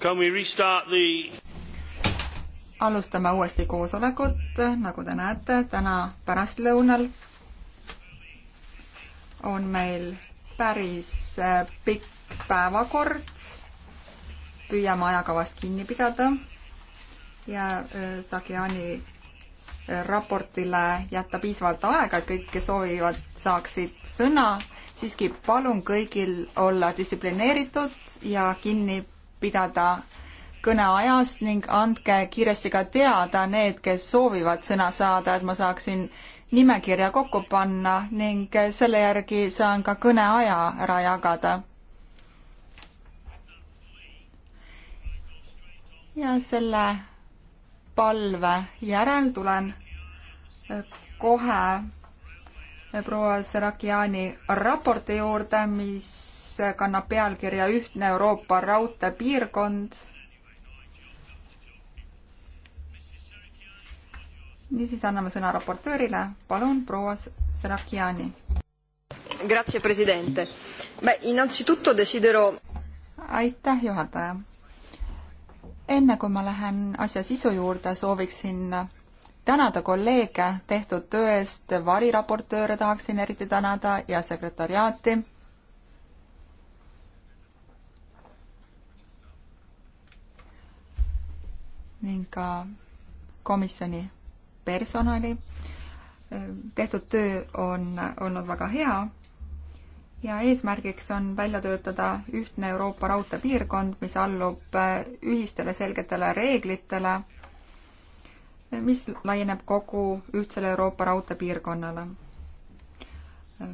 Can we restart the alustame uuesti koosolekut, nagu te näete, täna pärastlõunal on meil päris äh, pikk päevakord. püüame ajakavast kinni pidada ja äh, Sagiani äh, raportile jätta piisavalt aega, et kõik, kes soovivad, saaksid sõna. siiski palun kõigil olla distsiplineeritud ja kinni pidada kõneajast ning andke kiiresti ka teada need, kes soovivad sõna saada, et ma saaksin nimekirja kokku panna ning selle järgi saan ka kõneaja ära jagada. ja selle palve järel tulen kohe proua Serakiani raporti juurde, mis kannab pealkirja Ühtne Euroopa raudteepiirkond. niisiis anname sõna raportöörile, palun, proua Serakiani. Grazie, president. Innanzitutto desidero. aitäh, juhataja. enne kui ma lähen asja sisu juurde, sooviksin tänada kolleege tehtud töö eest, variraportööre tahaksin eriti tänada ja sekretariaati ning ka komisjoni personali. tehtud töö on olnud väga hea ja eesmärgiks on välja töötada ühtne Euroopa raudteepiirkond, mis allub ühistele selgetele reeglitele, mis laieneb kogu ühtsele Euroopa raudteepiirkonnale.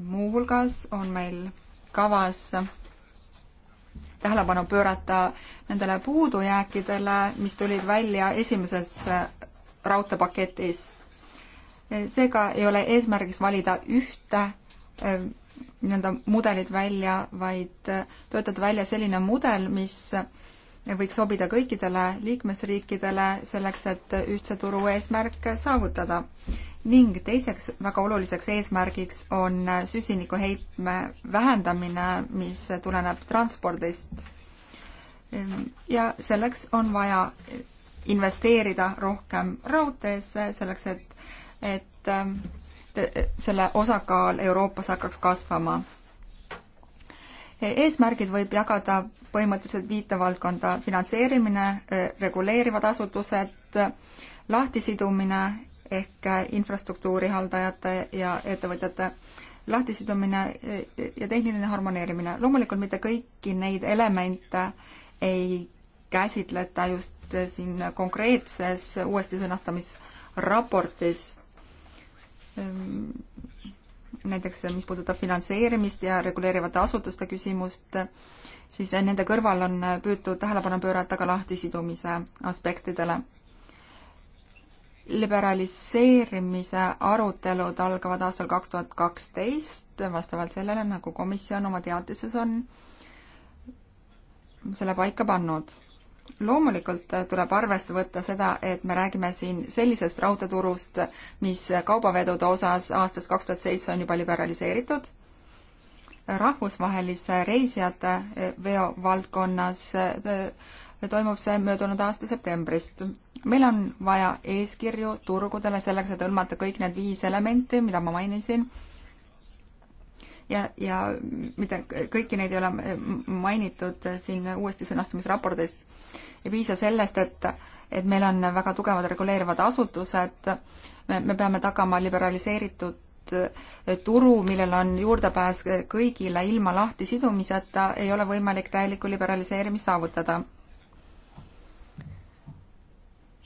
muuhulgas on meil kavas tähelepanu pöörata nendele puudujääkidele, mis tulid välja esimeses äh, raudteepaketis. seega ei ole eesmärgiks valida ühte äh, nii-öelda mudelit välja, vaid äh, töötada välja selline mudel, mis võiks sobida kõikidele liikmesriikidele selleks, et ühtse turu eesmärk saavutada. ning teiseks väga oluliseks eesmärgiks on süsinikuheitme vähendamine, mis tuleneb transpordist. ja selleks on vaja investeerida rohkem raudteesse, selleks et, et selle osakaal Euroopas hakkaks kasvama eesmärgid võib jagada põhimõtteliselt viite valdkonda, finantseerimine, eh, reguleerivad asutused, lahtisidumine ehk eh, infrastruktuuri haldajate ja ettevõtjate lahtisidumine eh, ja tehniline harmoneerimine. loomulikult mitte kõiki neid elemente ei käsitleta just siin konkreetses uuesti sõnastamisraportis ehm, näiteks mis puudutab finantseerimist ja reguleerivate asutuste küsimust, siis nende kõrval on püütud tähelepanu pöörata ka lahtisidumise aspektidele. liberaliseerimise arutelud algavad aastal kaks tuhat kaksteist, vastavalt sellele, nagu komisjon oma teatises on selle paika pannud loomulikult äh, tuleb arvesse võtta seda, et me räägime siin sellisest raudteeturust, mis kaubavedude osas aastast kaks tuhat seitse on juba liberaliseeritud, rahvusvahelise reisijate äh, veo valdkonnas äh, toimub see möödunud aasta septembrist. meil on vaja eeskirju turgudele selleks, et hõlmata kõik need viis elementi, mida ma mainisin ja, ja mitte kõiki neid ei ole mainitud siin uuesti sõnastamisraportis. ei piisa sellest, et, et meil on väga tugevad reguleerivad asutused, me, me peame tagama liberaliseeritud eh, turu, millel on juurdepääs kõigile ilma lahtisidumiseta, ei ole võimalik täielikku liberaliseerimist saavutada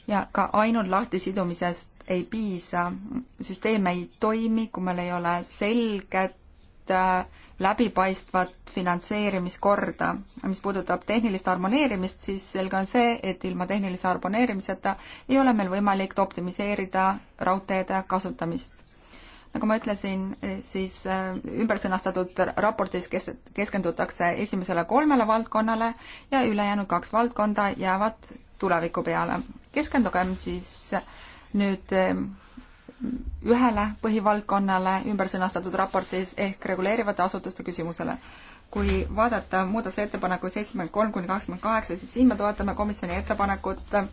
ja ka ainult lahtisidumisest ei piisa. süsteem ei toimi, kui meil ei ole selget Äh, läbipaistvat finantseerimiskorda. mis puudutab tehnilist harmoneerimist, siis selge on see, et ilma tehnilise harmoneerimiseta ei ole meil võimalik optimiseerida raudteede kasutamist. nagu ma ütlesin, eh, siis äh, ümbersõnastatud raportis kes-, keskendutakse esimesele kolmele valdkonnale ja ülejäänud kaks valdkonda jäävad tuleviku peale. keskendugem siis nüüd eh, ühele põhivaldkonnale ümber sõnastatud raportis ehk reguleerivate asutuste küsimusele. kui vaadata muudatusettepanekuid seitsekümmend kolm kuni kakskümmend kaheksa, siis siin me toetame komisjoni ettepanekut eh,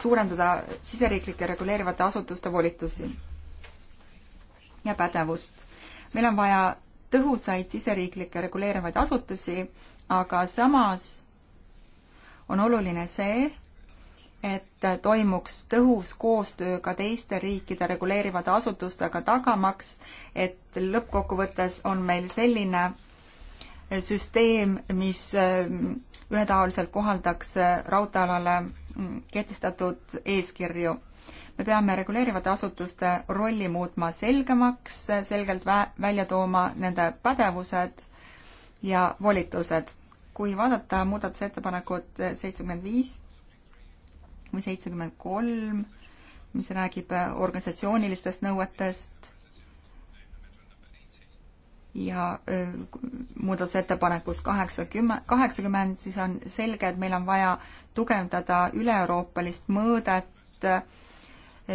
suurendada siseriiklike reguleerivate asutuste volitusi ja pädevust. meil on vaja tõhusaid siseriiklikke reguleerivaid asutusi, aga samas on oluline see, et toimuks tõhus koostöö ka teiste riikide reguleerivate asutustega, tagamaks, et lõppkokkuvõttes on meil selline süsteem, mis äh, ühetaoliselt kohaldaks äh, raudteealale mm, kehtestatud eeskirju. me peame reguleerivate asutuste rolli muutma selgemaks, selgelt vä-, välja tooma nende pädevused ja volitused. kui vaadata muudatusettepanekut äh, seitsekümmend viis, või seitsekümmend kolm, mis räägib organisatsioonilistest nõuetest ja äh, muudatusettepanekus kaheksakümmend, kaheksakümmend, siis on selge, et meil on vaja tugevdada üle-euroopalist mõõdet, äh,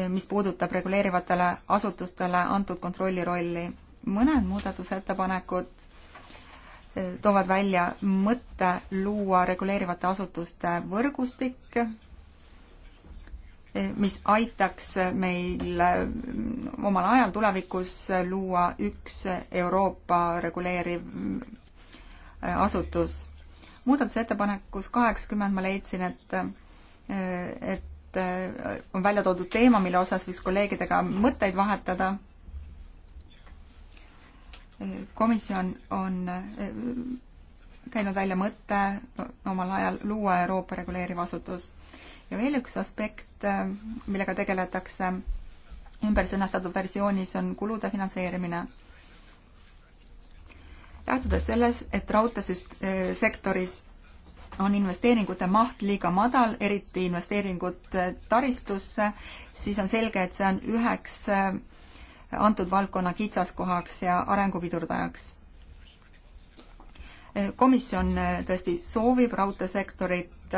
mis puudutab reguleerivatele asutustele antud kontrolli rolli. mõned muudatusettepanekud äh, toovad välja mõtte luua reguleerivate asutuste võrgustik, mis aitaks meil mm, omal ajal tulevikus luua üks Euroopa reguleeriv äh, asutus. muudatusettepanekus kaheksakümmend ma leidsin, et, äh, et äh, on välja toodud teema, mille osas võiks kolleegidega mõtteid vahetada. komisjon on käinud välja mõtte omal ajal luua Euroopa reguleeriv asutus ja veel üks aspekt, äh, millega tegeletakse ümbersõnastatud versioonis, on kulude finantseerimine. lähtudes selles, et raudteesektoris äh, on investeeringute maht liiga madal, eriti investeeringud äh, taristusse, siis on selge, et see on üheks antud valdkonna kitsaskohaks ja arengu pidurdajaks. komisjon tõesti soovib raudteesektorit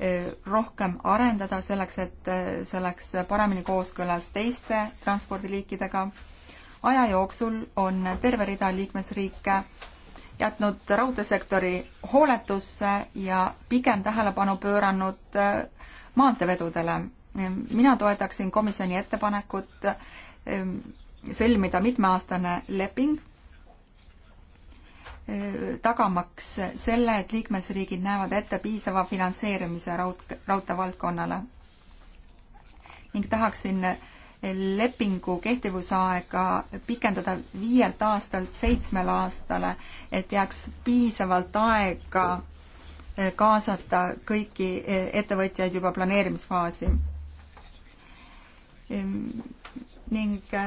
Eh, rohkem arendada selleks, et eh, see oleks paremini kooskõlas teiste transpordiliikidega. aja jooksul on terve rida liikmesriike jätnud raudteesektori hooletusse ja pigem tähelepanu pööranud eh, maanteevedudele. mina toetaksin komisjoni ettepanekut sõlmida mitmeaastane leping tagamaks selle, et liikmesriigid näevad ette piisava finantseerimise raud-, raudteevaldkonnale. ning tahaksin lepingu kehtivusaega pikendada viielt aastalt seitsmele aastale, et jääks piisavalt aega e, kaasata kõiki e, ettevõtjaid juba planeerimisfaasi. ning e,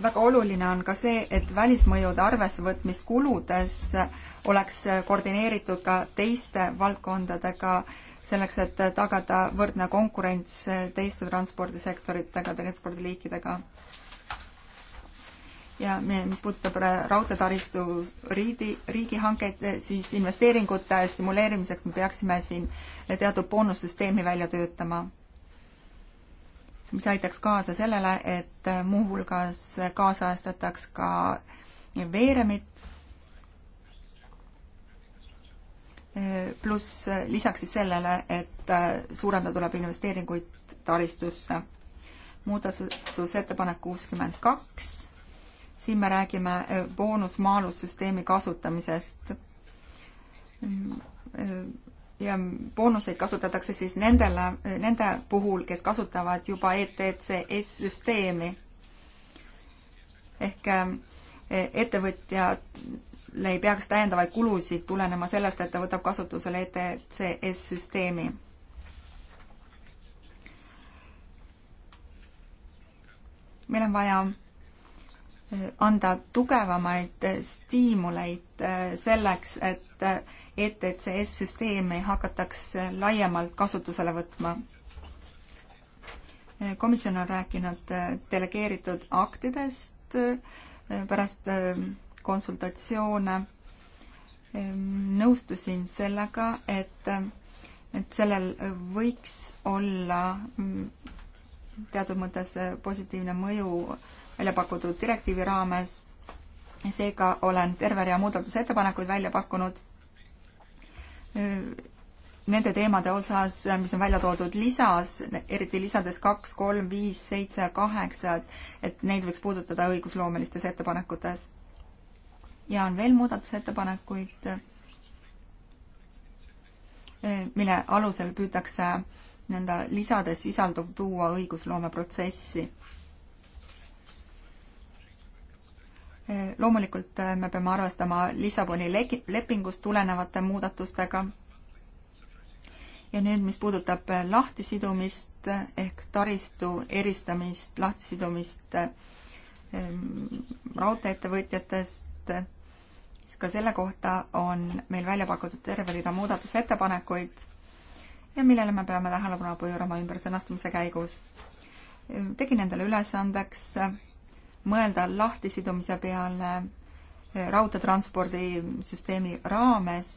väga oluline on ka see, et välismõjude arvessevõtmist kuludes oleks koordineeritud ka teiste valdkondadega, selleks et tagada võrdne konkurents teiste transpordisektoritega, transpordiliikidega. ja mis puudutab raudteetaristu riidi, riigihankeid, siis investeeringute stimuleerimiseks me peaksime siin teatud boonussüsteemi välja töötama mis aitaks kaasa sellele, et muuhulgas kaasajastataks ka veeremit, pluss lisaks siis sellele, et suurendada tuleb investeeringuid taristusse. muudatusettepanek kuuskümmend kaks, siin me räägime eh, boonus-maalussüsteemi kasutamisest ja boonuseid kasutatakse siis nendele, nende puhul, kes kasutavad juba ETCS süsteemi. ehk eh, ettevõtjale ei peaks täiendavaid kulusid tulenema sellest, et ta võtab kasutusele ETCS süsteemi. meil on vaja eh, anda tugevamaid stiimuleid eh, selleks, et ETCS-süsteemi hakataks laiemalt kasutusele võtma. komisjon on rääkinud delegeeritud aktidest eh, pärast eh, konsultatsioone. nõustusin sellega, et, et sellel võiks olla mm, teatud mõttes positiivne mõju välja pakutud direktiivi raames. seega olen terve rea muudatusettepanekuid välja pakkunud nende teemade osas, mis on välja toodud lisas, eriti lisades kaks, kolm, viis, seitse, kaheksa, et et neid võiks puudutada õigusloomelistes ettepanekutes. ja on veel muudatusettepanekuid, mille alusel püütakse nõnda lisades sisalduv tuua õigusloomeprotsessi loomulikult äh, me peame arvestama Lissaboni lepingust tulenevate muudatustega. ja nüüd, mis puudutab äh, lahtisidumist äh, ehk taristu eristamist, lahtisidumist ähm, raudteeettevõtjatest, siis ka selle kohta on meil välja pakutud terve rida muudatusettepanekuid ja millele me peame tähelepanu pöörama ümbersõnastamise käigus. tegin endale ülesandeks mõelda lahtisidumise peale eh, raudteetranspordisüsteemi raames.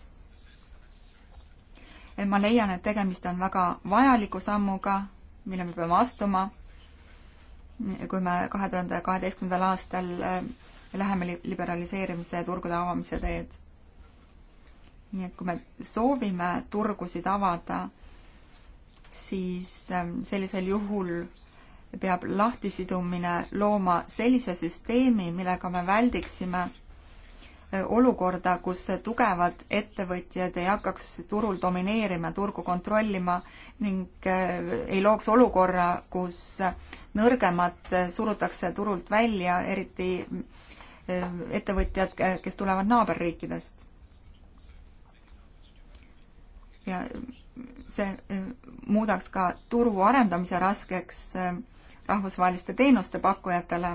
Eh, ma leian, et tegemist on väga vajaliku sammuga, mille me peame astuma, kui me kahe tuhande kaheteistkümnendal aastal eh, läheme liberaliseerimise ja turgude avamise teed. nii et kui me soovime turgusid avada, siis sellisel juhul peab lahtisidumine looma sellise süsteemi, millega me väldiksime äh, olukorda, kus tugevad ettevõtjad ei hakkaks turul domineerima, turgu kontrollima ning äh, ei looks olukorra, kus nõrgemad äh, surutakse turult välja, eriti ettevõtjad, kes tulevad naaberriikidest. ja see muudaks ka turu arendamise raskeks rahvusvaheliste teenuste pakkujatele.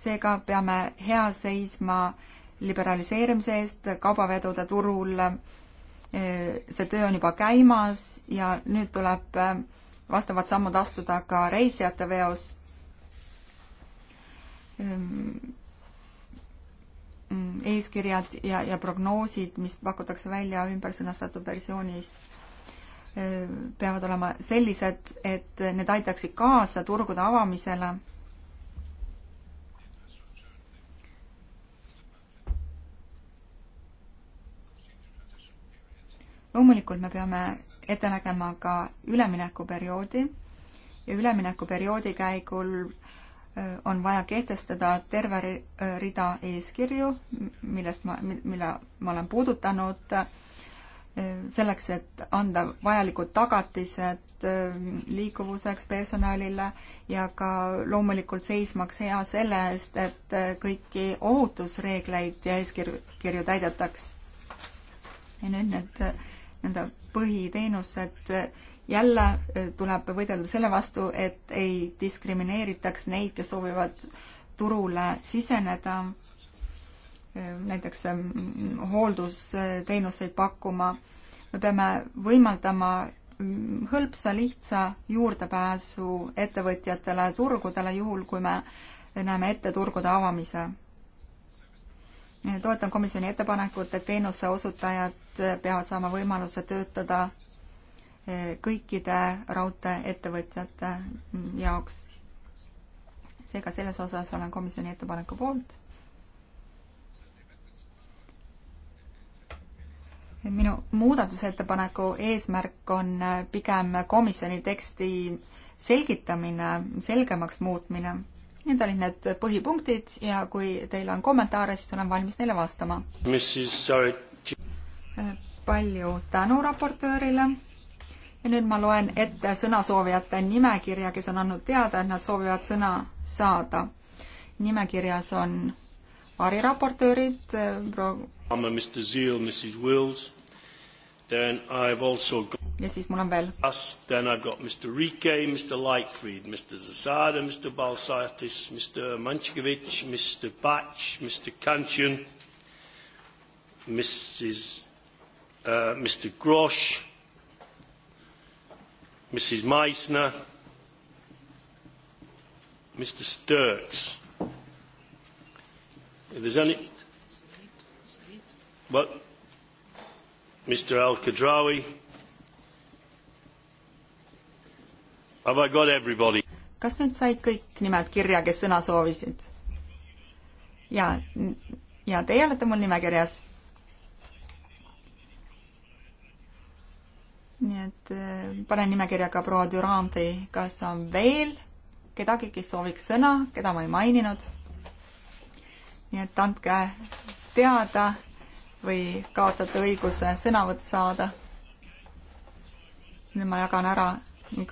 seega peame hea seisma liberaliseerimise eest kaubavedude turul. see töö on juba käimas ja nüüd tuleb vastavad sammud astuda ka reisijate veos. eeskirjad ja, ja prognoosid, mis pakutakse välja ümbersõnastatud versioonis peavad olema sellised, et need aitaksid kaasa turgude avamisele. loomulikult me peame ette nägema ka üleminekuperioodi ja üleminekuperioodi käigul on vaja kehtestada terve rida eeskirju, millest ma, mille ma olen puudutanud äh, selleks, et anda vajalikud tagatised ähm, liikuvuseks personalile ja ka loomulikult seismaks hea selle eest, et äh, kõiki ohutusreegleid ja eeskirju täidetaks. ja nüüd need nii-öelda põhiteenused, äh, jälle äh, tuleb võidelda selle vastu, et ei diskrimineeritaks neid, kes soovivad turule siseneda näiteks ähm, hooldusteenuseid pakkuma. me peame võimaldama mm, hõlpsa, lihtsa juurdepääsu ettevõtjatele turgudele, juhul kui me näeme ette turgude avamise. toetan komisjoni ettepanekut, et teenuse osutajad peavad saama võimaluse töötada eh, kõikide raudtee-ettevõtjate mm, jaoks. seega selles osas olen komisjoni ettepaneku poolt minu muudatusettepaneku eesmärk on äh, pigem komisjoni teksti selgitamine, selgemaks muutmine. Need olid need põhipunktid ja kui teil on kommentaare, siis olen valmis neile vastama. Äh, palju tänu raportöörile ja nüüd ma loen ette sõnasoovijate nimekirja, kes on andnud teada, et nad soovivad sõna saada. nimekirjas on variraportöörid eh, pro.... ja siis mul on veel. Then I have got Mr Rike, Mr Lightfried, Mr Zasada, Mr Balsaitis, Mr Manchkovitš, Mr Batch, Mr Kanchan, Mrs uh, Mr Grosh, Mrs Meissner, Mr Sturks If there's any... What? Mr Al-Kadrawi. Have I got everybody? kas nüüd said kõik nimelt kirja, kes sõna soovisid? ja, ja teie olete mul nimekirjas. nii et eh, panen nimekirja ka proua Durandi, kas on veel kedagi, kes sooviks sõna, keda ma ei maininud? nii et andke teada või kaotate õiguse sõnavõtt saada. nüüd ma jagan ära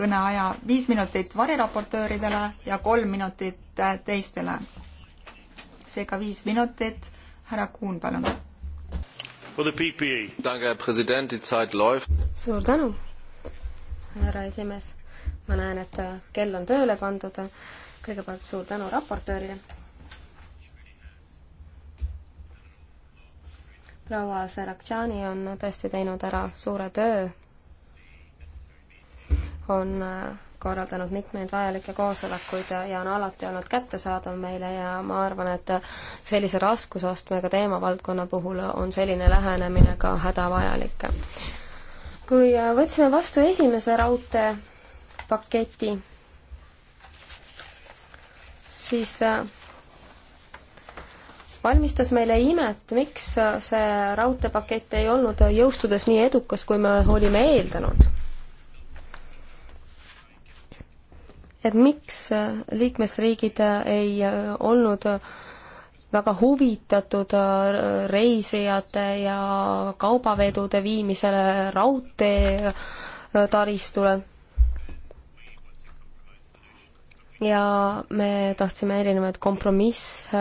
kõneaja viis minutit variraportööridele ja kolm minutit teistele. seega viis minutit, härra Kuhn, palun. E. suur tänu, härra esimees. ma näen, et kell on tööle pandud. kõigepealt suur tänu raportöörile proua Sarakdžani on tõesti teinud ära suure töö, on äh, korraldanud mitmeid vajalikke koosolekuid ja, ja on alati olnud kättesaadav meile ja ma arvan, et äh, sellise raskusastmega teemavaldkonna puhul on selline lähenemine ka hädavajalik. kui äh, võtsime vastu esimese raudteepaketi, siis valmistas meile imet, miks see raudteepakett ei olnud jõustudes nii edukas, kui me olime eeldanud. et miks liikmesriigid ei olnud väga huvitatud reisijate ja kaubavedude viimisele raudtee taristule ja me tahtsime erinevaid kompromisse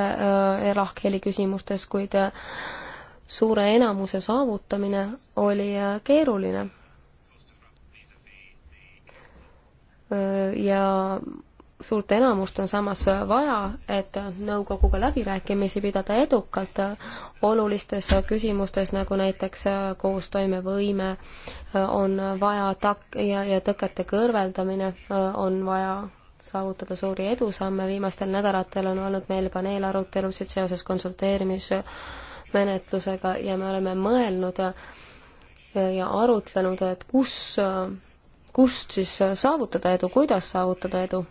erahkeeli äh, küsimustes, kuid äh, suure enamuse saavutamine oli äh, keeruline ja suurt enamust on samas vaja, et nõukoguga läbirääkimisi pidada edukalt olulistes küsimustes, nagu näiteks koostoimevõime on vaja tak- ja, ja tõkete kõrvaldamine on vaja saavutada suuri edusamme, viimastel nädalatel on olnud meil paneelarutelusid seoses konsulteerimismenetlusega ja me oleme mõelnud ja arutlenud, et kus, kust siis saavutada edu, kuidas saavutada edu.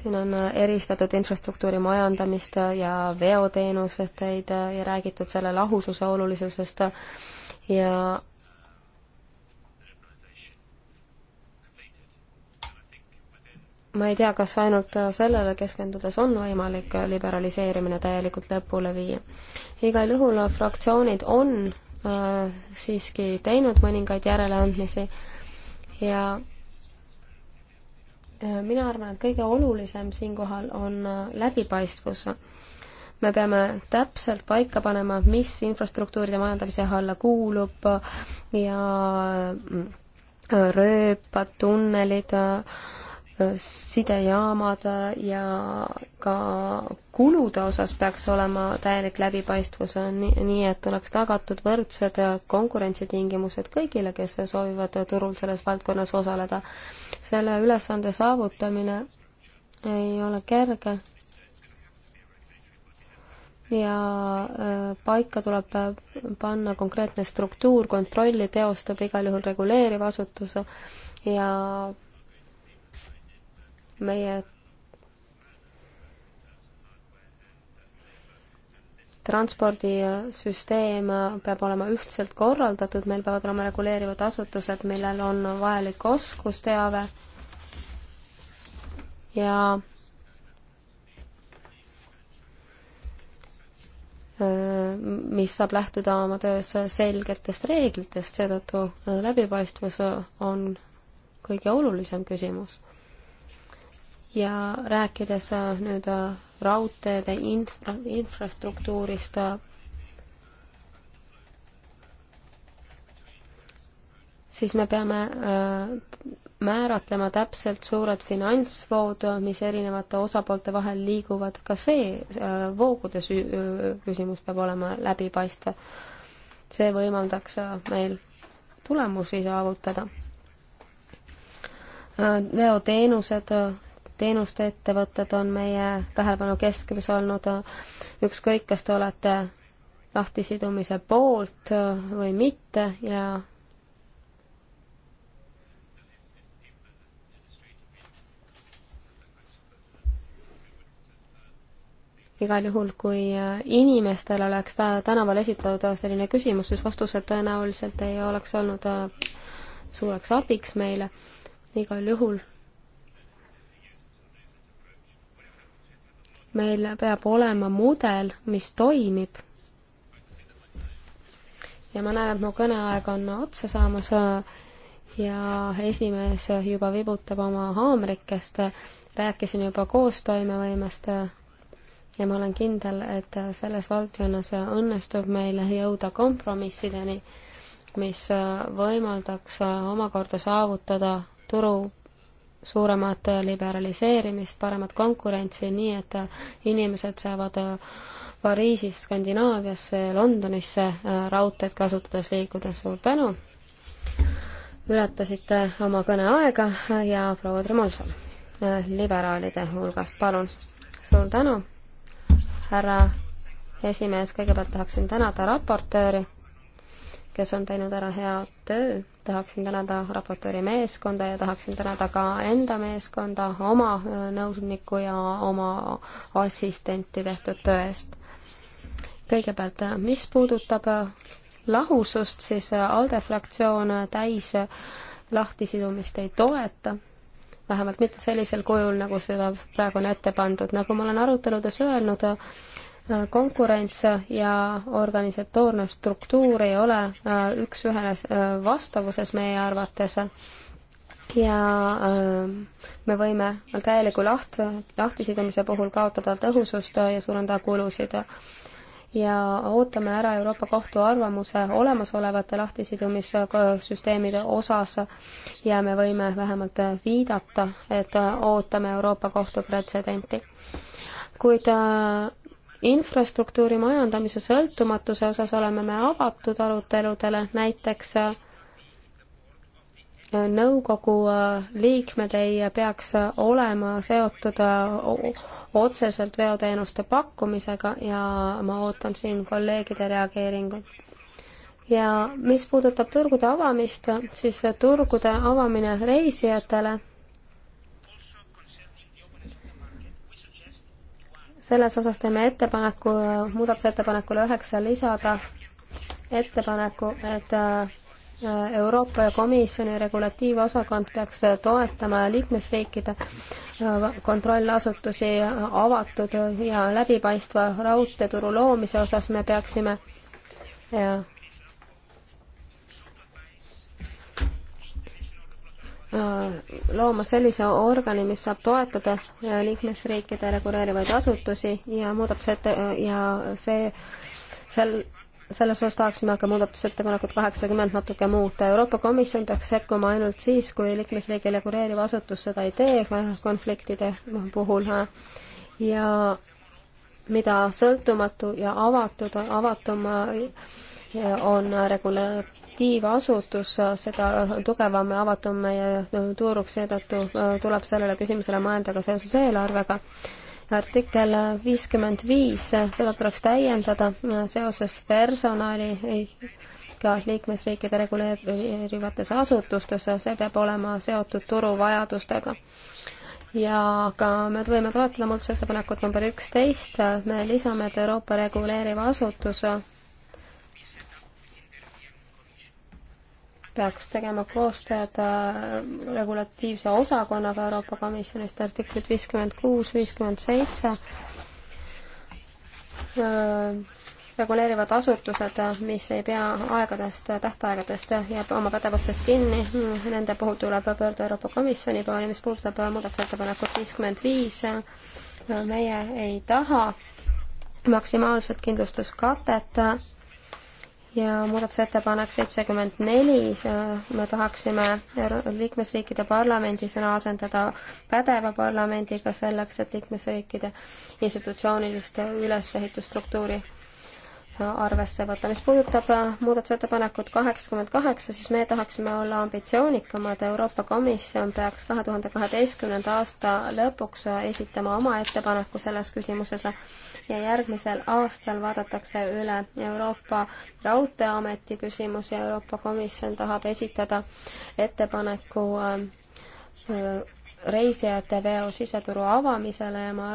siin on eristatud infrastruktuuri majandamist ja veoteenuseid ja räägitud selle lahususe olulisusest ja ma ei tea, kas ainult sellele keskendudes on võimalik liberaliseerimine täielikult lõpule viia. igal juhul fraktsioonid on äh, siiski teinud mõningaid järeleandmisi ja äh, mina arvan, et kõige olulisem siinkohal on äh, läbipaistvus. me peame täpselt paika panema, mis infrastruktuuride majandamise alla kuulub ja äh, rööpad, tunnelid äh,, sidejaamad ja ka kulude osas peaks olema täielik läbipaistvus, nii et oleks tagatud võrdsed konkurentsitingimused kõigile, kes soovivad turul selles valdkonnas osaleda. selle ülesande saavutamine ei ole kerge ja äh, paika tuleb panna konkreetne struktuur, kontrolli teostab igal juhul reguleeriv asutus ja meie transpordisüsteem peab olema ühtselt korraldatud, meil peavad olema reguleerivad asutused, millel on vajalik oskusteave ja mis saab lähtuda oma töös selgetest reeglitest, seetõttu läbipaistvus on kõige olulisem küsimus ja rääkides äh, nüüd äh, raudteede infra, infrastruktuurist, äh, siis me peame määratlema täpselt suured finantsvood, mis erinevate osapoolte vahel liiguvad, ka see voogude küsimus peab olema läbipaistev. see võimaldaks meil tulemusi saavutada. veoteenused teenuste ettevõtted on meie tähelepanu keskmes olnud, ükskõik, kas te olete lahtisidumise poolt või mitte ja igal juhul, kui inimestel oleks tänaval esitatud selline küsimus, siis vastused tõenäoliselt ei oleks olnud suureks abiks meile. igal juhul meil peab olema mudel, mis toimib. ja ma näen, et mu kõneaeg on otsa saamas äh, ja esimees juba vibutab oma haamrikest, rääkisin juba koostoimevõimest äh, ja ma olen kindel, et selles valdkonnas õnnestub meil jõuda kompromissideni, mis äh, võimaldaks omakorda saavutada turu suuremat liberaliseerimist, paremat konkurentsi, nii et inimesed saavad äh, Pariisist Skandinaaviasse, Londonisse äh, raudteed kasutades liikuda, suur tänu! ületasite oma kõneaega äh, ja proua Tremolson liberaalide hulgast, palun! suur tänu, härra esimees, kõigepealt tahaksin tänada raportööri kes on teinud ära hea töö. tahaksin tänada raportööri meeskonda ja tahaksin tänada ka enda meeskonda oma äh, nõuniku ja oma assistenti tehtud töö eest. kõigepealt, äh, mis puudutab äh, lahusust, siis ALDE fraktsioon täis lahtisidumist ei toeta, vähemalt mitte sellisel kujul, nagu seda praegu on ette pandud. nagu ma olen aruteludes öelnud, konkurents ja organisatoorne struktuur ei ole äh, üks-ühele äh, vastavuses meie arvates ja äh, me võime täieliku laht-, lahtisidumise puhul kaotada tõhusust ja suurendada kulusid. ja ootame ära Euroopa Kohtu arvamuse olemasolevate lahtisidumissüsteemide osas ja me võime vähemalt viidata, et ootame Euroopa Kohtu pretsedenti. kuid infrastruktuuri majandamise sõltumatuse osas oleme me avatud aruteludele, näiteks äh, nõukogu äh, liikmed ei peaks olema seotud äh, otseselt veoteenuste pakkumisega ja ma ootan siin kolleegide reageeringut. ja mis puudutab turgude avamist, siis turgude avamine reisijatele selles osas teeme ettepaneku, muudatusettepanekule üheksa lisada ettepaneku, et äh, Euroopa Komisjoni regulatiivosakond peaks toetama liikmesriikide äh, kontrollasutusi avatud ja läbipaistva raudteeturu loomise osas me peaksime äh, Äh, looma sellise organi, mis saab toetada äh, liikmesriikide reguleerivaid asutusi ja muudatusette- äh, ja see, sel, selles osas tahaksime aga muudatusettepanekut kaheksakümmend natuke muuta. Euroopa Komisjon peaks sekkuma ainult siis, kui liikmesriigi reguleeriv asutus seda ei tee konfliktide puhul ja mida sõltumatu ja avatud, avatum on regula-, regulatiivasutus, seda tugevam ja avatum meie turg, seetõttu äh, tuleb sellele küsimusele mõelda ka seoses eelarvega. artikkel viiskümmend viis, seda tuleks täiendada äh, seoses personali ka liikmesriikide reguleerivates asutustes, see peab olema seotud turuvajadustega ja ka me võime toetada muudatusettepanekut number üksteist, me lisame, et Euroopa reguleeriv asutus peaks tegema koostööd äh, regulatiivse osakonnaga Euroopa Komisjonist, artiklid viiskümmend kuus, viiskümmend seitse äh, reguleerivad asutused, mis ei pea aegadest, tähtaegadest ja oma pädevustest kinni, nende puhul tuleb pöörduda Euroopa Komisjoni poole, mis puudutab muudatusettepanekut viiskümmend viis, meie ei taha maksimaalset kindlustuskatet ja muudatusettepanek seitsekümmend neli, me tahaksime liikmesriikide parlamendi sõna asendada pädeva parlamendiga selleks, et liikmesriikide institutsioonilist ülesehitusstruktuuri arvesse võtta. mis puudutab äh, muudatusettepanekut kaheksakümmend kaheksa, siis me tahaksime olla ambitsioonikamad. Euroopa Komisjon peaks kahe tuhande kaheteistkümnenda aasta lõpuks äh, esitama oma ettepaneku selles küsimuses ja järgmisel aastal vaadatakse üle Euroopa Raudteeameti küsimus ja Euroopa Komisjon tahab esitada ettepaneku äh, äh, reisijate veo siseturu avamisele ja ma,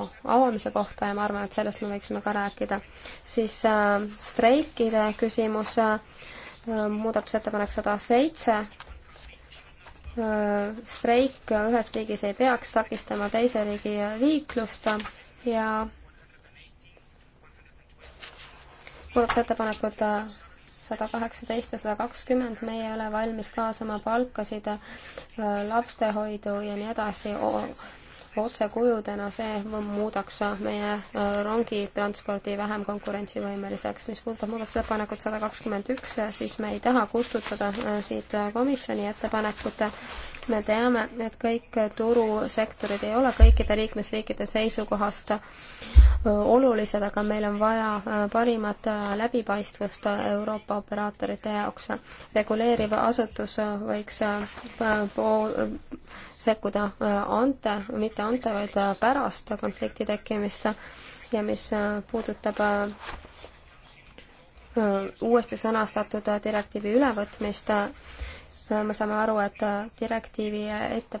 oh, avamise kohta ja ma arvan, et sellest me võiksime ka rääkida. siis äh, streikide küsimus äh,, muudatusettepanek sada seitse, äh, streik ühes riigis ei peaks takistama teise riigi liiklust ja muudatusettepanekud sada kaheksateist ja sada kakskümmend, me ei ole valmis kaasama palkasid, lapstehoidu ja nii edasi otsekujudena, see muudaks meie äh, rongitranspordi vähem konkurentsivõimeliseks. mis puudutab muudatusettepanekut sada kakskümmend üks, siis me ei taha kustutada äh, siit äh, komisjoni ettepanekut me teame, et kõik turusektorid ei ole kõikide liikmesriikide seisukohast olulised, aga meil on vaja parimat läbipaistvust Euroopa operaatorite jaoks. reguleeriv asutus võiks sekkuda äh, ante, mitte ante, vaid äh, pärast konflikti tekkimist ja mis äh, puudutab uuesti sõnastatud direktiivi ülevõtmist, me saame aru, et direktiivi ette,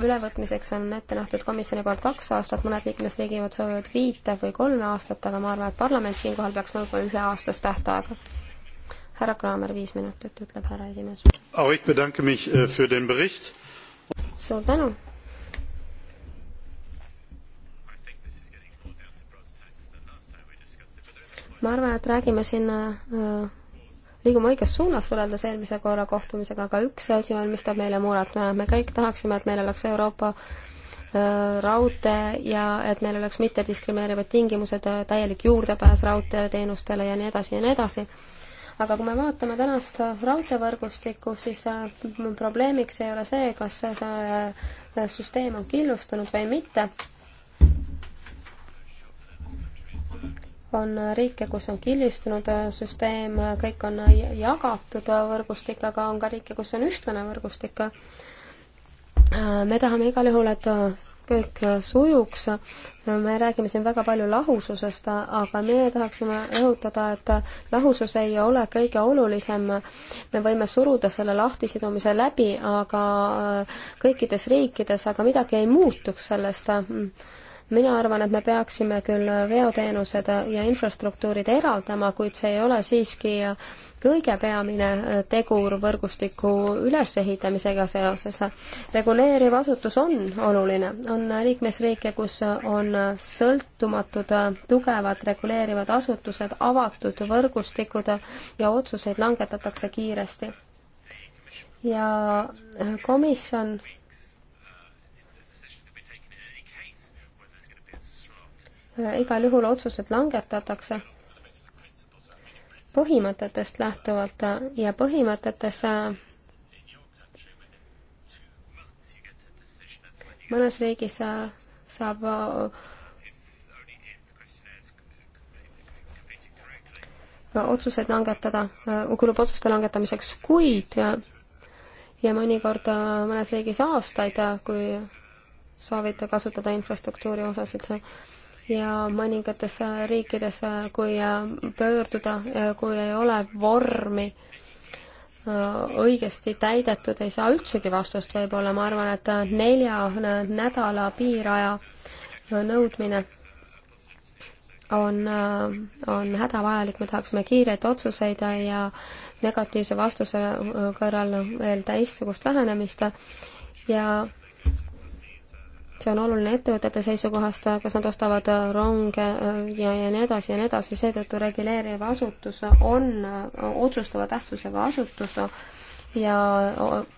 ülevõtmiseks on ette nähtud komisjoni poolt kaks aastat, mõned liikmesriigid soovivad viite või kolme aastat, aga ma arvan, et parlament siinkohal peaks nõudma üheaastast tähtaega. härra Kraamer, viis minutit, ütleb härra esimees suur tänu. ma arvan, et räägime siin äh, liigume õiges suunas võrreldes eelmise korra kohtumisega, aga üks asi valmistab meile muret, me kõik tahaksime, et meil oleks Euroopa äh, raudtee ja et meil oleks mittediskrimineerivad tingimused, äh, täielik juurdepääs raudteeteenustele ja nii edasi ja nii edasi aga kui me vaatame tänast raudteevõrgustikku, siis äh, probleemiks ei ole see, kas see äh, süsteem on killustunud või mitte. on riike, kus on killistunud äh, süsteem, kõik on jagatud võrgustik, aga on ka riike, kus on ühtlane võrgustik me tahame igal juhul, et kõik äh, sujuks. me räägime siin väga palju lahususest, aga meie tahaksime rõhutada, et äh, lahusus ei ole kõige olulisem. me võime suruda selle lahtisidumise läbi, aga äh, kõikides riikides, aga midagi ei muutuks sellest mina arvan, et me peaksime küll veoteenused ja infrastruktuurid eraldama, kuid see ei ole siiski kõige peamine tegur võrgustiku ülesehitamisega seoses. reguleeriv asutus on oluline, on liikmesriike, kus on sõltumatud tugevad reguleerivad asutused, avatud võrgustikud ja otsuseid langetatakse kiiresti. ja komisjon igal juhul otsused langetatakse põhimõtetest lähtuvalt ja põhimõtetes äh, mõnes riigis äh, saab äh, otsuseid langetada, kulub otsuste langetamiseks kuid ja, ja mõnikord mõnes riigis aastaid, kui soovite kasutada infrastruktuuri osasid ja mõningates riikides, kui pöörduda, kui ei ole vormi äh, õigesti täidetud, ei saa üldsegi vastust võib-olla, ma arvan, et nelja nädala piiraja nõudmine on, äh, on hädavajalik, me tahaksime kiireid otsuseid ja negatiivse vastuse korral veel teistsugust lähenemist ja see on oluline ettevõtete seisukohast, kas nad ostavad äh, ronge äh, ja, ja nii edasi ja nii edasi, seetõttu reguleeriv asutus on äh, otsustava tähtsusega asutus ja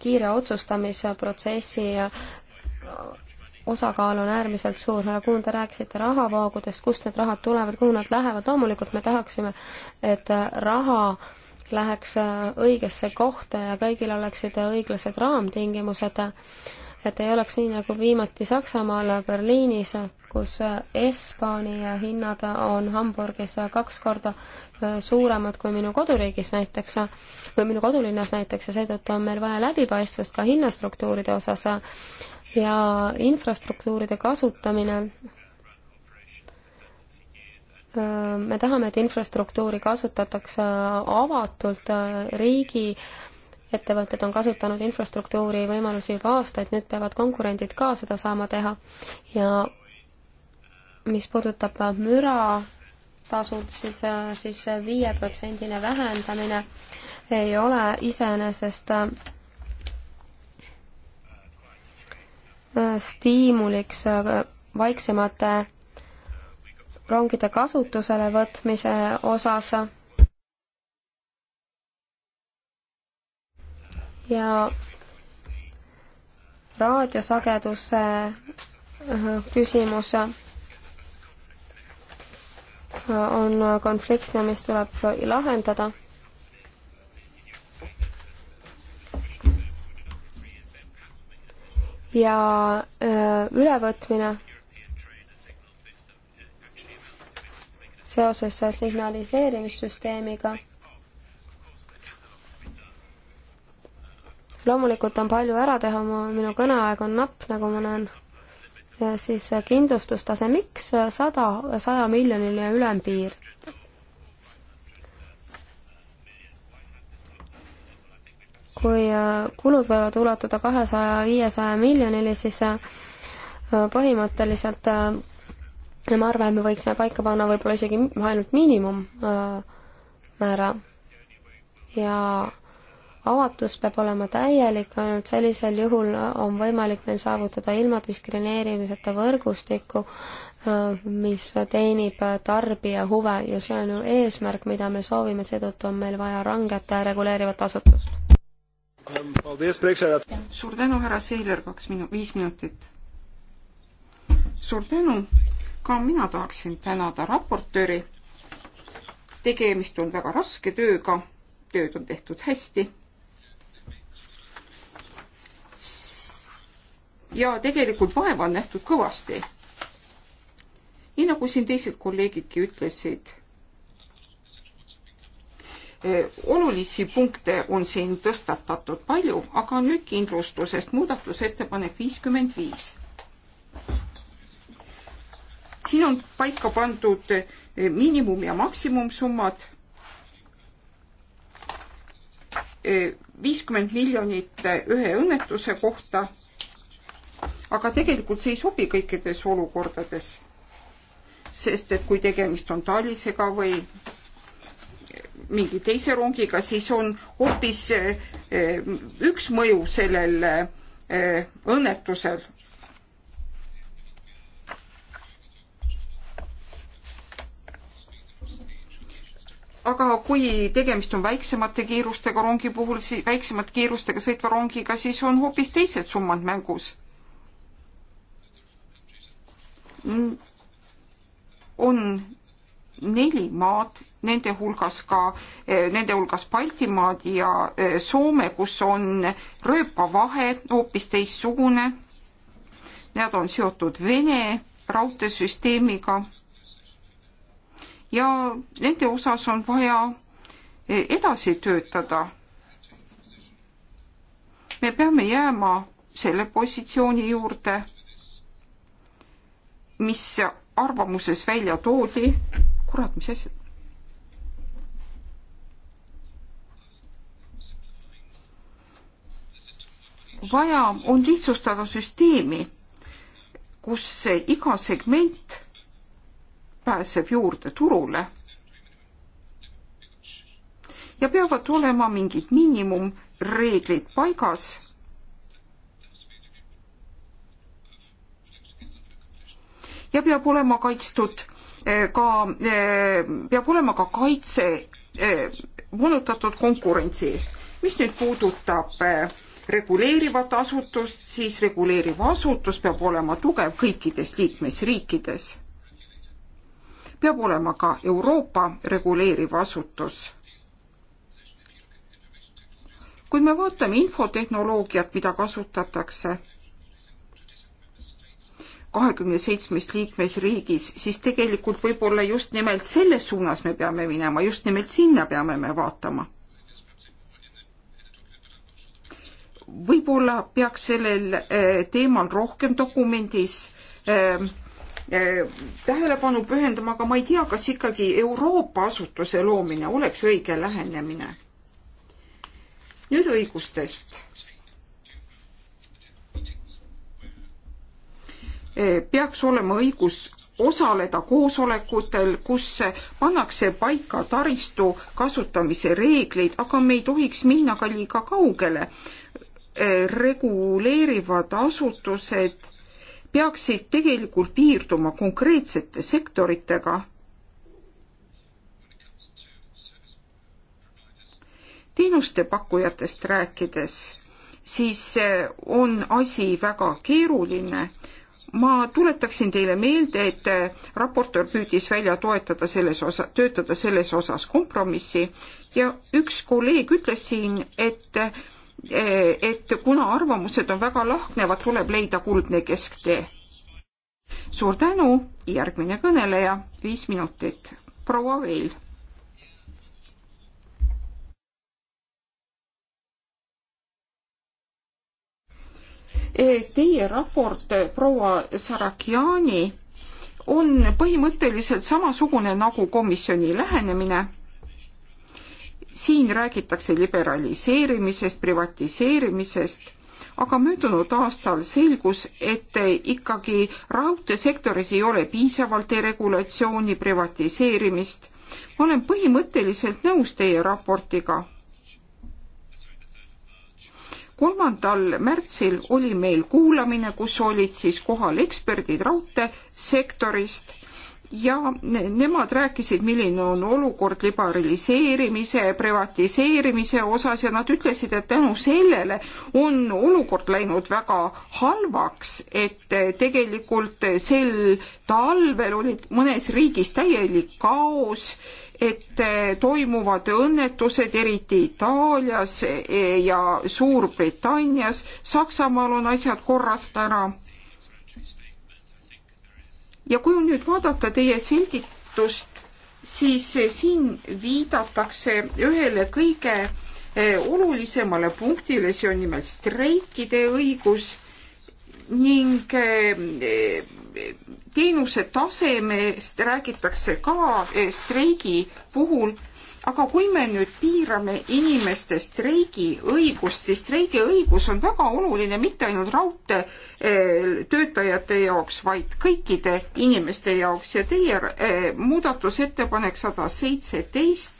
kiire otsustamisprotsessi osakaal on äärmiselt suur, härra Kuhn, te rääkisite rahavoogudest, kust need rahad tulevad, kuhu nad lähevad, loomulikult me tahaksime, et raha läheks õigesse kohta ja kõigil oleksid õiglased raamtingimused et ei oleks nii, nagu viimati Saksamaal Berliinis, kus Hispaania hinnad on Hamburgis kaks korda äh, suuremad kui minu koduriigis näiteks või minu kodulinnas näiteks ja seetõttu on meil vaja läbipaistvust ka hinnastruktuuride osas ja infrastruktuuride kasutamine äh, me tahame, et infrastruktuuri kasutatakse avatult äh, riigi ettevõtted on kasutanud infrastruktuuri võimalusi juba aastaid, nüüd peavad konkurendid ka seda saama teha ja mis puudutab müra tasusid, siis viieprotsendine vähendamine ei ole iseenesest äh, stiimuliks äh, vaiksemate rongide kasutusele võtmise osas ja raadiosageduse äh, küsimus äh, on konfliktne, mis tuleb lahendada. ja äh, ülevõtmine seoses signaliseerimissüsteemiga loomulikult on palju ära teha, mu, minu kõneaeg on napp, nagu ma näen. siis kindlustustase, miks sada, saja miljoniline ülempiir? kui äh, kulud võivad ulatuda kahesaja, viiesaja miljonini, siis äh, põhimõtteliselt äh, ma arvan, et me võiksime paika panna võib-olla isegi ainult miinimummäära ja avatus peab olema täielik, ainult sellisel juhul on võimalik meil saavutada ilma diskrimineerimiseta võrgustikku, mis teenib tarbija huve ja see on ju eesmärk, mida me soovime, seetõttu on meil vaja ranget reguleerivat asutust. suur tänu, härra Seiler, kaks minu-, viis minutit. suur tänu, ka mina tahaksin tänada raportööri, tegemist on väga raske tööga, tööd on tehtud hästi ja tegelikult vaeva on nähtud kõvasti. nii nagu siin teised kolleegidki ütlesid, e, olulisi punkte on siin tõstatatud palju, aga nüüd kindlustusest muudatusettepanek viiskümmend viis. siin on paika pandud e, miinimum ja maksimumsummad e, viiskümmend miljonit ühe õnnetuse kohta aga tegelikult see ei sobi kõikides olukordades. sest et kui tegemist on talisega või mingi teise rongiga, siis on hoopis eh, eh, üks mõju sellel eh, õnnetusel. aga kui tegemist on väiksemate kiirustega rongi puhul, väiksemate kiirustega sõitva rongiga, siis on hoopis teised summad mängus on neli maad, nende hulgas ka, nende hulgas Baltimaad ja eh, Soome, kus on rööpavahe hoopis teistsugune. Nad on seotud Vene raudteesüsteemiga. ja nende osas on vaja eh, edasi töötada. me peame jääma selle positsiooni juurde mis arvamuses välja toodi, kurat, mis asja. vaja on lihtsustada süsteemi, kus iga segment pääseb juurde turule ja peavad olema mingid miinimumreeglid paigas ja peab olema kaitstud eh, ka, eh, peab olema ka kaitse eh, moonutatud konkurentsi eest. mis nüüd puudutab reguleerivat asutust, siis reguleeriv asutus peab olema tugev kõikides liikmesriikides. peab olema ka Euroopa reguleeriv asutus kui me vaatame infotehnoloogiat, mida kasutatakse, kahekümne seitsmest liikmesriigis, siis tegelikult võib-olla just nimelt selles suunas me peame minema, just nimelt sinna peame me vaatama. võib-olla peaks sellel eh, teemal rohkem dokumendis eh, eh, tähelepanu pühendama, aga ma ei tea, kas ikkagi Euroopa asutuse loomine oleks õige lähenemine. nüüd õigustest peaks olema õigus osaleda koosolekutel, kus pannakse paika taristu kasutamise reeglid, aga me ei tohiks minna ka liiga kaugele. reguleerivad asutused peaksid tegelikult piirduma konkreetsete sektoritega. teenuste pakkujatest rääkides, siis on asi väga keeruline ma tuletaksin teile meelde, et äh, raportöör püüdis välja toetada selles osa, töötada selles osas kompromissi ja üks kolleeg ütles siin, et äh, et kuna arvamused on väga lahknevad, tuleb leida kuldne kesktee. suur tänu, järgmine kõneleja, viis minutit, proua Veil E, teie raport, proua Sarakjani, on põhimõtteliselt samasugune nagu komisjoni lähenemine. siin räägitakse liberaliseerimisest, privatiseerimisest aga möödunud aastal selgus, et ikkagi raudteesektoris ei ole piisavalt regulatsiooni privatiseerimist. ma olen põhimõtteliselt nõus teie raportiga kolmandal märtsil oli meil kuulamine, kus olid siis kohal eksperdid raudteesektorist ja nemad rääkisid, milline on olukord liberaliseerimise, privatiseerimise osas ja nad ütlesid, et tänu sellele on olukord läinud väga halvaks, et tegelikult sel talvel olid mõnes riigis täielik kaos et toimuvad õnnetused, eriti Itaalias ja Suurbritannias, Saksamaal on asjad korrast ära. ja kui nüüd vaadata teie selgitust, siis siin viidatakse ühele kõige eh, olulisemale punktile, see on nimelt streikide õigus ning eh, teenuse tasemest räägitakse ka eh, streigi puhul, aga kui me nüüd piirame inimeste streigiõigust, siis streigiõigus on väga oluline mitte ainult raudteetöötajate eh, jaoks, vaid kõikide inimeste jaoks ja teie eh, muudatusettepanek sada seitseteist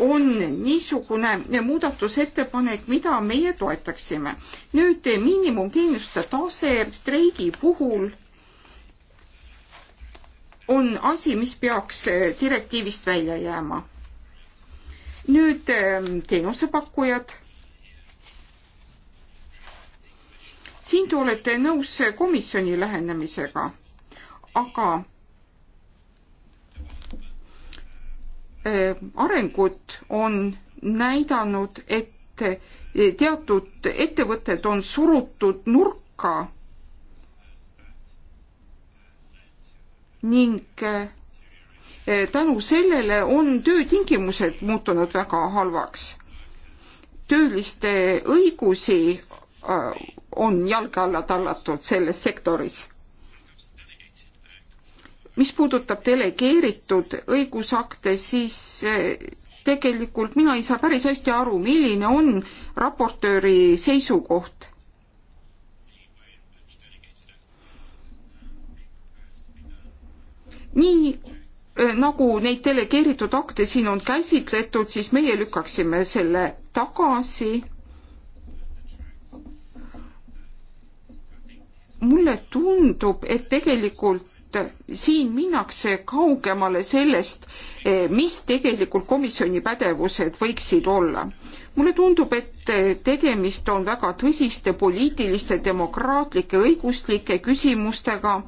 on niisugune muudatusettepanek, mida meie toetaksime. nüüd miinimumteenuste tase streigi puhul on asi, mis peaks äh, direktiivist välja jääma. nüüd ähm, teenusepakkujad. siin te olete nõus äh, komisjoni lähenemisega, aga äh, arengud on näidanud, et teatud ettevõtted on surutud nurka ning eh, tänu sellele on töötingimused muutunud väga halvaks. tööliste õigusi eh, on jalge alla tallatud selles sektoris. mis puudutab delegeeritud õigusakte, siis eh, tegelikult mina ei saa päris hästi aru, milline on raportööri seisukoht nii eh, nagu neid delegeeritud akte siin on käsitletud, siis meie lükkaksime selle tagasi. mulle tundub, et tegelikult siin minnakse kaugemale sellest, eh, mis tegelikult komisjoni pädevused võiksid olla. mulle tundub, et eh, tegemist on väga tõsiste poliitiliste, demokraatlike, õiguslike küsimustega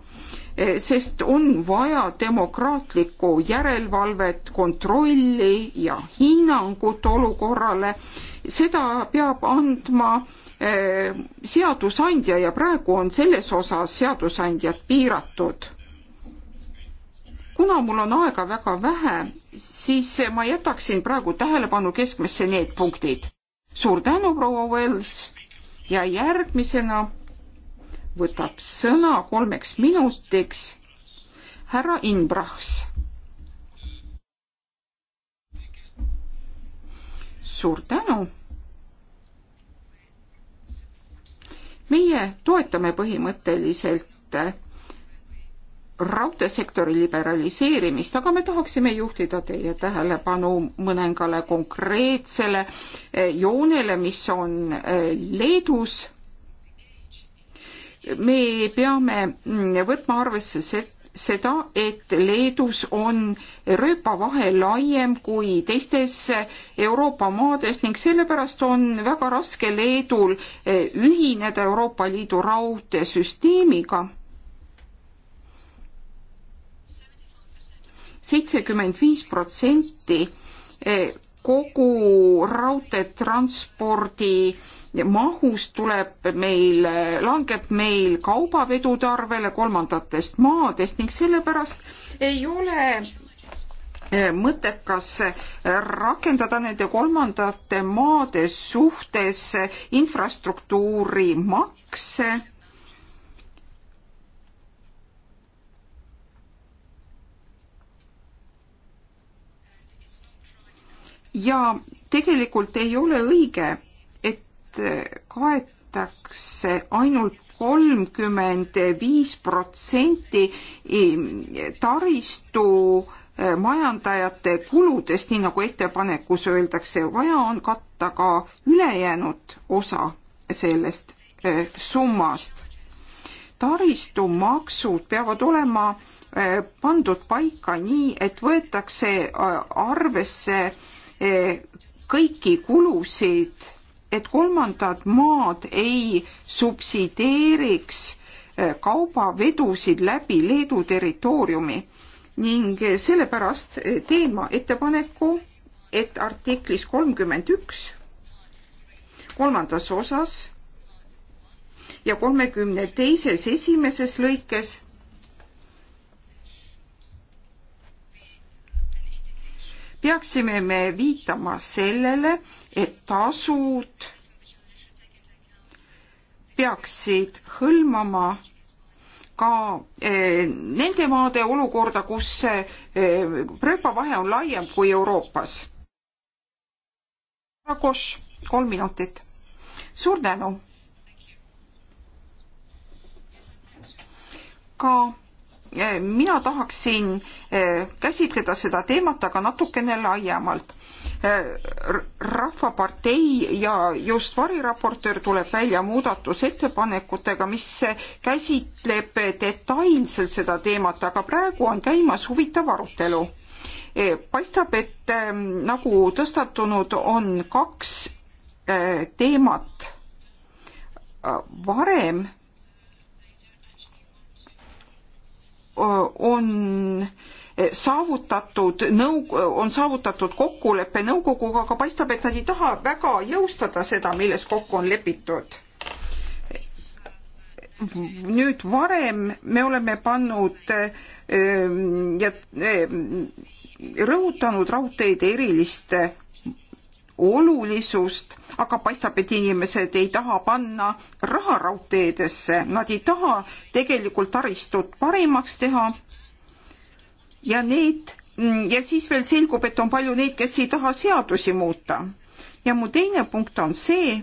sest on vaja demokraatlikku järelevalvet, kontrolli ja hinnangut olukorrale. seda peab andma eh, seadusandja ja praegu on selles osas seadusandjad piiratud. kuna mul on aega väga vähe, siis ma jätaksin praegu tähelepanu keskmesse need punktid. suur tänu, proua Wells ja järgmisena võtab sõna kolmeks minutiks härra Inbrachs. suur tänu. meie toetame põhimõtteliselt raudteesektori liberaliseerimist, aga me tahaksime juhtida teie tähelepanu mõningale konkreetsele joonele, mis on Leedus me peame mm, võtma arvesse seda, et Leedus on rööpavahe laiem kui teistes Euroopa maades ning sellepärast on väga raske Leedul eh, ühineda Euroopa Liidu raudteesüsteemiga. seitsekümmend viis protsenti eh, kogu raudteetranspordi mahus tuleb meil, langeb meil kaubavedude arvele kolmandatest maadest ning sellepärast ei ole eh, mõttekas rakendada nende kolmandate maade suhtes infrastruktuuri makse ja tegelikult ei ole õige, et kaetakse ainult kolmkümmend viis protsenti taristu eh, majandajate kuludest, nii nagu ettepanekus öeldakse, vaja on katta ka ülejäänud osa sellest eh, summast. taristumaksud peavad olema eh, pandud paika nii, et võetakse arvesse Eh, kõiki kulusid, et kolmandad maad ei subsideeriks eh, kaubavedusid läbi Leedu territooriumi ning eh, sellepärast teen ma ettepaneku, et artiklis kolmkümmend üks kolmandas osas ja kolmekümne teises esimeses lõikes peaksime me viitama sellele, et tasud peaksid hõlmama ka eh, nende maade olukorda, kus eh, rööpavahe on laiem kui Euroopas. Rakoš, kolm minutit. suur tänu. ka eh, mina tahaksin Eh, käsitleda seda teemat, aga natukene laiemalt. Eh, rahvapartei ja just variraportöör tuleb välja muudatusettepanekutega, mis käsitleb detailselt seda teemat, aga praegu on käimas huvitav arutelu. Eh, paistab, et nagu tõstatunud on kaks teemat varem on saavutatud nõu-, on saavutatud kokkulepe nõukoguga, aga paistab, et nad ei taha väga jõustada seda, milles kokku on lepitud. nüüd varem me oleme pannud ähm, ja ähm, rõhutanud raudteede erilist olulisust, aga paistab, et inimesed ei taha panna raha raudteedesse, nad ei taha tegelikult taristut paremaks teha. ja need mm, ja siis veel selgub, et on palju neid, kes ei taha seadusi muuta. ja mu teine punkt on see,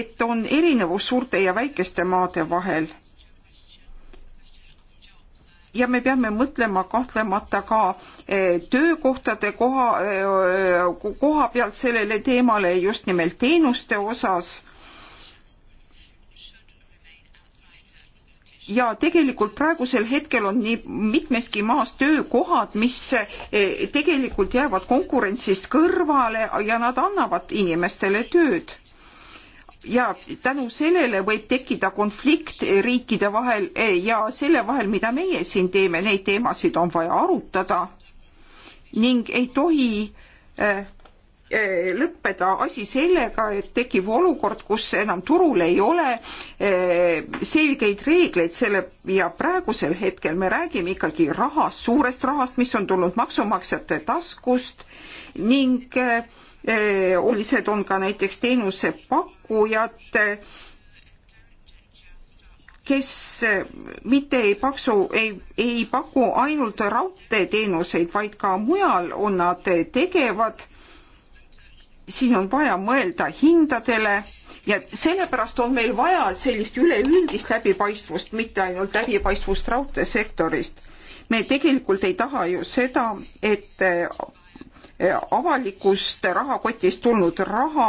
et on erinevus suurte ja väikeste maade vahel ja me peame mõtlema kahtlemata ka eh, töökohtade koha, eh, koha pealt sellele teemale just nimelt teenuste osas ja tegelikult praegusel hetkel on nii mitmeski maas töökohad, mis eh, tegelikult jäävad konkurentsist kõrvale ja nad annavad inimestele tööd ja tänu sellele võib tekkida konflikt riikide vahel eh, ja selle vahel, mida meie siin teeme, neid teemasid on vaja arutada ning ei tohi eh, eh, lõppeda asi sellega, et tekib olukord, kus enam turul ei ole selgeid reegleid selle ja praegusel hetkel me räägime ikkagi rahast, suurest rahast, mis on tulnud maksumaksjate taskust ning Eh, olulised on ka näiteks teenusepakkujad, kes mitte ei paksu, ei, ei paku ainult raudteeteenuseid, vaid ka mujal on nad tegevad. siin on vaja mõelda hindadele ja sellepärast on meil vaja sellist üleüldist läbipaistvust, mitte ainult läbipaistvust raudteesektorist me tegelikult ei taha ju seda, et Eh, avalikust rahakotist tulnud raha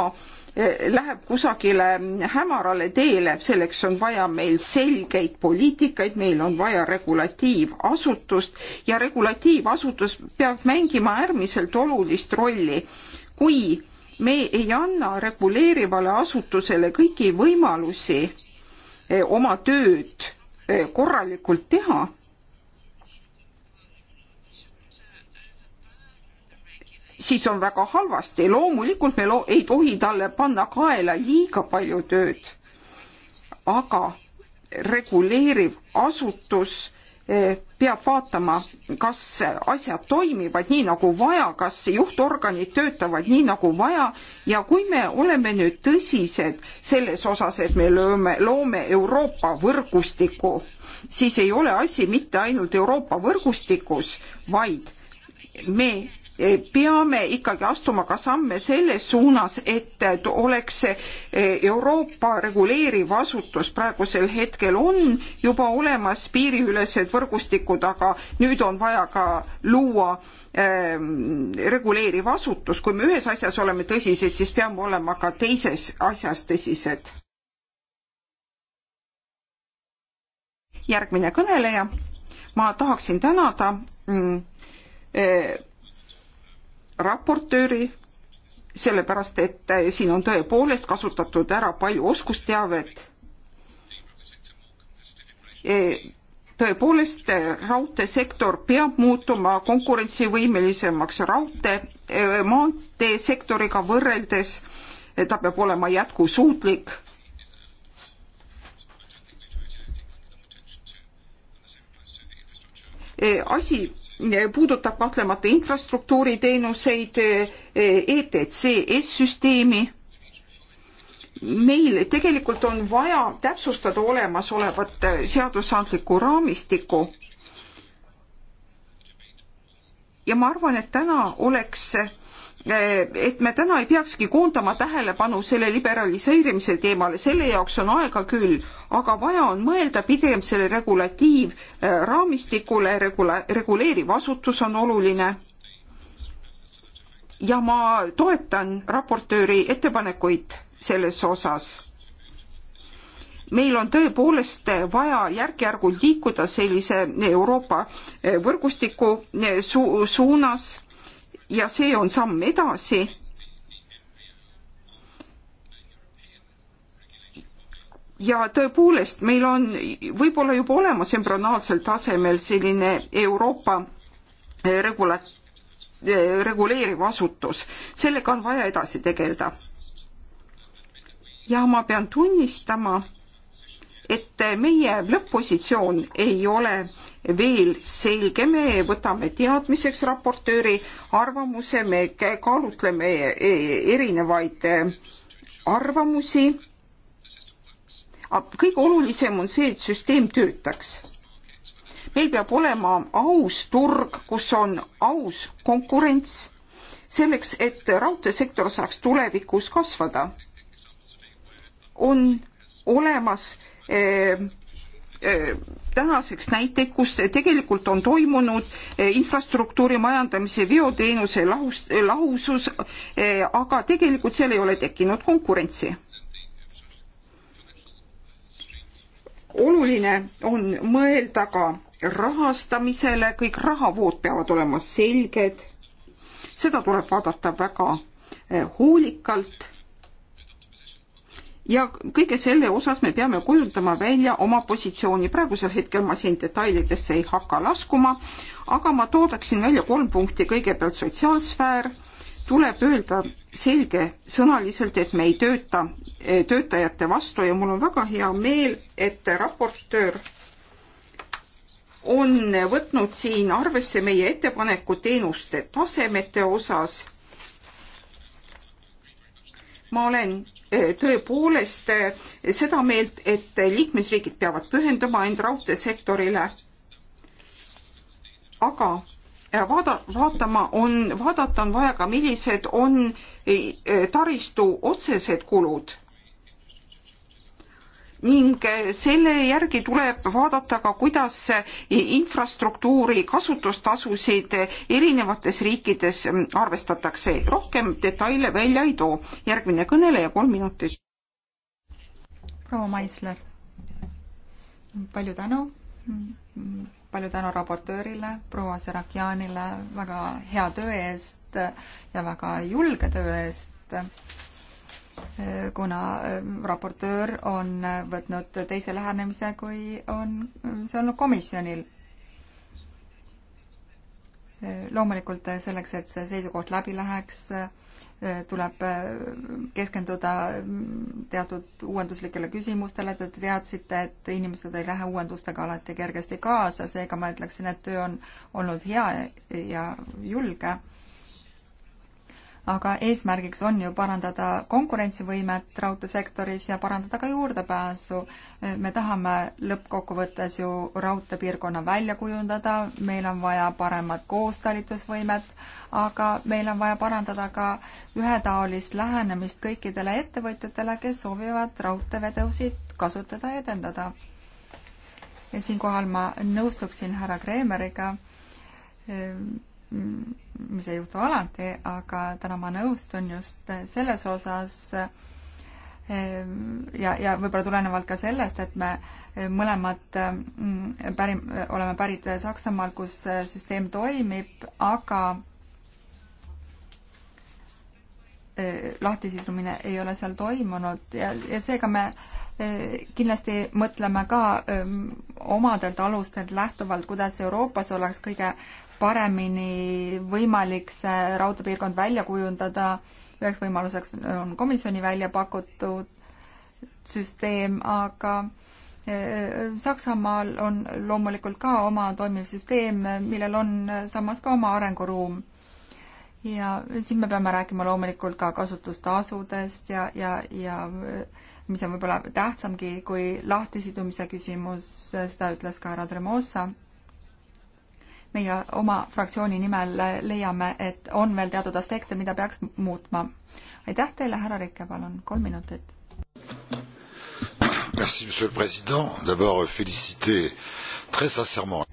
eh, läheb kusagile hämarale teele, selleks on vaja meil selgeid poliitikaid, meil on vaja regulatiivasutust ja regulatiivasutus peab mängima äärmiselt olulist rolli. kui me ei anna reguleerivale asutusele kõiki võimalusi eh, oma tööd korralikult teha, siis on väga halvasti. loomulikult me lo ei tohi talle panna kaela liiga palju tööd. aga reguleeriv asutus eh, peab vaatama, kas asjad toimivad nii nagu vaja, kas juhtorganid töötavad nii nagu vaja ja kui me oleme nüüd tõsised selles osas, et me lööme, loome Euroopa võrgustiku, siis ei ole asi mitte ainult Euroopa võrgustikus, vaid me Eh, peame ikkagi astuma ka samme selles suunas, et oleks eh, Euroopa reguleeriv asutus, praegusel hetkel on juba olemas piiriülesed võrgustikud, aga nüüd on vaja ka luua ehm, reguleeriv asutus, kui me ühes asjas oleme tõsised, siis peame olema ka teises asjas tõsised. järgmine kõneleja, ma tahaksin tänada mm, eh, raportööri, sellepärast et siin on tõepoolest kasutatud ära palju oskusteavet. E, tõepoolest, raudteesektor peab muutuma konkurentsivõimelisemaks raudtee, e, maanteesektoriga võrreldes, ta peab olema jätkusuutlik e, asi puudutab kahtlemata infrastruktuuri teenuseid, ETCS süsteemi. meil tegelikult on vaja täpsustada olemasolevat seadusandlikku raamistikku. ja ma arvan, et täna oleks Eh, et me täna ei peakski koondama tähelepanu selle liberaliseerimise teemale, selle jaoks on aega küll, aga vaja on mõelda pigem selle regulatiivraamistikule, eh, regula-, reguleeriv asutus on oluline. ja ma toetan raportööri ettepanekuid selles osas meil on tõepoolest vaja järk-järgult liikuda sellise Euroopa eh, võrgustiku su suunas ja see on samm edasi. ja tõepoolest, meil on võib-olla juba olemas embrüonaalsel tasemel selline Euroopa eh, regula-, eh, reguleeriv asutus, sellega on vaja edasi tegeleda. ja ma pean tunnistama et meie lõpp-positsioon ei ole veel selge, me võtame teadmiseks raportööri arvamuse, me kaalutleme e, erinevaid e, arvamusi. kõige olulisem on see, et süsteem töötaks. meil peab olema aus turg, kus on aus konkurents, selleks et raudteesektor saaks tulevikus kasvada. on olemas Äh, äh, tänaseks näiteid, kus tegelikult on toimunud äh, infrastruktuuri majandamise veoteenuse lahus, lahusus, aga tegelikult seal ei ole tekkinud konkurentsi. oluline on mõelda ka rahastamisele, kõik rahavood peavad olema selged. seda tuleb vaadata väga hoolikalt ja kõige selle osas me peame kujundama välja oma positsiooni. praegusel hetkel ma siin detailidesse ei hakka laskuma, aga ma toodaksin välja kolm punkti. kõigepealt sotsiaalsfäär, tuleb öelda selge sõnaliselt, et me ei tööta eh, töötajate vastu ja mul on väga hea meel, et raportöör on võtnud siin arvesse meie ettepanekud teenuste tasemete osas. ma olen tõepoolest eh, seda meelt, et liikmesriigid peavad pühenduma end raudteesektorile. aga eh, vaada, vaatama on, vaadata on vaja ka, millised on eh, taristu otsesed kulud ning eh, selle järgi tuleb vaadata ka, kuidas infrastruktuuri kasutustasusid eh, erinevates riikides mm, arvestatakse. rohkem detaile välja ei too. järgmine kõneleja, kolm minutit. proua Maisler, palju tänu palju tänu raportöörile, proua Serakianile väga hea töö eest ja väga julge töö eest kuna ähm, raportöör on äh, võtnud teise lähenemise, kui on äh, see olnud komisjonil. Äh, loomulikult selleks, et see seisukoht läbi läheks, tuleb keskenduda mm, teatud uuenduslikele küsimustele, te teadsite, et inimesed ei lähe uuendustega alati kergesti kaasa, seega ma ütleksin, et töö on olnud hea ja julge aga eesmärgiks on ju parandada konkurentsivõimet raudteesektoris ja parandada ka juurdepääsu. me tahame lõppkokkuvõttes ju raudteepiirkonna välja kujundada, meil on vaja paremat koostalitusvõimet, aga meil on vaja parandada ka ühetaolist lähenemist kõikidele ettevõtjatele, kes soovivad raudteevedusid kasutada ja edendada ja siinkohal ma nõustuksin härra Kreemeriga. Mm, mis ei juhtu alati, aga täna ma nõustun just selles osas ehm, ja, ja võib-olla tulenevalt ka sellest, et me mõlemad mm, pärim-, oleme pärit Saksamaal, kus süsteem toimib, aga e, lahtisidumine ei ole seal toimunud ja, ja seega me e, kindlasti mõtleme ka öö, ehm, omadelt alustelt lähtuvalt, kuidas Euroopas oleks kõige paremini võimalik see raudteepiirkond välja kujundada. üheks võimaluseks on komisjoni välja pakutud süsteem, aga eh, Saksamaal on loomulikult ka oma toimiv süsteem, millel on samas ka oma arenguruum. ja siin me peame rääkima loomulikult ka kasutustasudest ja, ja, ja mis on võib-olla tähtsamgi kui lahtisidumise küsimus, seda ütles ka härra Tremosa meie oma fraktsiooni nimel äh, leiame, et on veel teatud aspekte, mida peaks muutma. aitäh teile, härra Rikke, palun, kolm minutit. Merci, monsieur le president, d'abord féliciter très sincèrement.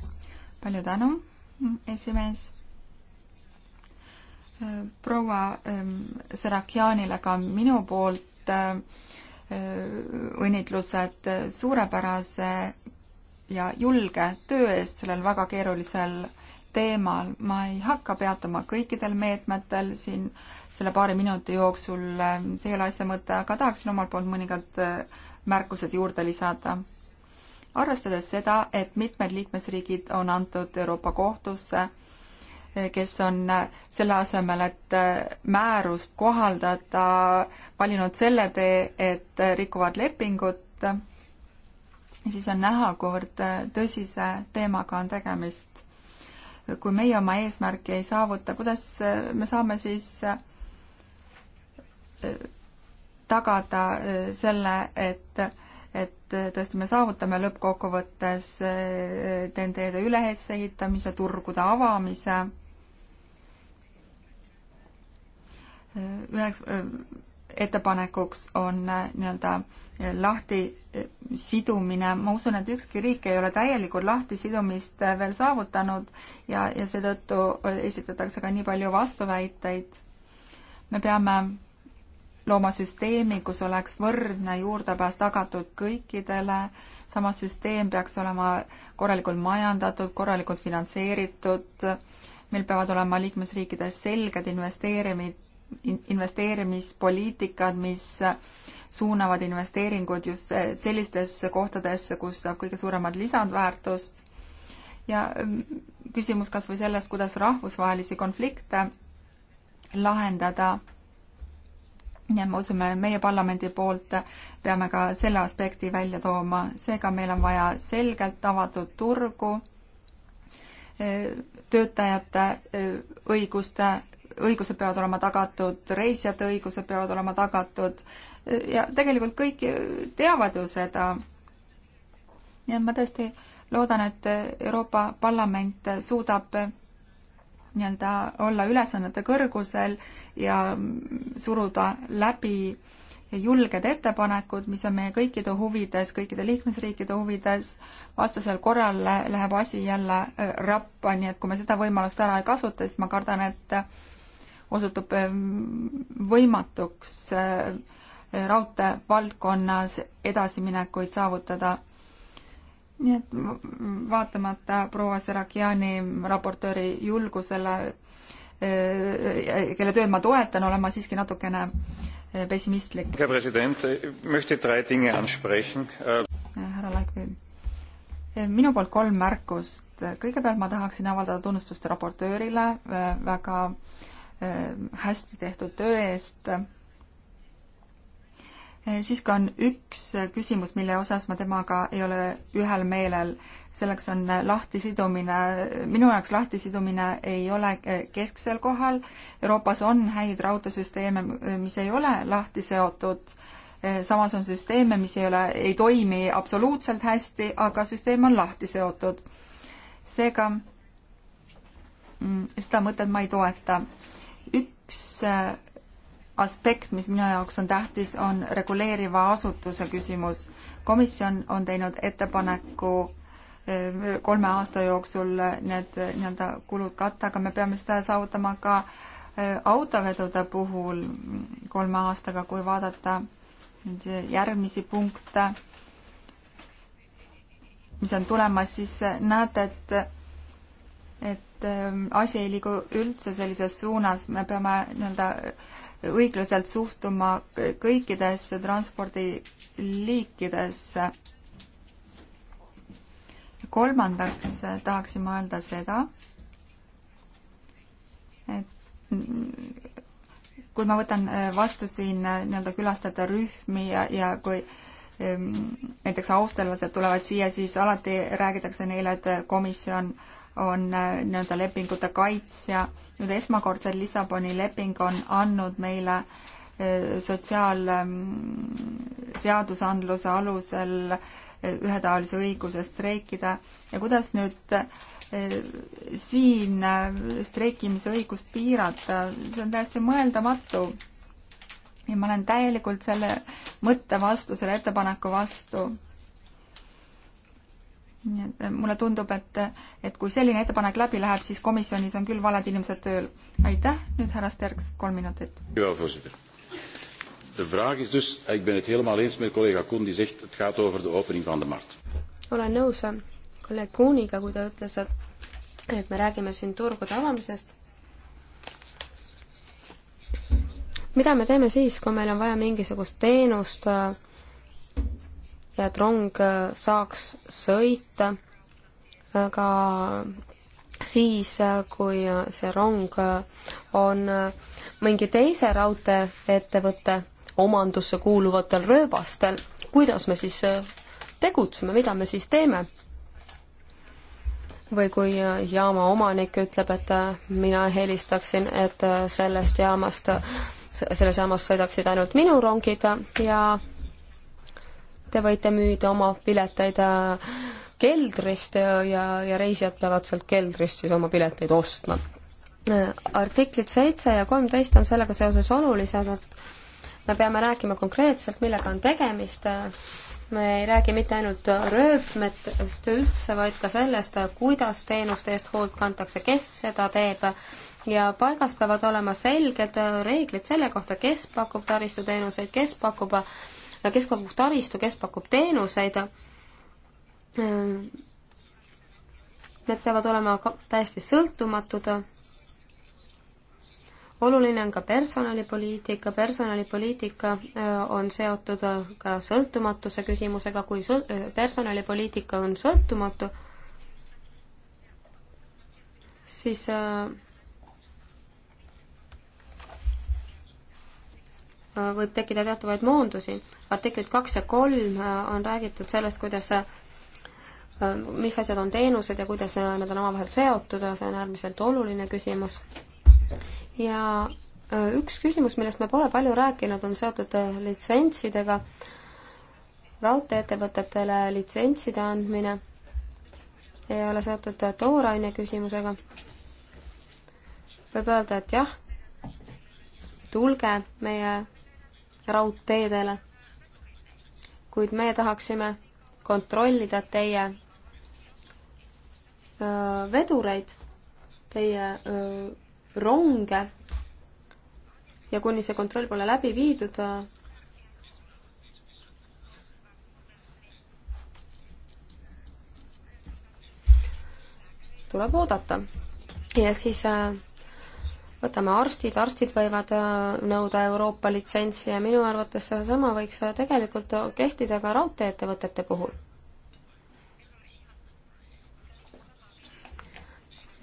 palju tänu, esimees äh, proua ähm, Serakianile ka minu poolt äh, õnnitlused suurepärase ja julge töö eest sellel väga keerulisel teemal. ma ei hakka peatuma kõikidel meetmetel siin selle paari minuti jooksul, äh, see ei ole asja mõte, aga tahaksin omalt poolt mõningad äh, märkused juurde lisada. arvestades seda, et mitmed liikmesriigid on antud Euroopa Kohtusse, äh, kes on selle asemel, et määrust kohaldada, valinud selle tee, et rikuvad lepingut ja siis on näha, kuivõrd äh, tõsise teemaga on tegemist. kui meie oma eesmärki ei saavuta, kuidas äh, me saame siis äh, tagada selle, et, et tõesti me saavutame lõppkokkuvõttes TNT-de ülesehitamise, turgude avamise, üheks ettepanekuks on äh, nii-öelda äh, lahti äh, sidumine, ma usun, et ükski riik ei ole täielikult lahtisidumist veel saavutanud ja, ja seetõttu esitatakse ka nii palju vastuväiteid. me peame looma süsteemi, kus oleks võrdne juurdepääs tagatud kõikidele, samas süsteem peaks olema korralikult majandatud, korralikult finantseeritud, meil peavad olema liikmesriikides selged investeerimid, investeerimispoliitikad, mis suunavad investeeringud just sellistesse kohtadesse, kus saab kõige suuremat lisandväärtust. ja mm, küsimus kas või selles, kuidas rahvusvahelisi konflikte lahendada. nii et ma usun, me meie parlamendi poolt peame ka selle aspekti välja tooma, seega meil on vaja selgelt avatud turgu eh, töötajate eh, õiguste õigused peavad olema tagatud, reisijate õigused peavad olema tagatud ja tegelikult kõik teavad ju seda. nii et ma tõesti loodan, et Euroopa Parlament suudab nii-öelda olla ülesannete kõrgusel ja suruda läbi julged ettepanekud, mis on meie kõikide huvides, kõikide liikmesriikide huvides, vastasel korral läheb asi jälle äh, rappa, nii et kui me seda võimalust ära ei kasuta, siis ma kardan, et osutub võimatuks eh, raudtee valdkonnas edasiminekuid saavutada. nii et vaatamata proua Serakiani raportööri julgusele, eh, kelle tööd ma toetan, olen ma siiski natukene eh, pessimistlik. Äh, härra Laikvee äh, minu poolt kolm märkust. kõigepealt ma tahaksin avaldada tunnustust raportöörile äh, väga Äh, hästi tehtud töö eest. Äh, siiski on üks küsimus, mille osas ma temaga ei ole ühel meelel, selleks on lahtisidumine. minu jaoks lahtisidumine ei ole äh, kesksel kohal. Euroopas on häid raudteesüsteeme, mis ei ole lahti seotud samas on süsteeme, mis ei ole, ei toimi absoluutselt hästi, aga süsteem on lahti seotud. seega mm, seda mõtet ma ei toeta üks äh, aspekt, mis minu jaoks on tähtis, on reguleeriva asutuse küsimus. komisjon on teinud ettepaneku äh, kolme aasta jooksul äh, need nii-öelda kulud katta, aga me peame seda saavutama ka autovedude puhul kolme aastaga, kui vaadata nüüd järgmisi punkte, mis on tulemas, siis näete, et, et et ähm, asi ei liigu üldse sellises suunas, me peame nii-öelda õiglaselt suhtuma kõikidesse transpordiliikidesse. kolmandaks äh, tahaksin ma öelda seda, et mm, kui ma võtan äh, vastu siin äh, nii-öelda külastajate rühmi ja, ja kui ähm, näiteks austerlased tulevad siia, siis alati räägitakse neile, et komisjon on äh, nii-öelda lepingute kaitsja. nüüd esmakordselt Lissaboni leping on andnud meile äh, sotsiaalseadusandluse ähm, alusel äh, ühetaolise õiguse streikida ja kuidas nüüd siin streikimise õigust piirata, see on täiesti mõeldamatu. ja ma olen täielikult selle mõtte vastu, selle ettepaneku vastu nii et äh, mulle tundub, et, äh, et kui selline ettepanek läbi läheb, siis komisjonis on küll valed inimesed tööl. aitäh, nüüd härra Sterks, kolm minutit. De vraag is dus, ik ben het helemaal eens met collega Koen die zegt het gaat over de opening van de markt. olen nõus eh, kolleeg Kooniga, kui ta ütles, et, et me räägime siin turgude avamisest. mida me teeme siis, kui meil on vaja mingisugust teenust äh, ja et rong äh, saaks sõita äh, ka siis, äh, kui see rong on mingi teise raudteeettevõtte omandusse kuuluvatel rööbastel, kuidas me siis tegutseme, mida me siis teeme? või kui jaama omanik ütleb, et mina helistaksin, et sellest jaamast, selles jaamas sõidaksid ainult minu rongid ja Te võite müüda oma pileteid äh, keldrist ja, ja reisijad peavad sealt keldrist siis oma pileteid ostma. Äh, artiklid seitse ja kolmteist on sellega seoses olulised, et me peame rääkima konkreetselt, millega on tegemist, me ei räägi mitte ainult röövmetest üldse, vaid ka sellest, kuidas teenuste eest hoolt kantakse, kes seda teeb ja paigas peavad olema selged reeglid selle kohta, kes pakub taristuteenuseid, kes pakub kes pakub taristu, kes pakub teenuseid. Ehm, need peavad olema täiesti sõltumatud. oluline on ka personalipoliitika, personalipoliitika ehm, on seotud ka sõltumatuse küsimusega, kui sõl-, ehm, personalipoliitika on sõltumatu, siis äh, võib tekkida teatavaid moondusi. artiklid kaks ja kolm äh, on räägitud sellest, kuidas, äh, mis asjad on teenused ja kuidas äh, need on omavahel seotud, see on äärmiselt oluline küsimus. ja üks küsimus, millest me pole palju rääkinud, on seotud litsentsidega, raudtee-ettevõtetele litsentside andmine ei ole seotud tooraine küsimusega. võib öelda, et jah, tulge meie raudteedele. kuid meie tahaksime kontrollida teie vedureid, teie ronge ja kuni see kontroll pole läbi viidud, tuleb oodata. ja siis võtame arstid, arstid võivad äh, nõuda Euroopa litsentsi ja minu arvates sedasama võiks äh, tegelikult kehtida ka raudtee-ettevõtete puhul.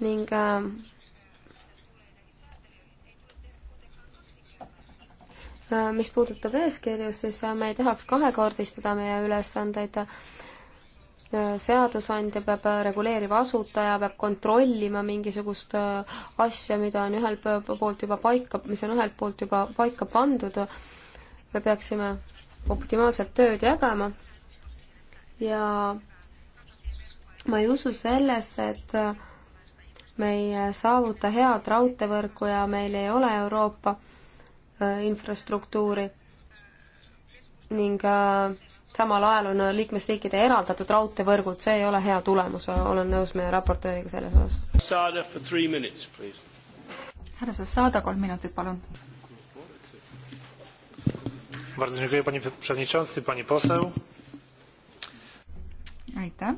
ning äh, mis puudutab eeskirju, siis me ei tahaks kahekordistada meie ülesandeid seadusandja peab reguleerima asutaja, peab kontrollima mingisugust äh, asja, mida on ühelt poolt juba paika, mis on ühelt poolt juba paika pandud. me peaksime optimaalselt tööd jagama. ja ma ei usu sellesse, et me ei saavuta head raudteevõrku ja meil ei ole Euroopa äh, infrastruktuuri ning äh, samal ajal on liikmesriikide eraldatud raudteevõrgud, see ei ole hea tulemus, olen nõus meie raportööriga selles osas. härra Sassada, kolm minutit, palun. aitäh,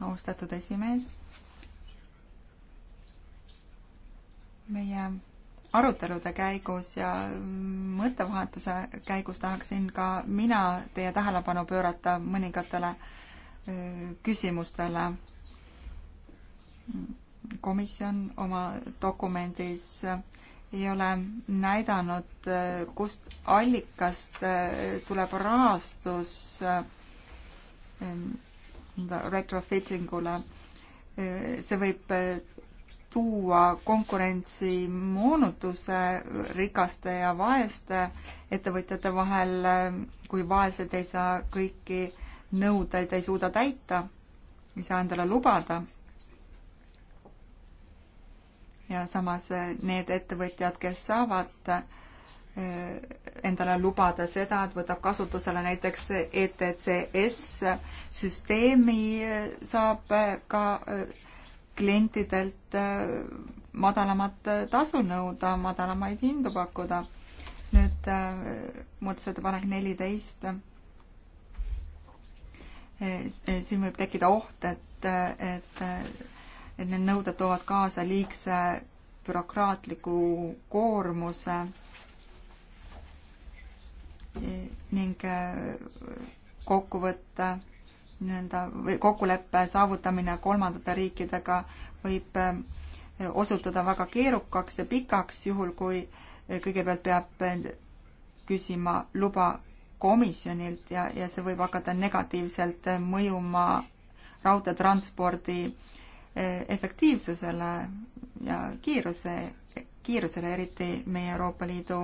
austatud esimees. meie arutelude käigus ja mõttevahetuse käigus tahaksin ka mina teie tähelepanu pöörata mõningatele küsimustele. komisjon oma dokumendis ei ole näidanud, kust allikast tuleb rahastus retrofittingule. see võib tuua konkurentsi moonutuse rikaste ja vaeste ettevõtjate vahel, kui vaesed ei saa kõiki nõudeid, ei suuda täita, ei saa endale lubada. ja samas need ettevõtjad, kes saavad eh, endale lubada seda, et võtab kasutusele näiteks ETCS süsteemi, eh, saab eh, ka klientidelt äh, madalamat äh, tasu nõuda, madalamaid hindu pakkuda. nüüd äh, muudatusettepanek neliteist. siin võib tekkida oht, et, et, et need nõuded toovad kaasa liigse bürokraatliku koormuse ning kokkuvõtte nii-öelda või kokkuleppe saavutamine kolmandate riikidega võib eh, osutuda väga keerukaks ja pikaks, juhul kui eh, kõigepealt peab eh, küsima luba komisjonilt ja, ja see võib hakata negatiivselt mõjuma raudteetranspordi efektiivsusele ja kiiruse, kiirusele, eriti meie Euroopa Liidu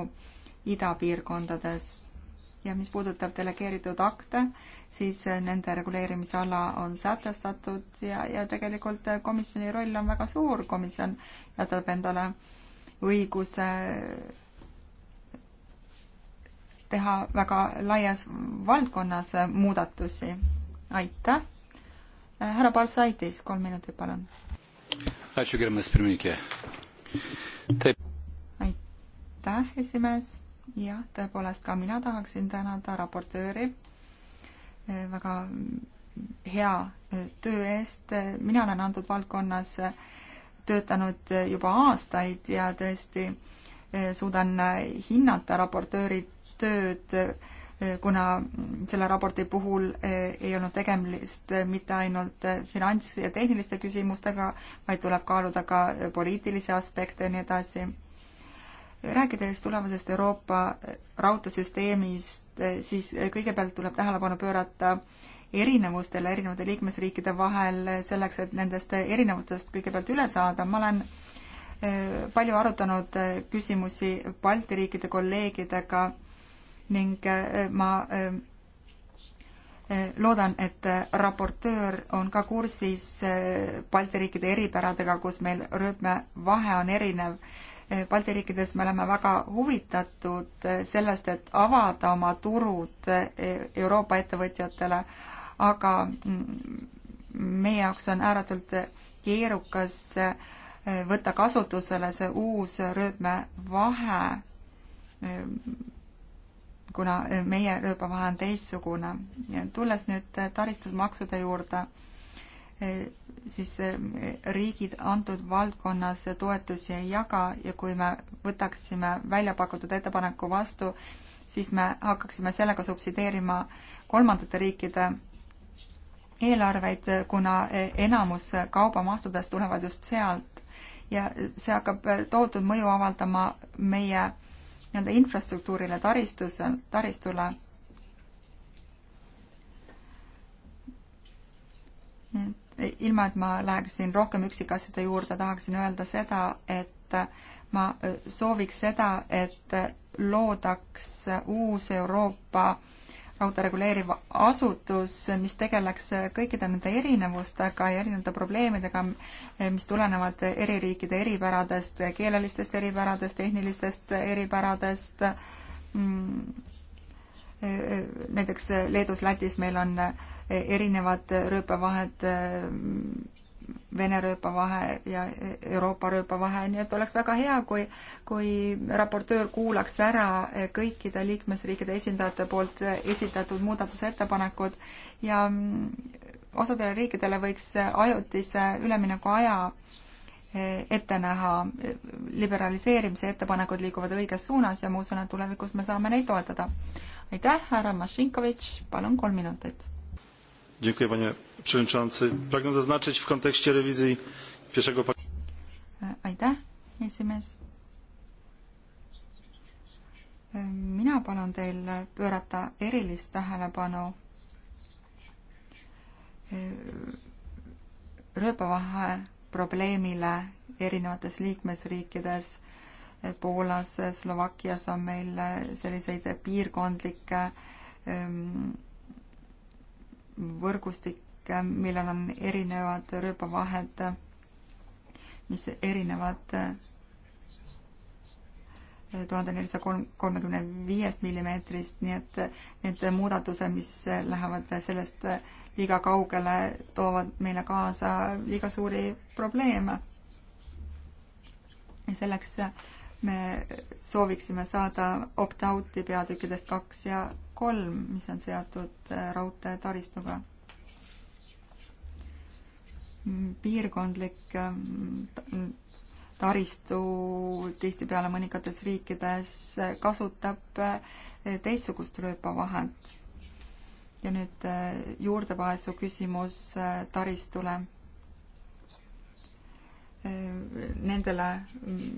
idapiirkondades ja mis puudutab delegeeritud akte, siis äh, nende reguleerimisala on sätestatud ja, ja tegelikult äh, komisjoni roll on väga suur, komisjon jätab endale õiguse äh, teha väga laias valdkonnas muudatusi. aitäh! härra Balsaitis, kolm minutit, palun. aitäh, esimees jah, tõepoolest ka mina tahaksin tänada raportööri eh, väga hea eh, töö eest. mina olen antud valdkonnas eh, töötanud juba aastaid ja tõesti suudan hinnata raportööri tööd, kuna selle raporti puhul ei olnud tegemist mitte ainult finants- ja tehniliste küsimustega, vaid tuleb kaaluda ka poliitilisi aspekte ja nii edasi rääkides tulemusest Euroopa raudteesüsteemist, siis kõigepealt tuleb tähelepanu pöörata erinevustele erinevate liikmesriikide vahel selleks, et nendest erinevustest kõigepealt üle saada. ma olen eh, palju arutanud küsimusi Balti riikide kolleegidega ning eh, ma eh, loodan, et raportöör on ka kursis Balti riikide eripäradega, kus meil rööpmevahe on erinev Balti riikides me oleme väga huvitatud sellest, et avada oma turud e, Euroopa ettevõtjatele, aga mm, meie jaoks on ääretult keerukas e, võtta kasutusele see uus rööpmevahe, e, kuna meie rööpavahe on teistsugune. tulles nüüd taristusmaksude juurde Eh, siis eh, riigid antud valdkonnas toetusi ei jaga ja kui me võtaksime välja pakutud ettepaneku vastu, siis me hakkaksime sellega subsideerima kolmandate riikide eelarveid, kuna eh, enamus kaubamahtudest tulevad just sealt ja see hakkab tohutud mõju avaldama meie nii-öelda infrastruktuurile, taristuse, taristule. et ilma, et ma läheksin rohkem üksikasjade juurde, tahaksin öelda seda, et ma äh, sooviks seda, et loodaks uus Euroopa raudtee reguleeriv asutus, mis tegeleks kõikide nende erinevustega ja erinevate probleemidega, mis tulenevad eri riikide eripäradest, keelelistest eripäradest, tehnilistest eripäradest mm,, näiteks Leedus, Lätis meil on erinevad rööpavahed, Vene rööpavahe ja Euroopa rööpavahe, nii et oleks väga hea, kui, kui raportöör kuulaks ära kõikide liikmesriikide esindajate poolt esitatud muudatusettepanekud ja osadele riikidele võiks ajutise ülemineku aja ette näha, liberaliseerimise ettepanekud liiguvad õiges suunas ja ma usun, et tulevikus me saame neid toetada aitäh, härra Mašinkovitš, palun kolm minutit. Dziękuję panie przewodniczący. Pragnę zaznaczyć w kontekście rewizji pierwszego aitäh, esimees. mina palun teil pöörata erilist tähelepanu rööpavahe probleemile erinevates liikmesriikides Poolas, Slovakkias on meil äh, selliseid piirkondlikke ähm, võrgustikke, millel on erinevad rööpavahed, mis erinevad äh, tuhande nelisaja kolm, kolmekümne viiest millimeetrist, nii et need muudatused, mis lähevad sellest liiga kaugele, toovad meile kaasa liiga suuri probleeme. ja selleks me sooviksime saada opt-out'i peatükkidest kaks ja kolm, mis on seotud äh, raudteetaristuga. piirkondlik ähm, taristu tihtipeale mõningates riikides äh, kasutab äh, teistsugust rööpavahet. ja nüüd juurdepääsu küsimus taristule. Nendele mm,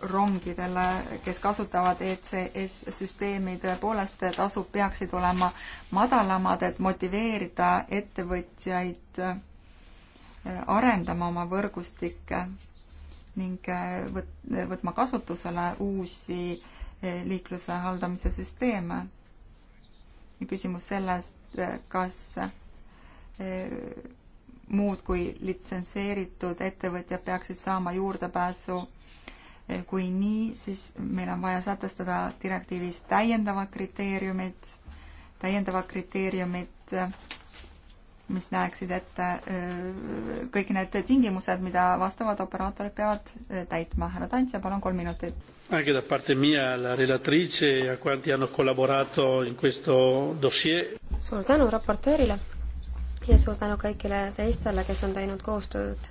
rongidele, kes kasutavad ECS-süsteemi, tõepoolest tasud peaksid olema madalamad, et motiveerida ettevõtjaid äh, arendama oma võrgustikke ning äh, võt-, võtma kasutusele uusi äh, liikluse haldamise süsteeme. ja küsimus sellest, kas muud kui litsenseeritud ettevõtjad peaksid saama juurdepääsu Eh, kui nii, siis meil on vaja sätestada direktiivis täiendavad kriteeriumid, täiendavad kriteeriumid, eh, mis näeksid ette eh, kõik need tingimused, mida vastavad operaatorid peavad täitma. härra Tantja, palun kolm minutit. Anche da parte mia alla relatrice ja e quanti hanno collaborato in questo dossier. suur tänu raportöörile ja suur tänu kõigile teistele, kes on teinud koostööd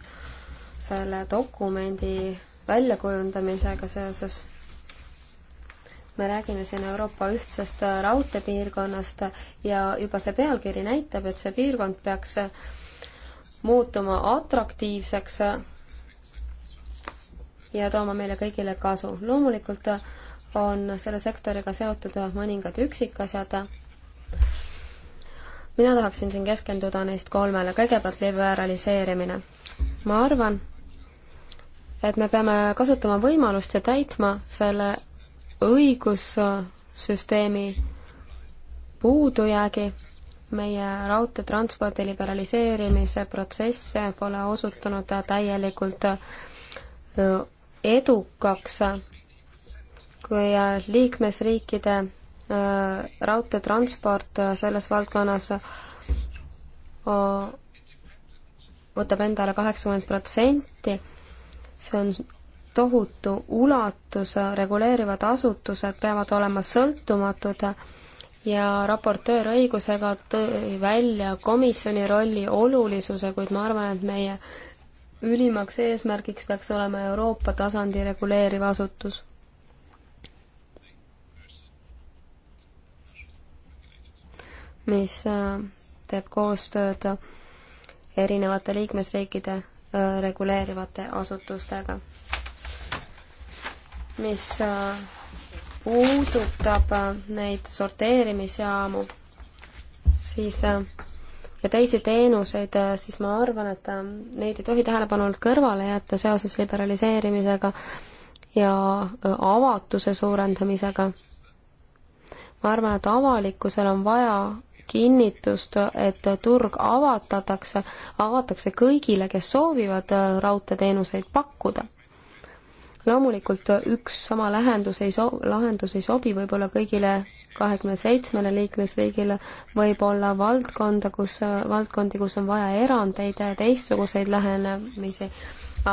selle dokumendi väljakujundamisega seoses. me räägime siin Euroopa ühtsest äh, raudteepiirkonnast ja juba see pealkiri näitab, et see piirkond peaks äh, muutuma atraktiivseks äh, ja tooma meile kõigile kasu. loomulikult on selle sektoriga seotud mõningad üksikasjad. mina tahaksin siin keskenduda neist kolmele. kõigepealt liberaliseerimine. ma arvan, et me peame kasutama võimalust ja täitma selle õigussüsteemi puudujäägi. meie raudteetranspordi liberaliseerimise protsess pole osutunud täielikult edukaks, kui liikmesriikide raudteetransport selles valdkonnas võtab endale kaheksakümmend protsenti see on tohutu ulatus, reguleerivad asutused peavad olema sõltumatud ja raportöör õigusega tõi välja komisjoni rolli olulisuse, kuid ma arvan, et meie ülimaks eesmärgiks peaks olema Euroopa tasandi reguleeriv asutus. mis äh, teeb koostööd erinevate liikmesriikide Äh, reguleerivate asutustega. mis äh, puudutab äh, neid sorteerimisjaamu, siis ja teisi teenuseid, siis ma arvan, et neid ei tohi tähelepanu alt kõrvale jätta seoses liberaliseerimisega ja avatuse suurendamisega. ma arvan, et avalikkusel on vaja kinnitust, et turg avatatakse, avatakse kõigile, kes soovivad äh, raudteeteenuseid pakkuda loomulikult üks sama lähendus ei so-, lahendus ei sobi võib-olla kõigile kahekümne seitsmele liikmesriigile, võib olla valdkonda, kus, valdkondi, kus on vaja erandeid ja teistsuguseid lähenemisi,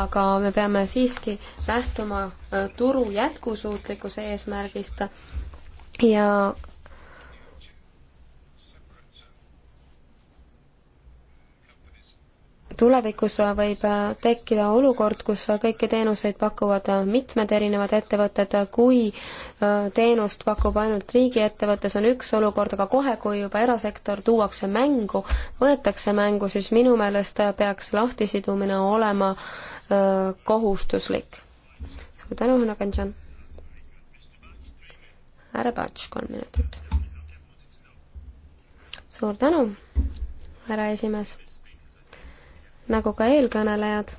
aga me peame siiski lähtuma äh, turu jätkusuutlikkuse eesmärgist ja tulevikus võib äh, tekkida olukord, kus äh, kõiki teenuseid pakuvad äh, mitmed erinevad ettevõtted, kui teenust pakub ainult riigiettevõte, see on üks olukord, aga kohe, kui juba erasektor tuuakse mängu, võetakse mängu, siis minu meelest peaks lahtisidumine olema kohustuslik. suur tänu, Hanno Kanjan. härra Pats, kolm minutit. suur tänu, härra esimees nagu ka eelkõnelejad,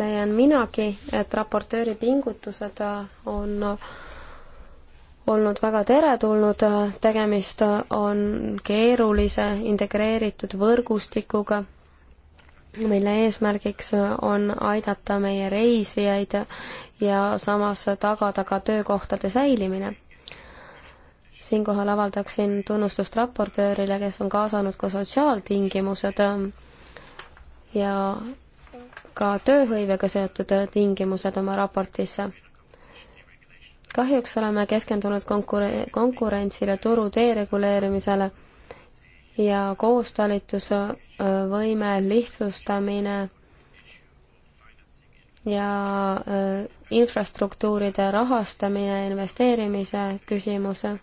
leian minagi, et raportööri pingutused on olnud väga teretulnud, tegemist on keerulise integreeritud võrgustikuga, mille eesmärgiks on aidata meie reisijaid ja samas tagada ka töökohtade säilimine siinkohal avaldaksin tunnustust raportöörile, kes on kaasanud ka sotsiaaltingimused ja ka tööhõivega seotud tingimused oma raportisse. kahjuks oleme keskendunud konkure-, konkurentsile, turu dereguleerimisele ja koostalitusvõime lihtsustamine ja äh, infrastruktuuride rahastamine, investeerimise küsimuse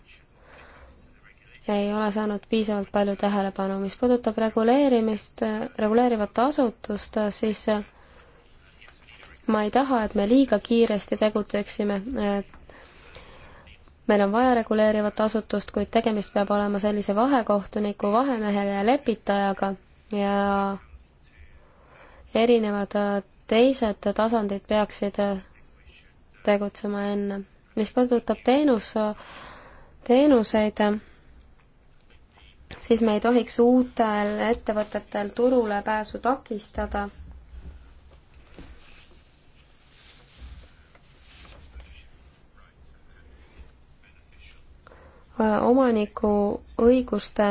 ei ole saanud piisavalt palju tähelepanu. mis puudutab reguleerimist, reguleerivat asutust, siis eh, ma ei taha, et me liiga kiiresti tegutseksime. meil on vaja reguleerivat asutust, kuid tegemist peab olema sellise vahekohtuniku, vahemehe ja lepitajaga ja erinevad eh, teised tasandid peaksid eh, tegutsema enne. mis puudutab teenus, teenuseid, siis me ei tohiks uutel ettevõtetel turule pääsu takistada. omaniku õiguste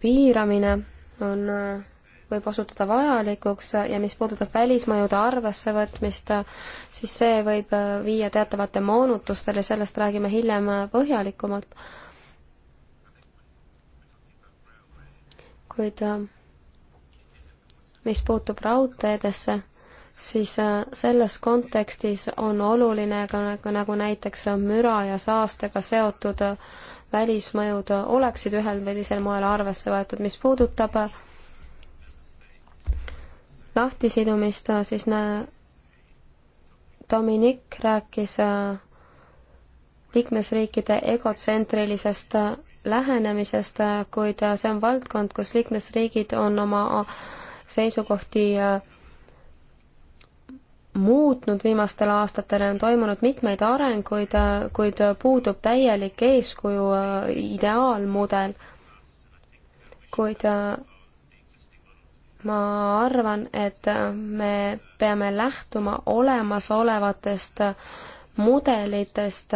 piiramine on äh, võib osutuda vajalikuks ja mis puudutab välismõjude arvesse võtmist, siis see võib äh, viia teatavate moonutustele, sellest räägime hiljem äh, põhjalikumalt. kuid äh, mis puutub raudteedesse, siis selles kontekstis on oluline ka nagu, nagu näiteks müra ja saastega seotud välismõjud oleksid ühel või teisel moel arvesse võetud, mis puudutab äh, lahtisidumist, siis näe, Dominic rääkis äh, liikmesriikide egotsentrilisest äh, lähenemisest, äh, kuid see on valdkond, kus liikmesriigid on oma seisukohti muutnud viimastel aastatel, on toimunud mitmeid arenguid, kuid puudub täielik eeskuju ideaalmudel. kuid ma arvan, et me peame lähtuma olemasolevatest mudelitest,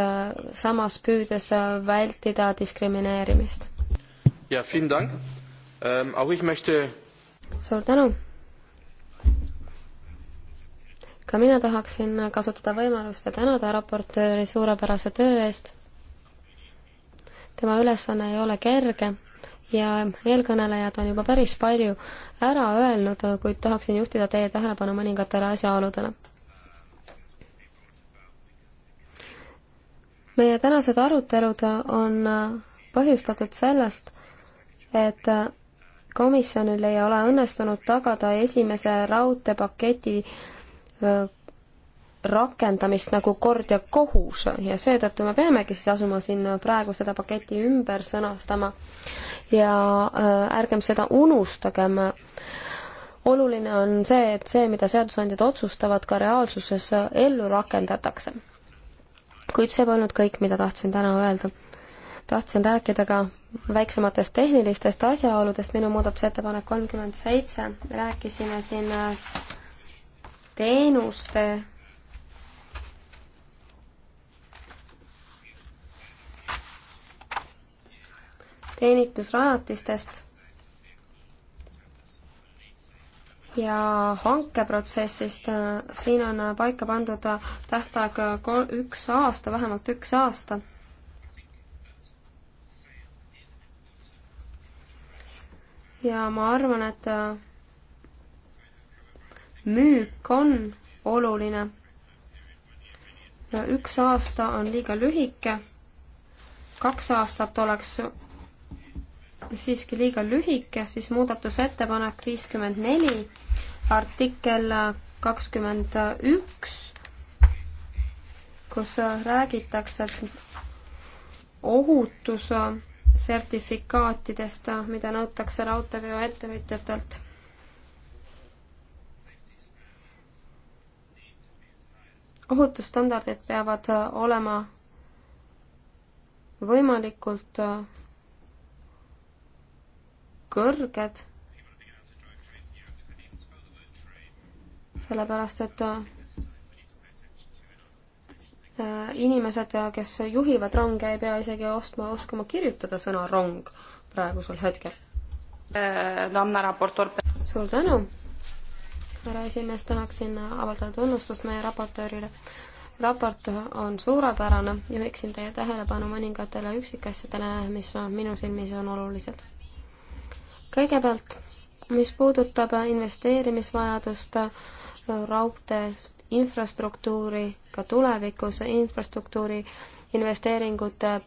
samas püüdes vältida diskrimineerimist. ja, vielen Dank ähm,. Auch ich möchte. suur tänu. ka mina tahaksin kasutada võimalust ja tänada raportööri suurepärase töö eest. tema ülesanne ei ole kerge ja eelkõnelejad on juba päris palju ära öelnud, kuid tahaksin juhtida teie tähelepanu mõningatele asjaoludele. meie tänased arutelud on põhjustatud sellest, et komisjonil ei ole õnnestunud tagada esimese raudteepaketi rakendamist nagu kord ja kohus ja seetõttu me peamegi siis asuma siin praegu seda paketi ümber sõnastama ja äh, ärgem seda unustagem. oluline on see, et see, mida seadusandjad otsustavad, ka reaalsuses ellu rakendatakse. kuid see polnud kõik, mida tahtsin täna öelda. tahtsin rääkida ka väiksematest tehnilistest asjaoludest, minu muudatusettepanek kolmkümmend seitse, rääkisime siin äh, teenuste teenitusrajatistest ja hankeprotsessist, äh, siin on äh, paika pandud äh, tähtaeg üks aasta, vähemalt üks aasta. ja ma arvan, et müük on oluline. üks aasta on liiga lühike, kaks aastat oleks siiski liiga lühike, siis muudatusettepanek viiskümmend neli, artikkel kakskümmend üks, kus räägitakse ohutuse sertifikaatidest, mida nõutakse raudteeveoettevõtjatelt ohutusstandardid peavad olema võimalikult kõrged, sellepärast et äh, inimesed, kes juhivad ronge, ei pea isegi ostma, oskama kirjutada sõna rong praegusel hetkel. Äh, suur tänu, härra esimees, tahaksin avaldada tunnustust meie raportöörile. raport on suurepärane, juhiksin teie tähelepanu mõningatele üksikasjadele, mis minu silmis on olulised kõigepealt, mis puudutab investeerimisvajadust äh, raudtee infrastruktuuri, ka tulevikus infrastruktuuri investeeringute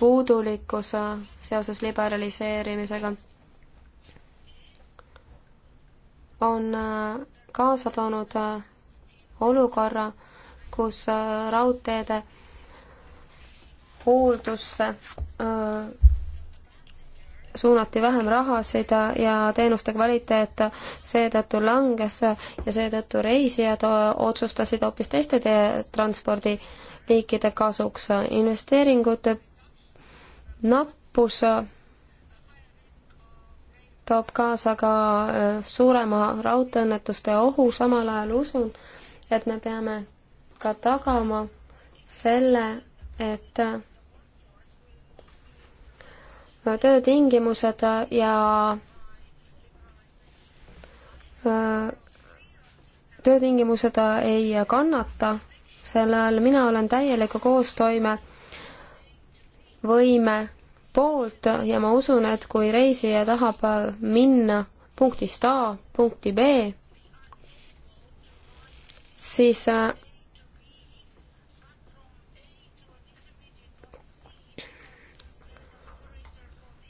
puudulikkus äh, seoses liberaliseerimisega on äh, kaasa toonud olukorra, kus raudteede hooldusse suunati vähem rahasid ja teenuste kvaliteet seetõttu langes ja seetõttu reisijad otsustasid hoopis teiste transpordiliikide kasuks. investeeringute nappus toob kaasa ka äh, suurema raudteeõnnetuste ohu, samal ajal usun, et me peame ka tagama selle, et töötingimused ja töötingimused ei kannata selle all, mina olen täieliku koostoime võime poolt ja ma usun, et kui reisija tahab minna punktist A punkti B, siis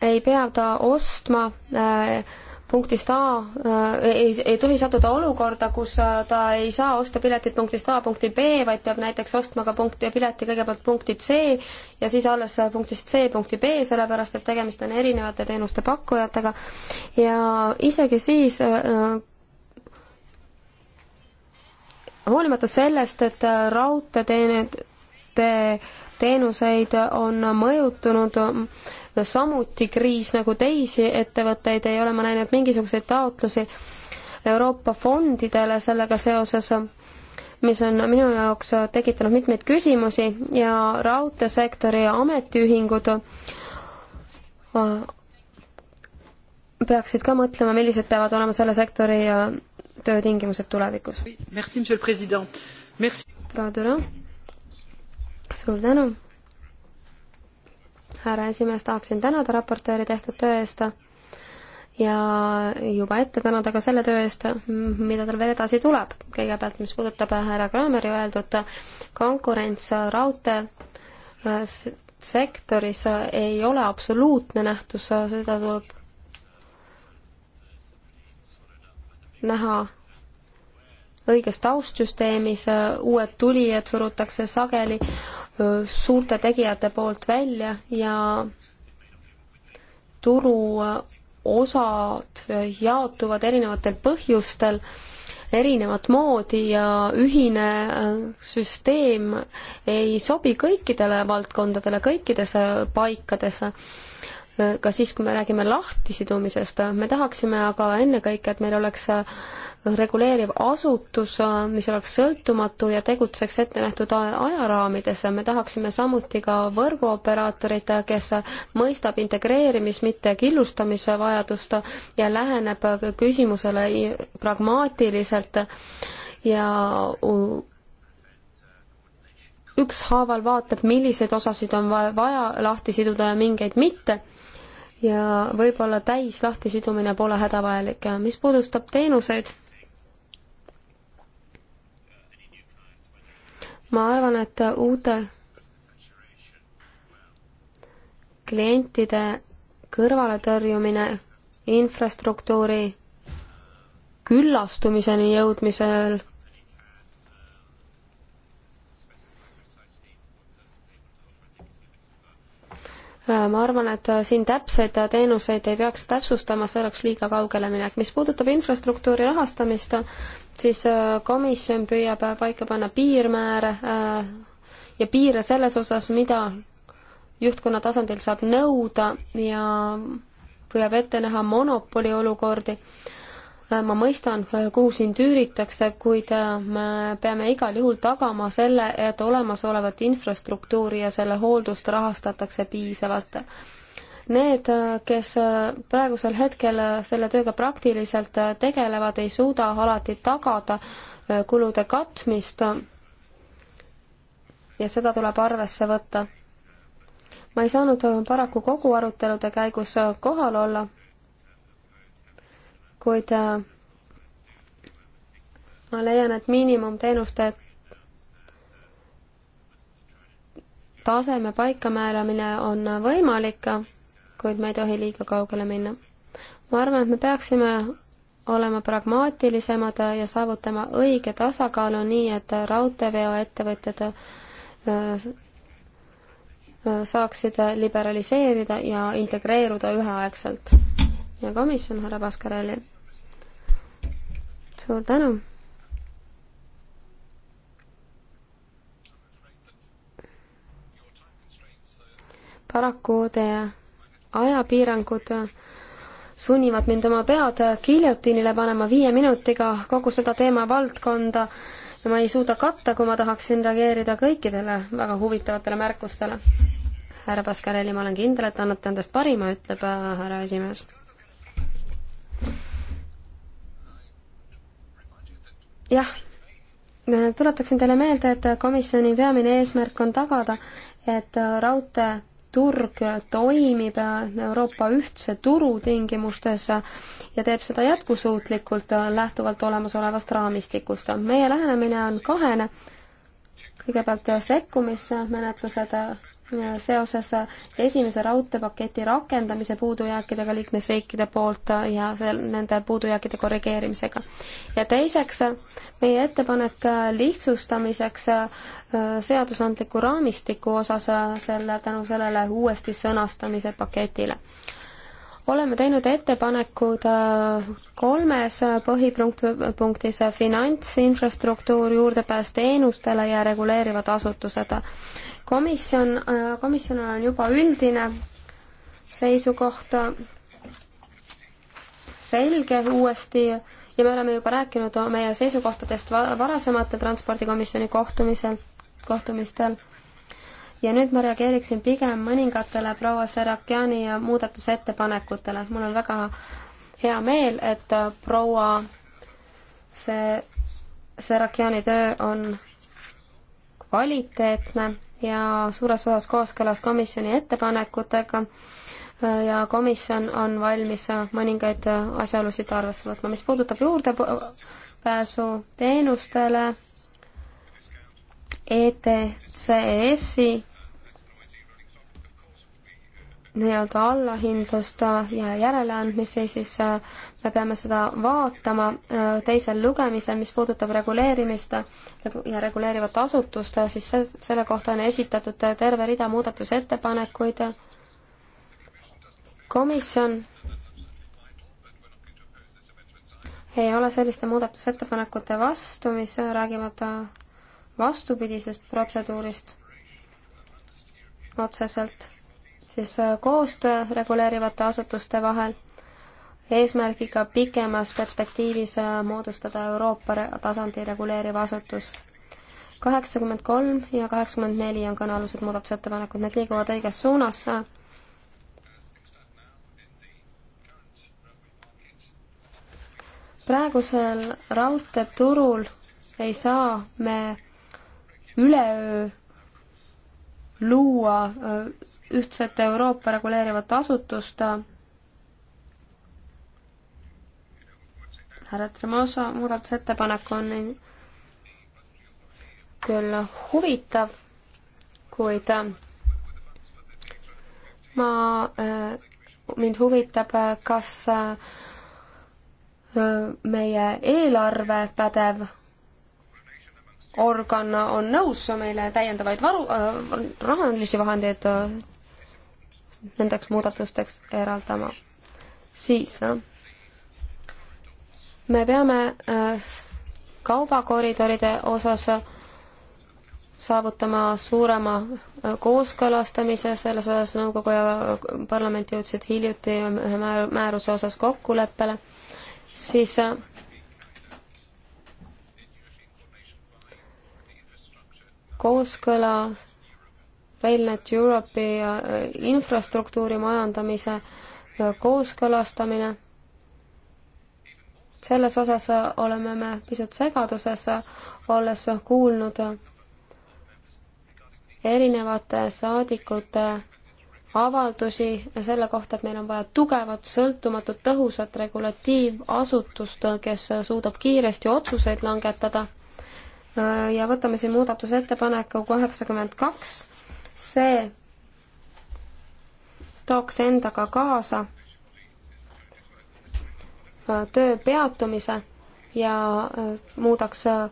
ei pea ta ostma äh, punktist A äh, ei, ei tohi sattuda olukorda, kus äh, ta ei saa osta piletit punktist A punkti B, vaid peab näiteks ostma ka punkti, pileti kõigepealt punkti C ja siis alles punktist C punkti B, sellepärast et tegemist on erinevate teenuste pakkujatega. ja isegi siis hoolimata sellest, et raudteeteenete teenuseid on mõjutanud samuti kriis nagu teisi ettevõtteid, ei ole ma näinud mingisuguseid taotlusi Euroopa fondidele sellega seoses, mis on minu jaoks tekitanud mitmeid küsimusi ja raudteesektori ametiühingud äh, peaksid ka mõtlema, millised peavad olema selle sektori äh, töötingimused tulevikus. proua Türa suur tänu! härra esimees, tahaksin tänada raportööri tehtud töö eest ja juba ette tänada ka selle töö eest, mida tal veel edasi tuleb. kõigepealt, mis puudutab härra Kraameri öeldud, konkurents raudteesektoris äh, ei ole absoluutne nähtus, seda tuleb näha õiges taustsüsteemis, uued tulijad surutakse sageli suurte tegijate poolt välja ja turu osad jaotuvad erinevatel põhjustel erinevat moodi ja ühine äh, süsteem ei sobi kõikidele valdkondadele, kõikides paikades. Äh, ka siis, kui me räägime lahtisidumisest, me tahaksime aga ennekõike, et meil oleks äh, reguleeriv asutus, mis oleks sõltumatu ja tegutseks ettenähtud ajaraamides. me tahaksime samuti ka võrguoperaatorit, kes mõistab integreerimis, mitte killustamise vajadust ja läheneb küsimusele pragmaatiliselt ja ükshaaval vaatab, milliseid osasid on vaja lahti siduda ja mingeid mitte ja võib-olla täis lahtisidumine pole hädavajalik. mis puudustab teenuseid, ma arvan, et uute klientide kõrvaletõrjumine infrastruktuuri küllastumiseni jõudmisel Äh, ma arvan, et äh, siin täpseid äh, teenuseid ei peaks täpsustama, see oleks liiga kaugele minek. mis puudutab infrastruktuuri rahastamist, siis komisjon püüab paika panna piirmääre ja piire selles osas, mida juhtkonna tasandil saab nõuda ja püüab ette näha monopoli olukordi Äh, ma mõistan, äh, kuhu siin tüüritakse, kuid äh, me peame igal juhul tagama selle, et olemasolevat infrastruktuuri ja selle hooldust rahastatakse piisavalt. Need, kes praegusel hetkel selle tööga praktiliselt tegelevad, ei suuda alati tagada kulude katmist ja seda tuleb arvesse võtta. ma ei saanud paraku kogu arutelude käigus kohal olla kuid äh, ma leian, et miinimumteenuste taseme paikamääramine on võimalik, kuid me ei tohi liiga kaugele minna. ma arvan, et me peaksime olema pragmaatilisemad ja saavutama õige tasakaalu nii, et raudteeveoettevõtjad äh, äh, saaksid liberaliseerida ja integreeruda üheaegselt. ja komisjon, härra Pascarelli suur tänu. paraku teie ajapiirangud sunnivad mind oma pead giljotiinile panema viie minutiga kogu seda teemavaldkonda ja ma ei suuda katta, kui ma tahaksin reageerida kõikidele väga huvitavatele märkustele. härra Pascarelli, ma olen kindel, et annate endast parima, ütleb äh, härra esimees. jah, tuletaksin teile meelde, et komisjoni peamine eesmärk on tagada, et raudteeturg toimib Euroopa ühtse turu tingimustes ja teeb seda jätkusuutlikult lähtuvalt olemasolevast raamistikust. meie lähenemine on kahene, kõigepealt sekkumismenetlused seoses esimese raudteepaketi rakendamise puudujääkidega liikmesriikide poolt ja sel, nende puudujääkide korrigeerimisega. ja teiseks, meie ettepanek lihtsustamiseks äh, seadusandliku raamistiku osas äh, selle, tänu sellele uuesti sõnastamise paketile. oleme teinud ettepanekud äh, kolmes põhipunkt, punktis finantsinfrastruktuur, juurdepääs teenustele ja reguleerivad asutused komisjon, äh, komisjonil on juba üldine seisukoht selge uuesti ja me oleme juba rääkinud meie seisukohtadest varasematel transpordikomisjoni kohtumisel, kohtumistel. ja nüüd ma reageeriksin pigem mõningatele proua Serakjani muudatusettepanekutele. mul on väga hea meel, et proua see Serakjani töö on kvaliteetne ja suures osas kooskõlas komisjoni ettepanekutega ja komisjon on valmis mõningaid asjaolusid arvesse võtma. mis puudutab juurdepääsu teenustele, ETCS-i e nii-öelda allahindlust ja järeleandmisi, siis äh, me peame seda vaatama äh, teisel lugemisel, mis puudutab reguleerimist ja reguleerivat asutust, äh, siis selle kohta on esitatud terve rida muudatusettepanekuid. komisjon ei ole selliste muudatusettepanekute vastu, mis räägivad vastupidisest protseduurist otseselt siis äh, koostöö reguleerivate asutuste vahel eesmärgiga pikemas perspektiivis äh, moodustada Euroopa tasandi reguleeriv asutus. kaheksakümmend kolm ja kaheksakümmend neli on kõnealused muudatusettepanekud, need liiguvad õiges suunas. praegusel raudteeturul ei saa me üleöö luua äh, ühtset Euroopa reguleerivat asutust. härra Tremosa muudatusettepanek on küll huvitav, kuid ma, äh, mind huvitab, kas äh, meie eelarvepädev organ on nõus meile täiendavaid varu äh,, rahalisi vahendeid nendeks muudatusteks eraldama. siis me peame äh, kaubakoridoride osas saavutama suurema äh, kooskõlastamise, selles osas nõukogu ja äh, parlament jõudsid hiljuti ühe määruse osas kokkuleppele, siis kooskõla Railnet Europe'i äh, infrastruktuuri majandamise äh, kooskõlastamine. selles osas äh, oleme me pisut segaduses, olles kuulnud erinevate saadikute avaldusi selle kohta, et meil on vaja tugevat, sõltumatut, tõhusat regulatiivasutust, kes suudab kiiresti otsuseid langetada. ja võtame siin muudatusettepaneku kaheksakümmend kaks, see tooks endaga kaasa äh, töö peatumise ja äh, muudaks äh,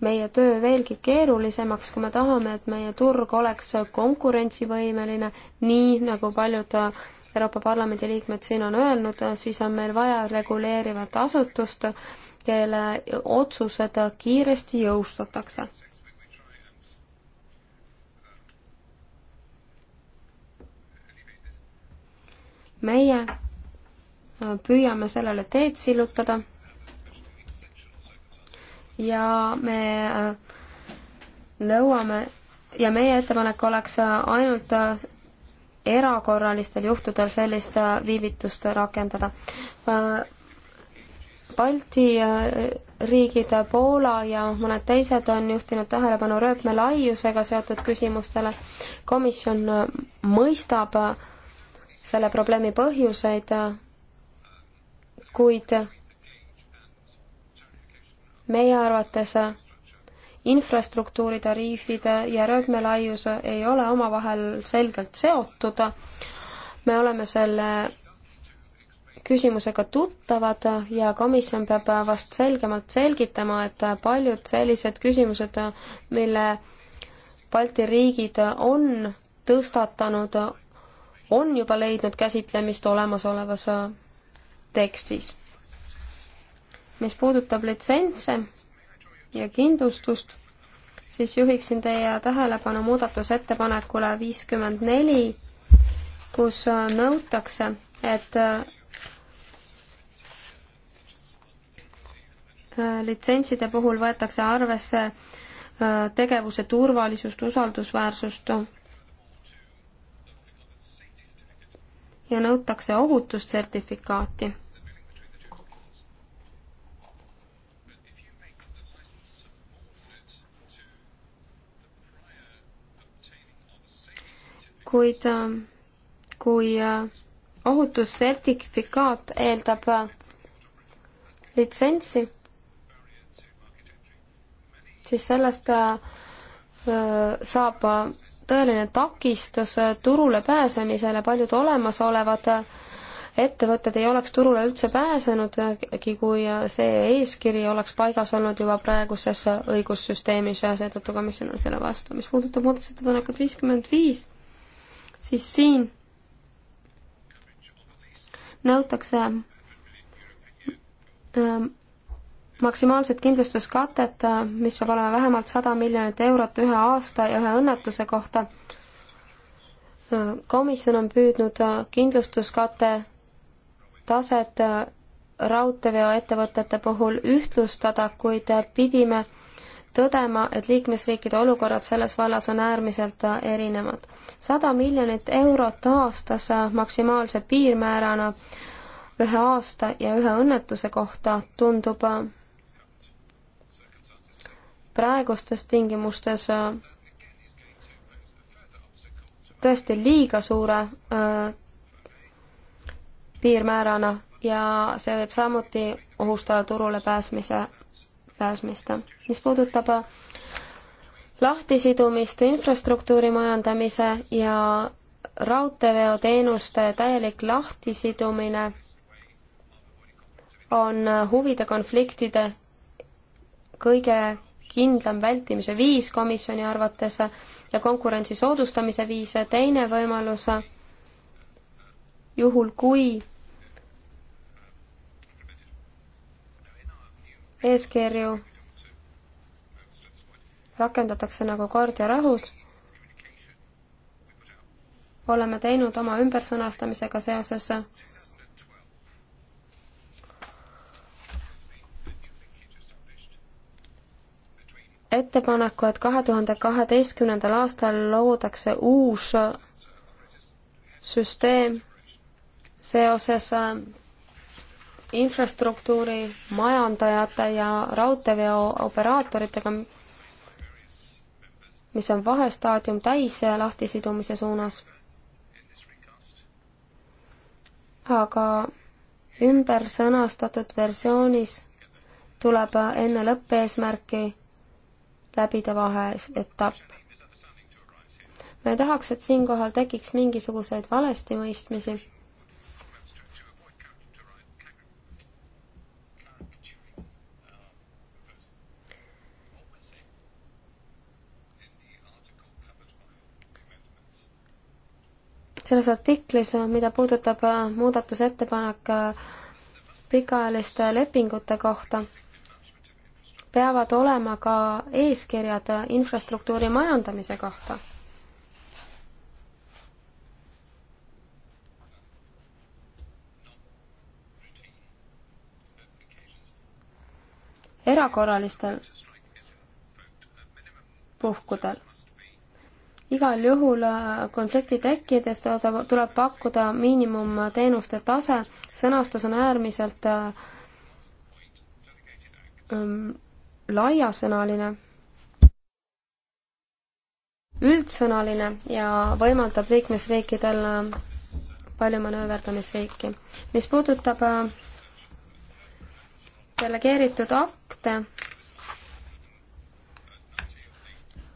meie töö veelgi keerulisemaks, kui me tahame, et meie turg oleks konkurentsivõimeline, nii nagu paljud Euroopa Parlamendi liikmed siin on öelnud, siis on meil vaja reguleerivat asutust, kelle otsused kiiresti jõustatakse. meie äh, püüame sellele teed sillutada ja me äh, nõuame ja meie ettepanek oleks äh, ainult erakorralistel juhtudel sellist viivitust rakendada. Balti riigid, Poola ja mõned teised on juhtinud tähelepanu rööpmelaiusega seotud küsimustele. komisjon mõistab selle probleemi põhjuseid, kuid meie arvates infrastruktuuri tariifid ja rööpmelaius ei ole omavahel selgelt seotud. me oleme selle küsimusega tuttavad ja komisjon peab vast selgemalt selgitama, et paljud sellised küsimused, mille Balti riigid on tõstatanud, on juba leidnud käsitlemist olemasolevas äh, tekstis. mis puudutab litsentse ja kindlustust, siis juhiksin teie tähelepanu muudatusettepanekule viiskümmend neli, kus äh, nõutakse, et äh, litsentside puhul võetakse arvesse tegevuse turvalisust, usaldusväärsust ja nõutakse ohutussertifikaati. kuid äh, kui äh, ohutussertifikaat eeldab äh, litsentsi, siis sellest saab tõeline takistus turule pääsemisele, paljud olemasolevad ettevõtted ei oleks turule üldse pääsenudki, kui see eeskiri oleks paigas olnud juba praeguses õigussüsteemis ja seetõttu komisjon on selle vastu. mis puudutab muudatusettepanekut viiskümmend viis, siis siin nõutakse ähm, maksimaalset kindlustuskatet, mis peab olema vähemalt sada miljonit eurot ühe aasta ja ühe õnnetuse kohta. komisjon on püüdnud kindlustuskate taset raudteeveoettevõtete puhul ühtlustada, kuid pidime tõdema, et liikmesriikide olukorrad selles vallas on äärmiselt erinevad. sada miljonit eurot aastas maksimaalse piirmäärana ühe aasta ja ühe õnnetuse kohta tundub praegustes tingimustes äh, tõesti liiga suure äh, piirmäärana ja see võib samuti ohustada turule pääsmise, pääsmist. mis puudutab äh, lahtisidumist infrastruktuuri majandamise ja raudteeveoteenuste täielik lahtisidumine on huvide konfliktide kõige kindlam vältimise viis komisjoni arvates ja konkurentsi soodustamise viis, teine võimalus, juhul kui eeskirju rakendatakse nagu kord ja rahus, oleme teinud oma ümbersõnastamisega seoses ettepaneku, et kahe tuhande kaheteistkümnendal aastal loodakse uus süsteem seoses äh, infrastruktuuri majandajate ja raudteeveo operaatoritega, mis on vahestaadium täis lahtisidumise suunas. aga ümbersõnastatud versioonis tuleb enne lõppeesmärki läbida vaheetapp. ma ei tahaks, et siinkohal tekiks mingisuguseid valestimõistmisi. selles artiklis, mida puudutab äh, muudatusettepanek äh, pikaajaliste lepingute kohta peavad olema ka eeskirjad infrastruktuuri majandamise kohta. erakorralistel puhkudel. igal juhul äh, konflikti tekkides tuleb pakkuda miinimumteenuste tase, sõnastus on äärmiselt äh, ähm, laiasõnaline, üldsõnaline ja võimaldab liikmesriikidel äh, palju manööverdamisriiki. mis puudutab äh, delegeeritud akte,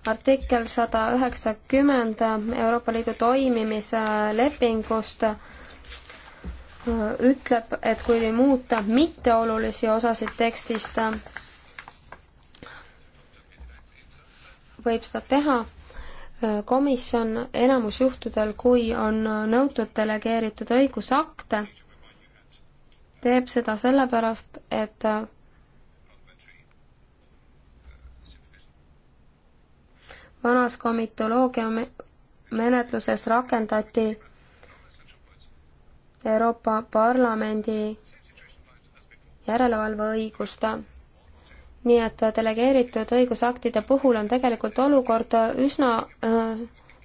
artikkel sada üheksakümmend Euroopa Liidu toimimise äh, lepingust ütleb, et kui muuta mitteolulisi osasid tekstist, võib seda teha komisjon enamus juhtudel, kui on nõutud delegeeritud õigusakte, teeb seda sellepärast, et vanas komitoloogia menetluses rakendati Euroopa Parlamendi järelevalveõigust nii et delegeeritud õigusaktide puhul on tegelikult olukord üsna äh,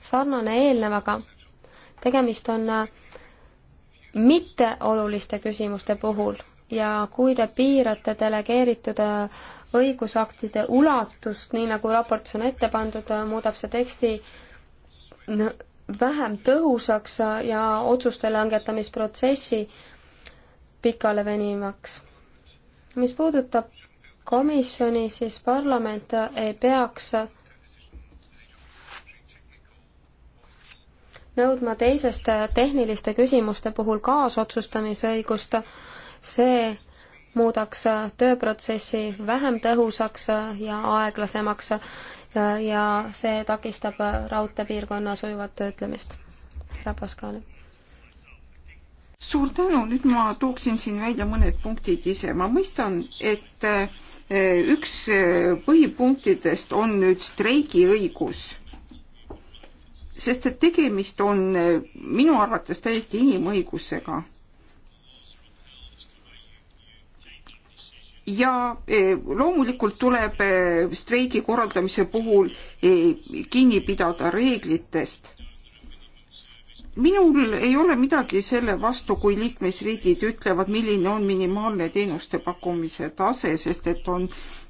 sarnane eelnevaga. tegemist on äh, mitteoluliste küsimuste puhul ja kui te piirate delegeeritud äh, õigusaktide ulatust, nii nagu raportis on ette pandud, muudab see teksti vähem tõhusaks ja otsuste langetamisprotsessi pikalevenimaks. mis puudutab komisjoni, siis parlament ei peaks nõudma teisest tehniliste küsimuste puhul kaasotsustamisõigust, see muudaks tööprotsessi vähem tõhusaks ja aeglasemaks ja see takistab raudteepiirkonna sujuvat töötlemist. härra Paskali. suur tänu, nüüd ma tooksin siin välja mõned punktid ise, ma mõistan, et üks e, põhipunktidest on nüüd streigiõigus, sest et tegemist on e, minu arvates täiesti inimõigusega ja e, loomulikult tuleb streigi korraldamise puhul kinni pidada reeglitest minul ei ole midagi selle vastu, kui liikmesriigid ütlevad, milline on minimaalne teenuste pakkumise tase, sest et on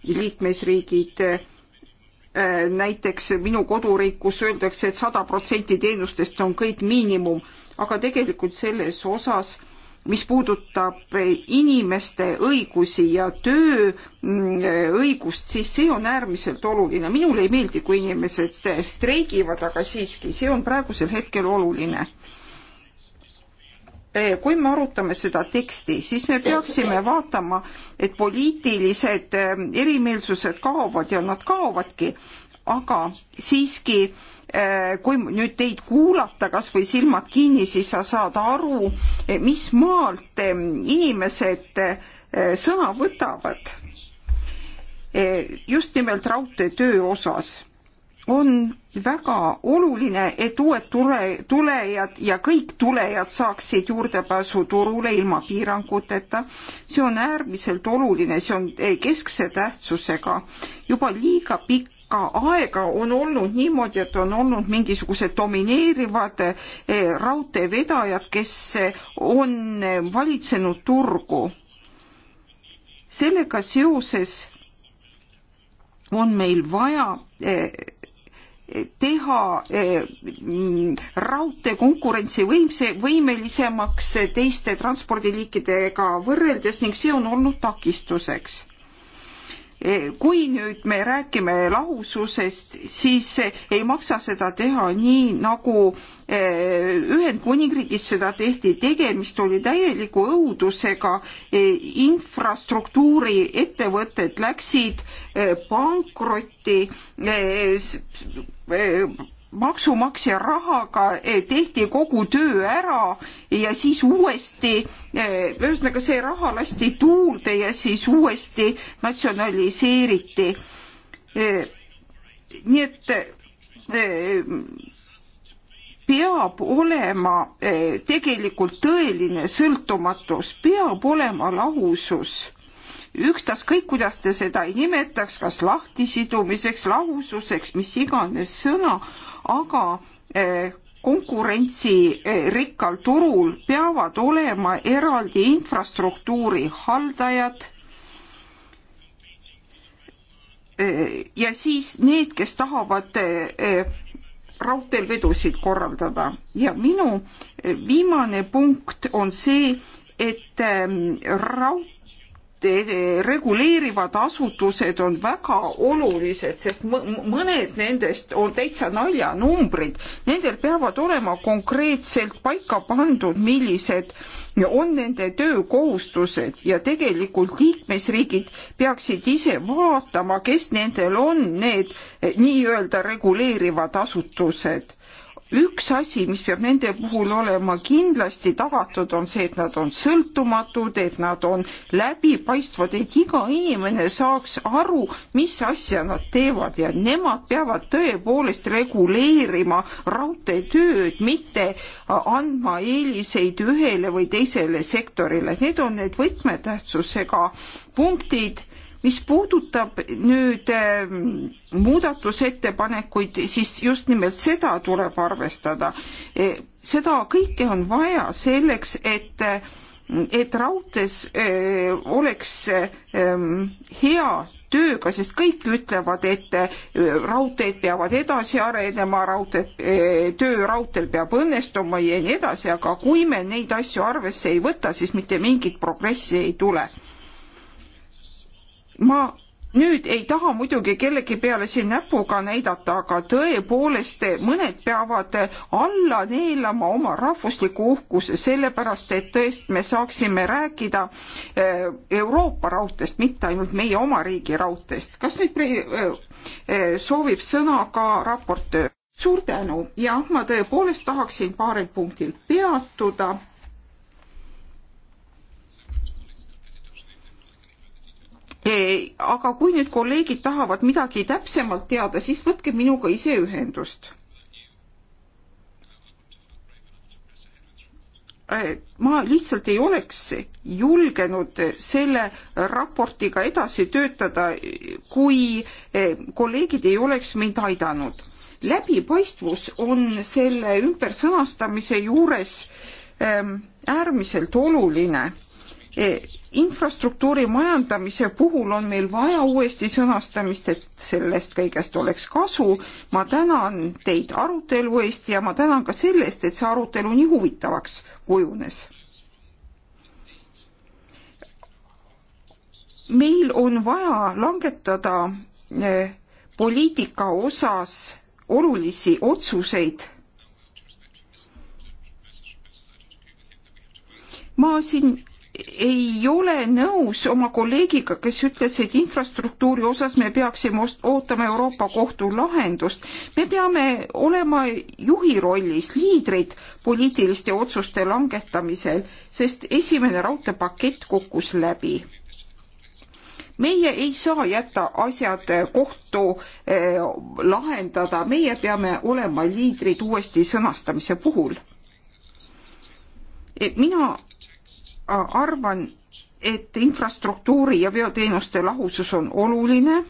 liikmesriigid äh, näiteks minu koduriik, kus öeldakse et, et sada protsenti teenustest on kõik miinimum, aga tegelikult selles osas äh, mis puudutab inimeste õigusi ja tööõigust, mm, siis see on äärmiselt oluline. minule ei meeldi, kui inimesed streigivad, aga siiski, see on praegusel hetkel oluline. Eh, kui me arutame seda teksti, siis me peaksime vaatama, et poliitilised eh, erimeelsused kaovad ja nad kaovadki, aga siiski äh, Äh, kui nüüd teid kuulata kas või silmad kinni, siis sa saad aru, eh, mis maalt eh, inimesed eh, sõna võtavad. just nimelt raudteetöö osas on väga oluline, et uued tule, tulejad ja kõik tulejad saaksid juurdepääsu turule ilma piiranguteta. see on äärmiselt oluline, see on keskse tähtsusega. juba liiga pikk pikka aega on olnud niimoodi, et on olnud mingisugused domineerivad eh, raudteevedajad, kes eh, on valitsenud turgu. sellega seoses on meil vaja eh, teha raudtee konkurentsivõimse, võimelisemaks teiste transpordiliikidega võrreldes ning see on olnud takistuseks Eh, kui nüüd me räägime lahususest, siis eh, ei maksa seda teha nii, nagu eh, Ühendkuningriigis seda tehti, tegemist oli täieliku õudusega, infrastruktuuri ettevõtted läksid pankrotti, maksumaksja rahaga eh, tehti kogu töö ära ja siis uuesti, eh, ühesõnaga see raha lasti tuulde ja siis uuesti natsionaliseeriti. Eh, nii et peab olema tegelikult tõeline sõltumatus, peab olema lahusus ükstaskõik, kuidas te seda ei nimetaks, kas lahtisidumiseks, lahususeks, mis iganes sõna, aga eh, konkurentsirikkal eh, turul peavad olema eraldi infrastruktuuri haldajad eh, ja siis need, kes tahavad raudteel vedusid korraldada ja minu viimane punkt on see, et raudtee Eh, reguleerivad asutused on väga olulised, sest mõned nendest on täitsa naljanumbrid. Nendel peavad olema konkreetselt paika pandud, millised on nende töökohustused ja tegelikult liikmesriigid peaksid ise vaatama, kes nendel on need eh, nii-öelda reguleerivad asutused üks asi, mis peab nende puhul olema kindlasti tagatud, on see, et nad on sõltumatud, et nad on läbipaistvad, et iga inimene saaks aru, mis asja nad teevad ja nemad peavad tõepoolest reguleerima raudteetööd, mitte andma eeliseid ühele või teisele sektorile. Need on need võtmetähtsusega punktid mis puudutab nüüd ähm, muudatusettepanekuid, siis just nimelt seda tuleb arvestada. E, seda kõike on vaja selleks, et et raudtees äh, e, oleks äh, hea tööga, sest kõik ütlevad, et äh, raudteed peavad edasi arenema, raudteed äh,, töö raudteel peab õnnestuma ja nii edasi, aga kui me neid asju arvesse ei võta, siis mitte mingit progressi ei tule ma nüüd ei taha muidugi kellegi peale siin näpuga näidata, aga tõepoolest mõned peavad alla neelama oma rahvusliku uhkuse, sellepärast et tõest me saaksime rääkida eh, Euroopa raudteest, mitte ainult meie oma riigi raudteest. kas nüüd eh, eh, soovib sõna ka raportöör? suur tänu, jah, ma tõepoolest tahaksin paaril punktil peatuda Eh, aga kui nüüd kolleegid tahavad midagi täpsemalt teada, siis võtke minuga ise ühendust. Eh, ma lihtsalt ei oleks julgenud selle raportiga edasi töötada, kui eh, kolleegid ei oleks mind aidanud. läbipaistvus on selle ümbersõnastamise juures ehm, äärmiselt oluline E, infrastruktuuri majandamise puhul on meil vaja uuesti sõnastamist, et sellest kõigest oleks kasu. ma tänan teid arutelu eest ja ma tänan ka selle eest, et see arutelu nii huvitavaks kujunes. meil on vaja langetada e, poliitika osas olulisi otsuseid ma siin ei ole nõus oma kolleegiga, kes ütles, et infrastruktuuri osas me peaksime ootama Euroopa Kohtu lahendust. me peame olema juhi rollis, liidrid poliitiliste otsuste langetamisel, sest esimene raudteepakett kukkus läbi meie ei saa jätta asjad eh, kohtu eh, lahendada, meie peame olema liidrid uuesti sõnastamise puhul. Eh, mina arvan, et infrastruktuuri ja veoteenuste lahusus on oluline.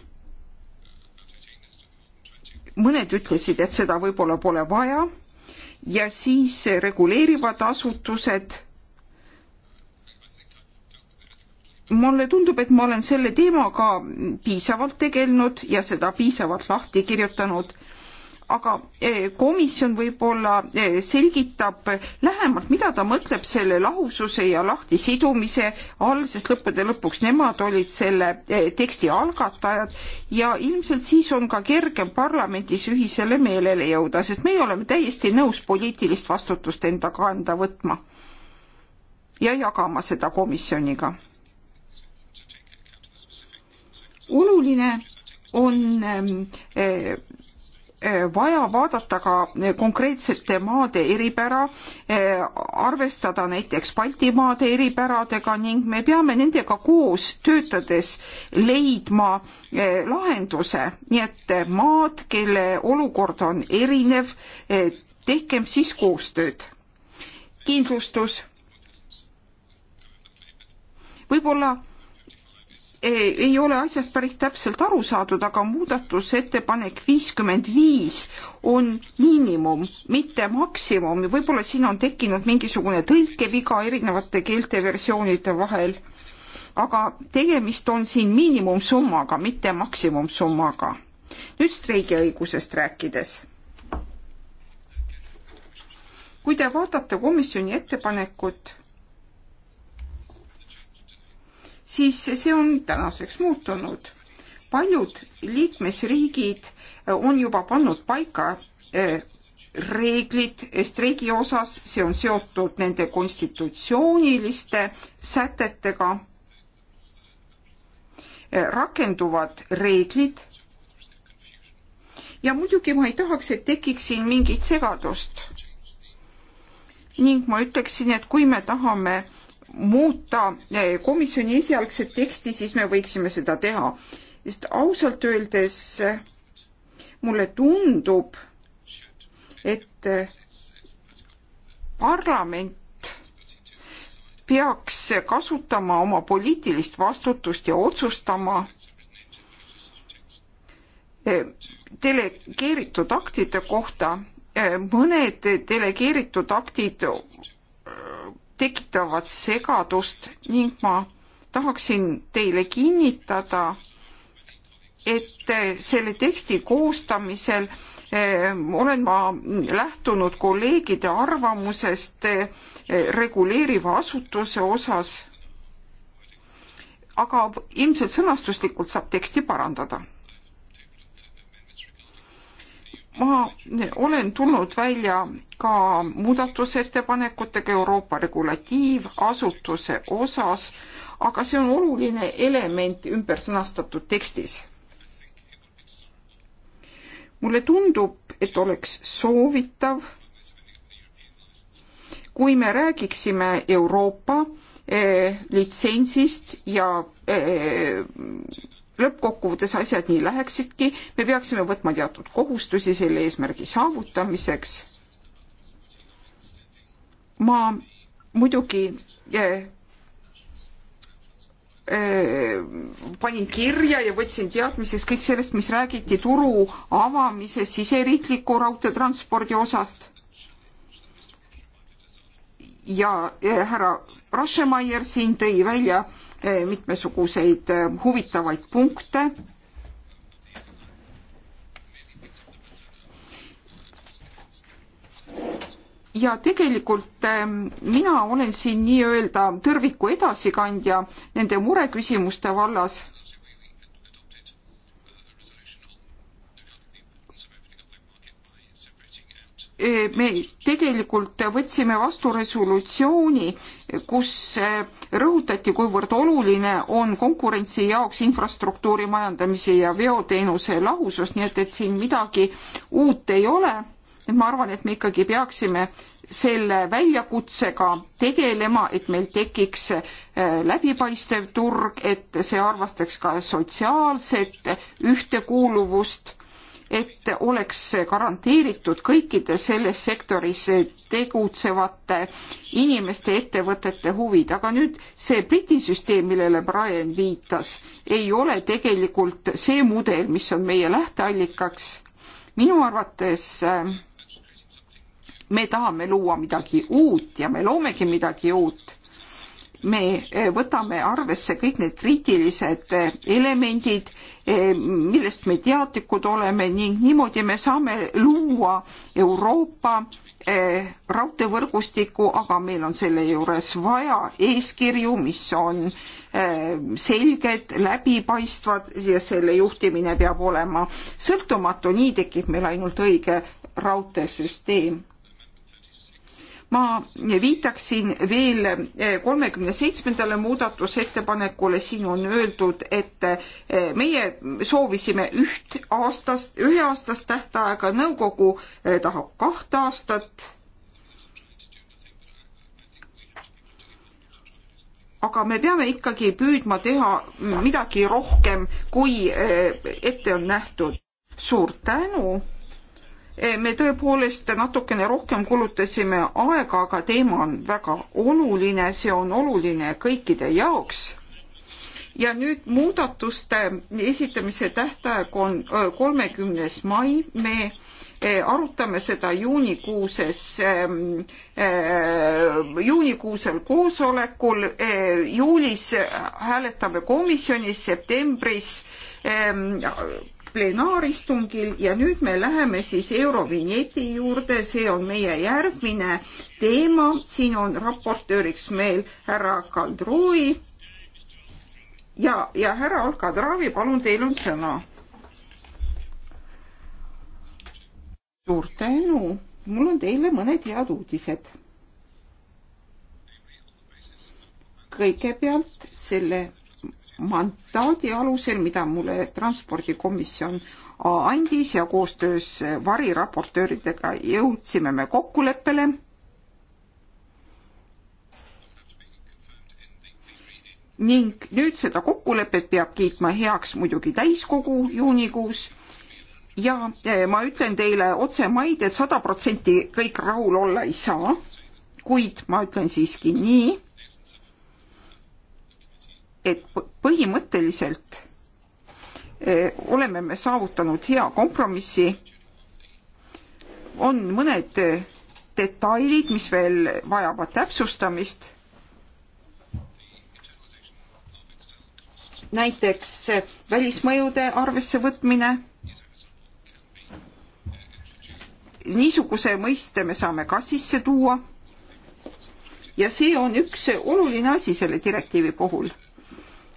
mõned ütlesid, et seda võib-olla pole vaja ja siis reguleerivad asutused. mulle tundub, et ma olen selle teemaga piisavalt tegelenud ja seda piisavalt lahti kirjutanud aga eh, komisjon võib-olla eh, selgitab lähemalt, mida ta mõtleb selle lahususe ja lahtisidumise all, sest lõppude lõpuks nemad olid selle eh, teksti algatajad ja ilmselt siis on ka kergem parlamendis ühisele meelele jõuda, sest meie oleme täiesti nõus poliitilist vastutust enda kanda võtma ja jagama seda komisjoniga. oluline on ehm, Eh, vaja vaadata ka eh, konkreetsete maade eripära, eh, arvestada näiteks Baltimaade eripäradega ning me peame nendega koos töötades leidma lahenduse, nii et maad, kelle olukord on erinev, tehkem siis koostööd. kindlustus. võib-olla ei ole asjast päris täpselt aru saadud, aga muudatusettepanek viiskümmend viis on miinimum, mitte maksimum. võib-olla siin on tekkinud mingisugune tõlkeviga erinevate keelte versioonide vahel. aga tegemist on siin miinimumsummaga, mitte maksimumsummaga. nüüd streigiõigusest rääkides. kui te vaatate komisjoni ettepanekut siis see on tänaseks muutunud. paljud liikmesriigid eh, on juba pannud paika eh, reeglid streigi osas, see on seotud nende konstitutsiooniliste sätetega. Eh, rakenduvad reeglid. ja muidugi ma ei tahaks, et tekiks siin mingit segadust. ning ma ütleksin, et kui me tahame muuta eh, komisjoni esialgset teksti, siis me võiksime seda teha. sest ausalt öeldes eh, mulle tundub, et eh, parlament peaks kasutama oma poliitilist vastutust ja otsustama delegeeritud aktide kohta. mõned delegeeritud aktid tekitavad segadust ning ma tahaksin teile kinnitada, et selle teksti koostamisel eh, olen ma lähtunud kolleegide arvamusest eh, reguleeriva asutuse osas, aga ilmselt sõnastuslikult saab teksti parandada ma olen tulnud välja ka muudatusettepanekutega Euroopa regulatiivasutuse osas, aga see on oluline element ümber sõnastatud tekstis. mulle tundub, et oleks soovitav, kui me räägiksime Euroopa eh, litsentsist ja eh, lõppkokkuvõttes asjad nii läheksidki, me peaksime võtma teatud kohustusi selle eesmärgi saavutamiseks. ma muidugi äh, panin kirja ja võtsin teadmiseks kõik sellest, mis räägiti turu avamise siseriikliku raudteetranspordi osast. ja eh, härra Raschemeier siin tõi välja mitmesuguseid äh, huvitavaid punkte. ja tegelikult äh, mina olen siin nii-öelda tõrviku edasikandja nende mureküsimuste vallas me tegelikult võtsime vastu resolutsiooni, kus äh, rõhutati, kuivõrd oluline on konkurentsi jaoks infrastruktuuri majandamise ja veoteenuse lahusus, nii et, et siin midagi uut ei ole. et ma arvan, et me ikkagi peaksime selle väljakutsega tegelema, et meil tekiks äh, läbipaistev turg, et see arvestaks ka sotsiaalset ühtekuuluvust et oleks garanteeritud kõikide selles sektoris tegutsevate inimeste, ettevõtete huvid, aga nüüd see Briti süsteem, millele Brian viitas, ei ole tegelikult see mudel, mis on meie lähteallikaks. minu arvates äh, me tahame luua midagi uut ja me loomegi midagi uut me eh, võtame arvesse kõik need kriitilised eh, elemendid, eh, millest me teadlikud oleme ning niimoodi me saame luua Euroopa raudteevõrgustiku, aga meil on selle juures vaja eeskirju, mis on selged, läbipaistvad ja selle juhtimine peab olema sõltumatu, nii tekib meil ainult õige raudteesüsteem ma viitaksin veel eh, kolmekümne seitsmendale muudatusettepanekule, siin on öeldud, et eh, meie soovisime üht aastast, üheaastast tähtaega, nõukogu eh, tahab kahte aastat. aga me peame ikkagi püüdma teha midagi rohkem, kui ette on nähtud. suur tänu Eh, me tõepoolest natukene rohkem kulutasime aega, aga teema on väga oluline, see on oluline kõikide jaoks. ja nüüd muudatuste esitamise tähtaeg on kolmekümnes mai, me eh, arutame seda juunikuuses, ehm, eh, juunikuusel koosolekul, juulis hääletame komisjonis, septembris ehm, plenaaristungil ja nüüd me läheme siis Eurovinjeti juurde, see on meie järgmine teema, siin on raportööriks meil härra Kaldrui. ja, ja härra Alkadravi, palun, teil on sõna. suur tänu, mul on teile mõned head uudised. kõigepealt selle mandaadi alusel, mida mulle transpordikomisjon andis ja koostöös variraportööridega jõudsime me kokkuleppele. ning nüüd seda kokkulepet peab kiitma heaks muidugi täiskogu juunikuus ja eh, ma ütlen teile otse maid et, et sada protsenti kõik rahul olla ei saa, kuid ma ütlen siiski nii et põhimõtteliselt eh, oleme me saavutanud hea kompromissi. on mõned eh, detailid, mis veel vajavad täpsustamist. näiteks eh, välismõjude arvessevõtmine. niisuguse mõiste me saame ka sisse tuua. ja see on üks oluline asi selle direktiivi puhul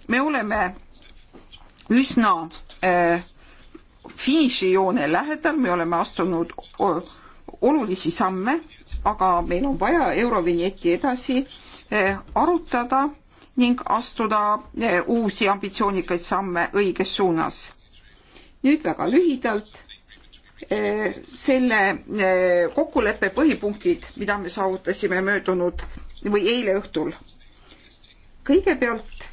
me oleme üsna äh, finišijoone lähedal, me oleme astunud olulisi samme, aga meil on vaja Eurovinjeti edasi äh, arutada ning astuda äh, uusi ambitsioonikaid samme õiges suunas. nüüd väga lühidalt äh, selle äh, kokkuleppe põhipunktid, mida me saavutasime möödunud või eile õhtul. kõigepealt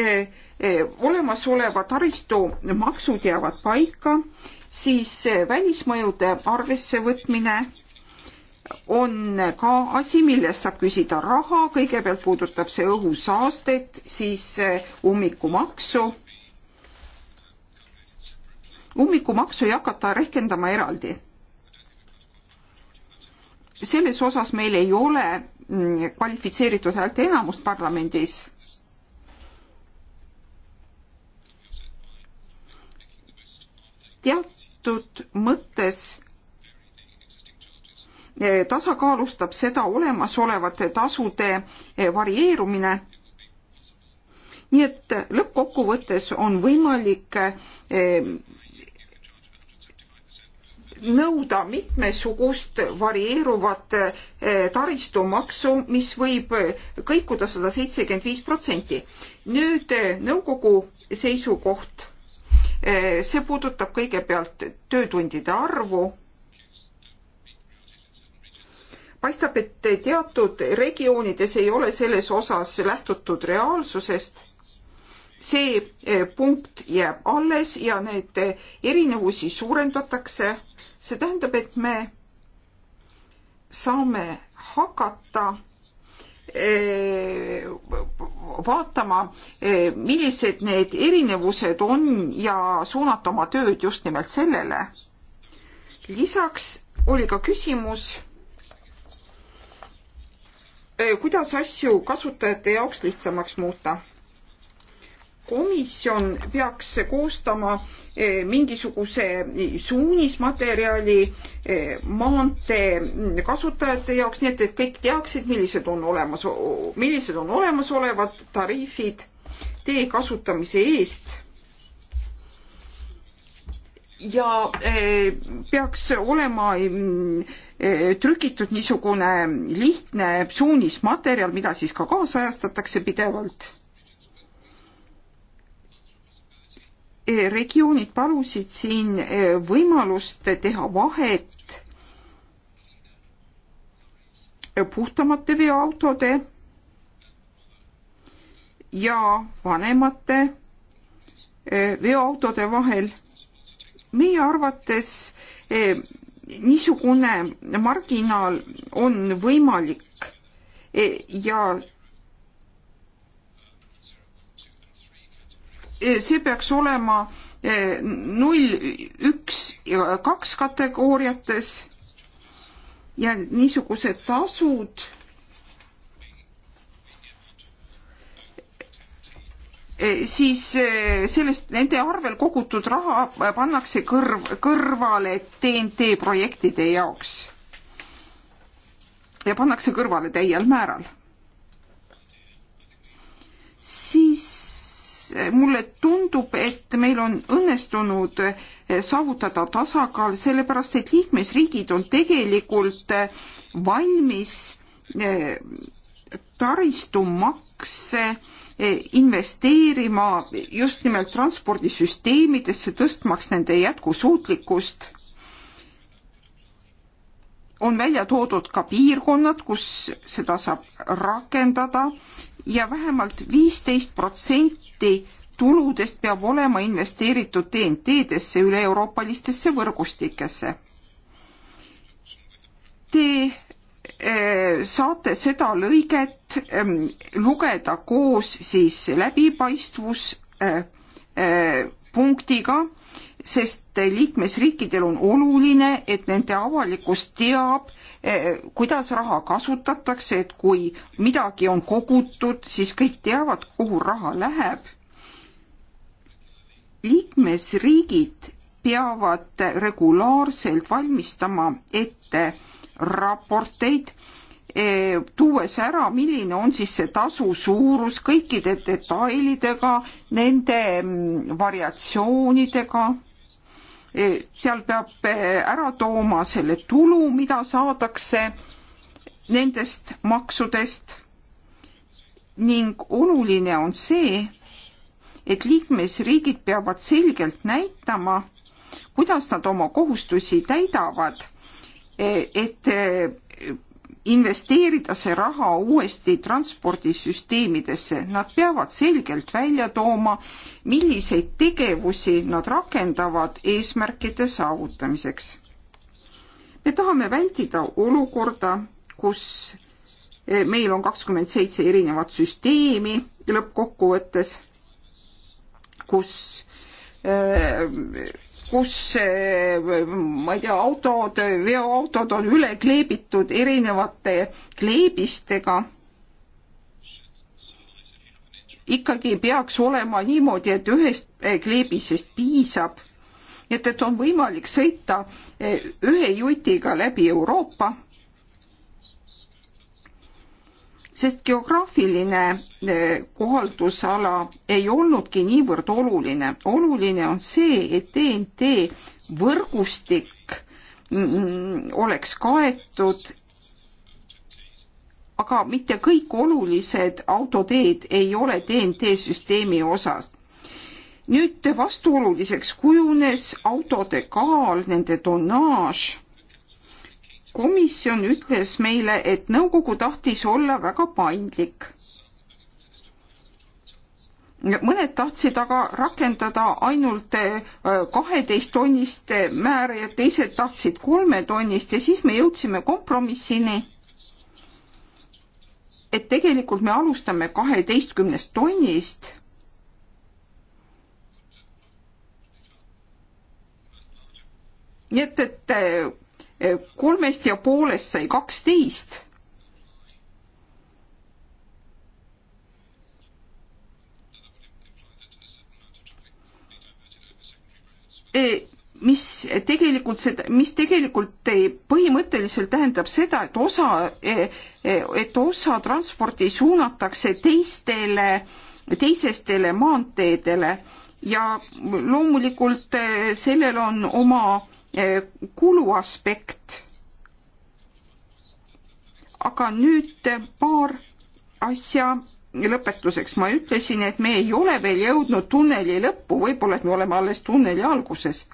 Eh, eh, olemasoleva taristu maksud jäävad paika, siis eh, välismõjude arvessevõtmine on ka asi, millest saab küsida raha, kõigepealt puudutab see õhusaastet, siis ummikumaksu. ummikumaksu ei hakata rehkendama eraldi. selles osas meil ei ole mm, kvalifitseeritud häälte enamust parlamendis teatud mõttes eh, tasakaalustab seda olemasolevate tasude eh, varieerumine. nii et lõppkokkuvõttes on võimalik eh, nõuda mitmesugust varieeruvat taristumaksu, mis võib kõikuda sada seitsekümmend viis protsenti. nüüd nõukogu seisukoht Eh, see puudutab kõigepealt töötundide arvu. paistab, et teatud regioonides ei ole selles osas lähtutud reaalsusest. see eh, punkt jääb alles ja need eh, erinevusi suurendatakse. see tähendab, et me saame hakata Eh, vaatama, eh, millised need erinevused on ja suunata oma tööd just nimelt sellele. lisaks oli ka küsimus, eh, kuidas asju kasutajate jaoks lihtsamaks muuta komisjon peaks koostama eh, mingisuguse suunismaterjali eh, maantee kasutajate jaoks, nii et, et kõik teaksid, millised on olemas, millised on olemasolevad tariifid tee kasutamise eest ja eh, peaks olema trükitud niisugune lihtne suunismaterjal, mida siis ka kaasajastatakse pidevalt. Eh, regioonid palusid siin eh, võimalust teha vahet eh, puhtamate veoautode ja vanemate veoautode vahel. meie arvates niisugune marginaal on võimalik ja Eh, see peaks olema eh, null, üks ja kaks kategooriates ja niisugused tasud eh, siis sellest nende arvel kogutud raha pannakse kõrv, kõrvale TNT projektide jaoks ja pannakse kõrvale täiel määral. siis mulle tundub, et meil on õnnestunud saavutada tasakaal, sellepärast et liikmesriigid on tegelikult valmis eh, taristumakse eh, investeerima just nimelt transpordisüsteemidesse, tõstmaks nende jätkusuutlikkust on välja toodud ka piirkonnad, kus seda saab rakendada ja vähemalt viisteist protsenti tuludest peab olema investeeritud TNT-desse, üle-euroopalistesse võrgustikesse. Te eh, saate seda lõiget ehm, lugeda koos siis läbipaistvus eh, eh, punktiga sest liikmesriikidel on oluline, et nende avalikkus teab, eh, kuidas raha kasutatakse, et kui midagi on kogutud, siis kõik teavad, kuhu raha läheb. liikmesriigid peavad regulaarselt valmistama ette raporteid eh, tuues ära, milline on siis see tasu suurus kõikide detailidega, nende mm, variatsioonidega seal peab äh, ära tooma selle tulu, mida saadakse nendest maksudest ning oluline on see, et liikmesriigid peavad selgelt näitama, kuidas nad oma kohustusi täidavad, äh, et äh, investeerida see raha uuesti transpordisüsteemidesse, nad peavad selgelt välja tooma, milliseid tegevusi nad rakendavad eesmärkide saavutamiseks. me tahame vältida olukorda, kus meil on kakskümmend seitse erinevat süsteemi lõppkokkuvõttes, kus öö, äh, kus eh, ma ei tea, autod, veoautod on üle kleebitud erinevate kleebistega. ikkagi peaks olema niimoodi, et ühest eh, kleebisest piisab, et, et on võimalik sõita eh, ühe jutiga läbi Euroopa sest geograafiline eh, kohaldusala ei olnudki niivõrd oluline. oluline on see, et TNT võrgustik mm, mm, oleks kaetud, aga mitte kõik olulised autoteed ei ole TNT süsteemi osas. nüüd vastuoluliseks kujunes autode kaal, nende tonnaaž komisjon ütles meile, et nõukogu tahtis olla väga paindlik. mõned tahtsid aga rakendada ainult äh, kaheteist tonnist määra ja teised tahtsid kolme tonnist ja siis me jõudsime kompromissini, et tegelikult me alustame kaheteistkümnest tonnist nii et, et äh, kolmest ja poolest sai kaksteist. E, mis tegelikult seda, mis tegelikult põhimõtteliselt tähendab seda, et osa, e, e, et osa transporti suunatakse teistele, teisestele maanteedele ja loomulikult sellel on oma Eh, kuluaspekt. aga nüüd eh, paar asja lõpetuseks. ma ütlesin, et me ei ole veel jõudnud tunneli lõppu, võib-olla et me oleme alles tunneli alguses.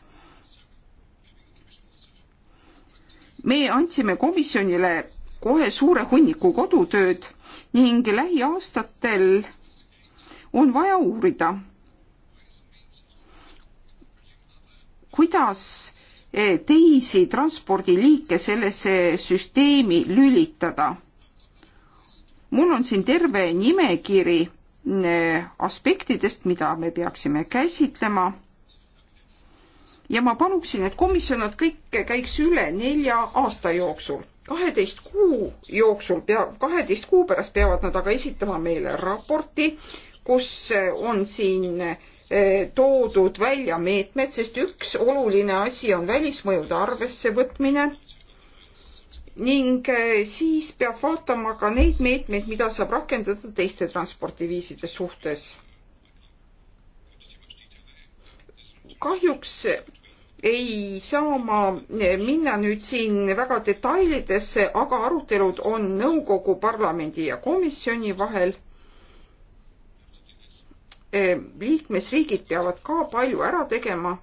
me andsime komisjonile kohe suure hunniku kodutööd ning lähiaastatel on vaja uurida, kuidas Eh, teisi transpordiliike sellesse süsteemi lülitada. mul on siin terve nimekiri eh, aspektidest, mida me peaksime käsitlema. ja ma paluksin, et komisjon nad kõik käiks üle nelja aasta jooksul, kaheteist kuu jooksul pea, kaheteist kuu pärast peavad nad aga esitama meile raporti, kus on siin äh, Eh, toodud välja meetmed, sest üks oluline asi on välismõjude arvesse võtmine ning eh, siis peab vaatama ka neid meetmeid, mida saab rakendada teiste transpordiviiside suhtes. kahjuks ei saa ma eh, minna nüüd siin väga detailidesse, aga arutelud on nõukogu, parlamendi ja komisjoni vahel Eh, liikmesriigid peavad ka palju ära tegema.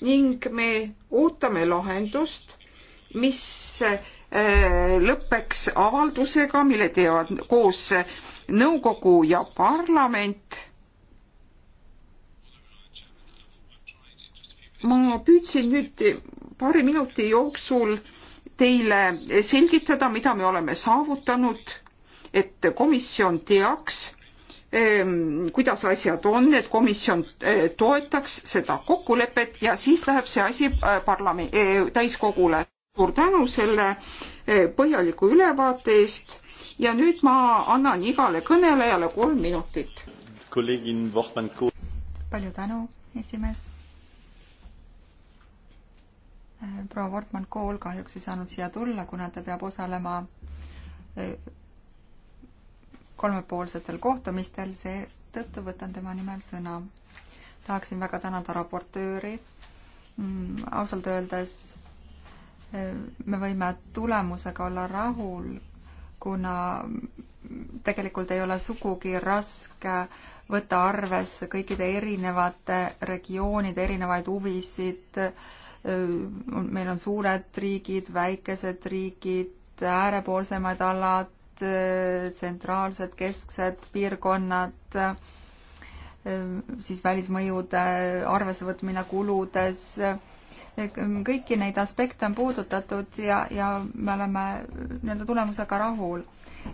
ning me ootame lahendust, mis eh, lõpeks avaldusega, mille teevad koos nõukogu ja parlament. ma püüdsin nüüd paari minuti jooksul teile selgitada, mida me oleme saavutanud, et komisjon teaks Ehm, kuidas asjad on, et komisjon eh, toetaks seda kokkulepet ja siis läheb see asi eh, parlamendi, eh, täiskogule. suur tänu selle põhjaliku ülevaate eest ja nüüd ma annan igale kõnelejale kolm minutit. palju tänu, esimees. proua Wortmann Kool kahjuks ei saanud siia tulla, kuna ta peab osalema kolmepoolsetel kohtumistel, seetõttu võtan tema nimel sõna. tahaksin väga tänada raportööri. Mm, ausalt öeldes eh, me võime tulemusega olla rahul, kuna tegelikult ei ole sugugi raske võtta arvesse kõikide erinevate regioonide erinevaid huvisid. Eh, meil on suured riigid, väikesed riigid, äärepoolsemad alad, tsentraalsed, kesksed piirkonnad, siis välismõjude arvesevõtmine kuludes, kõiki neid aspekte on puudutatud ja, ja me oleme nende tulemusega rahul.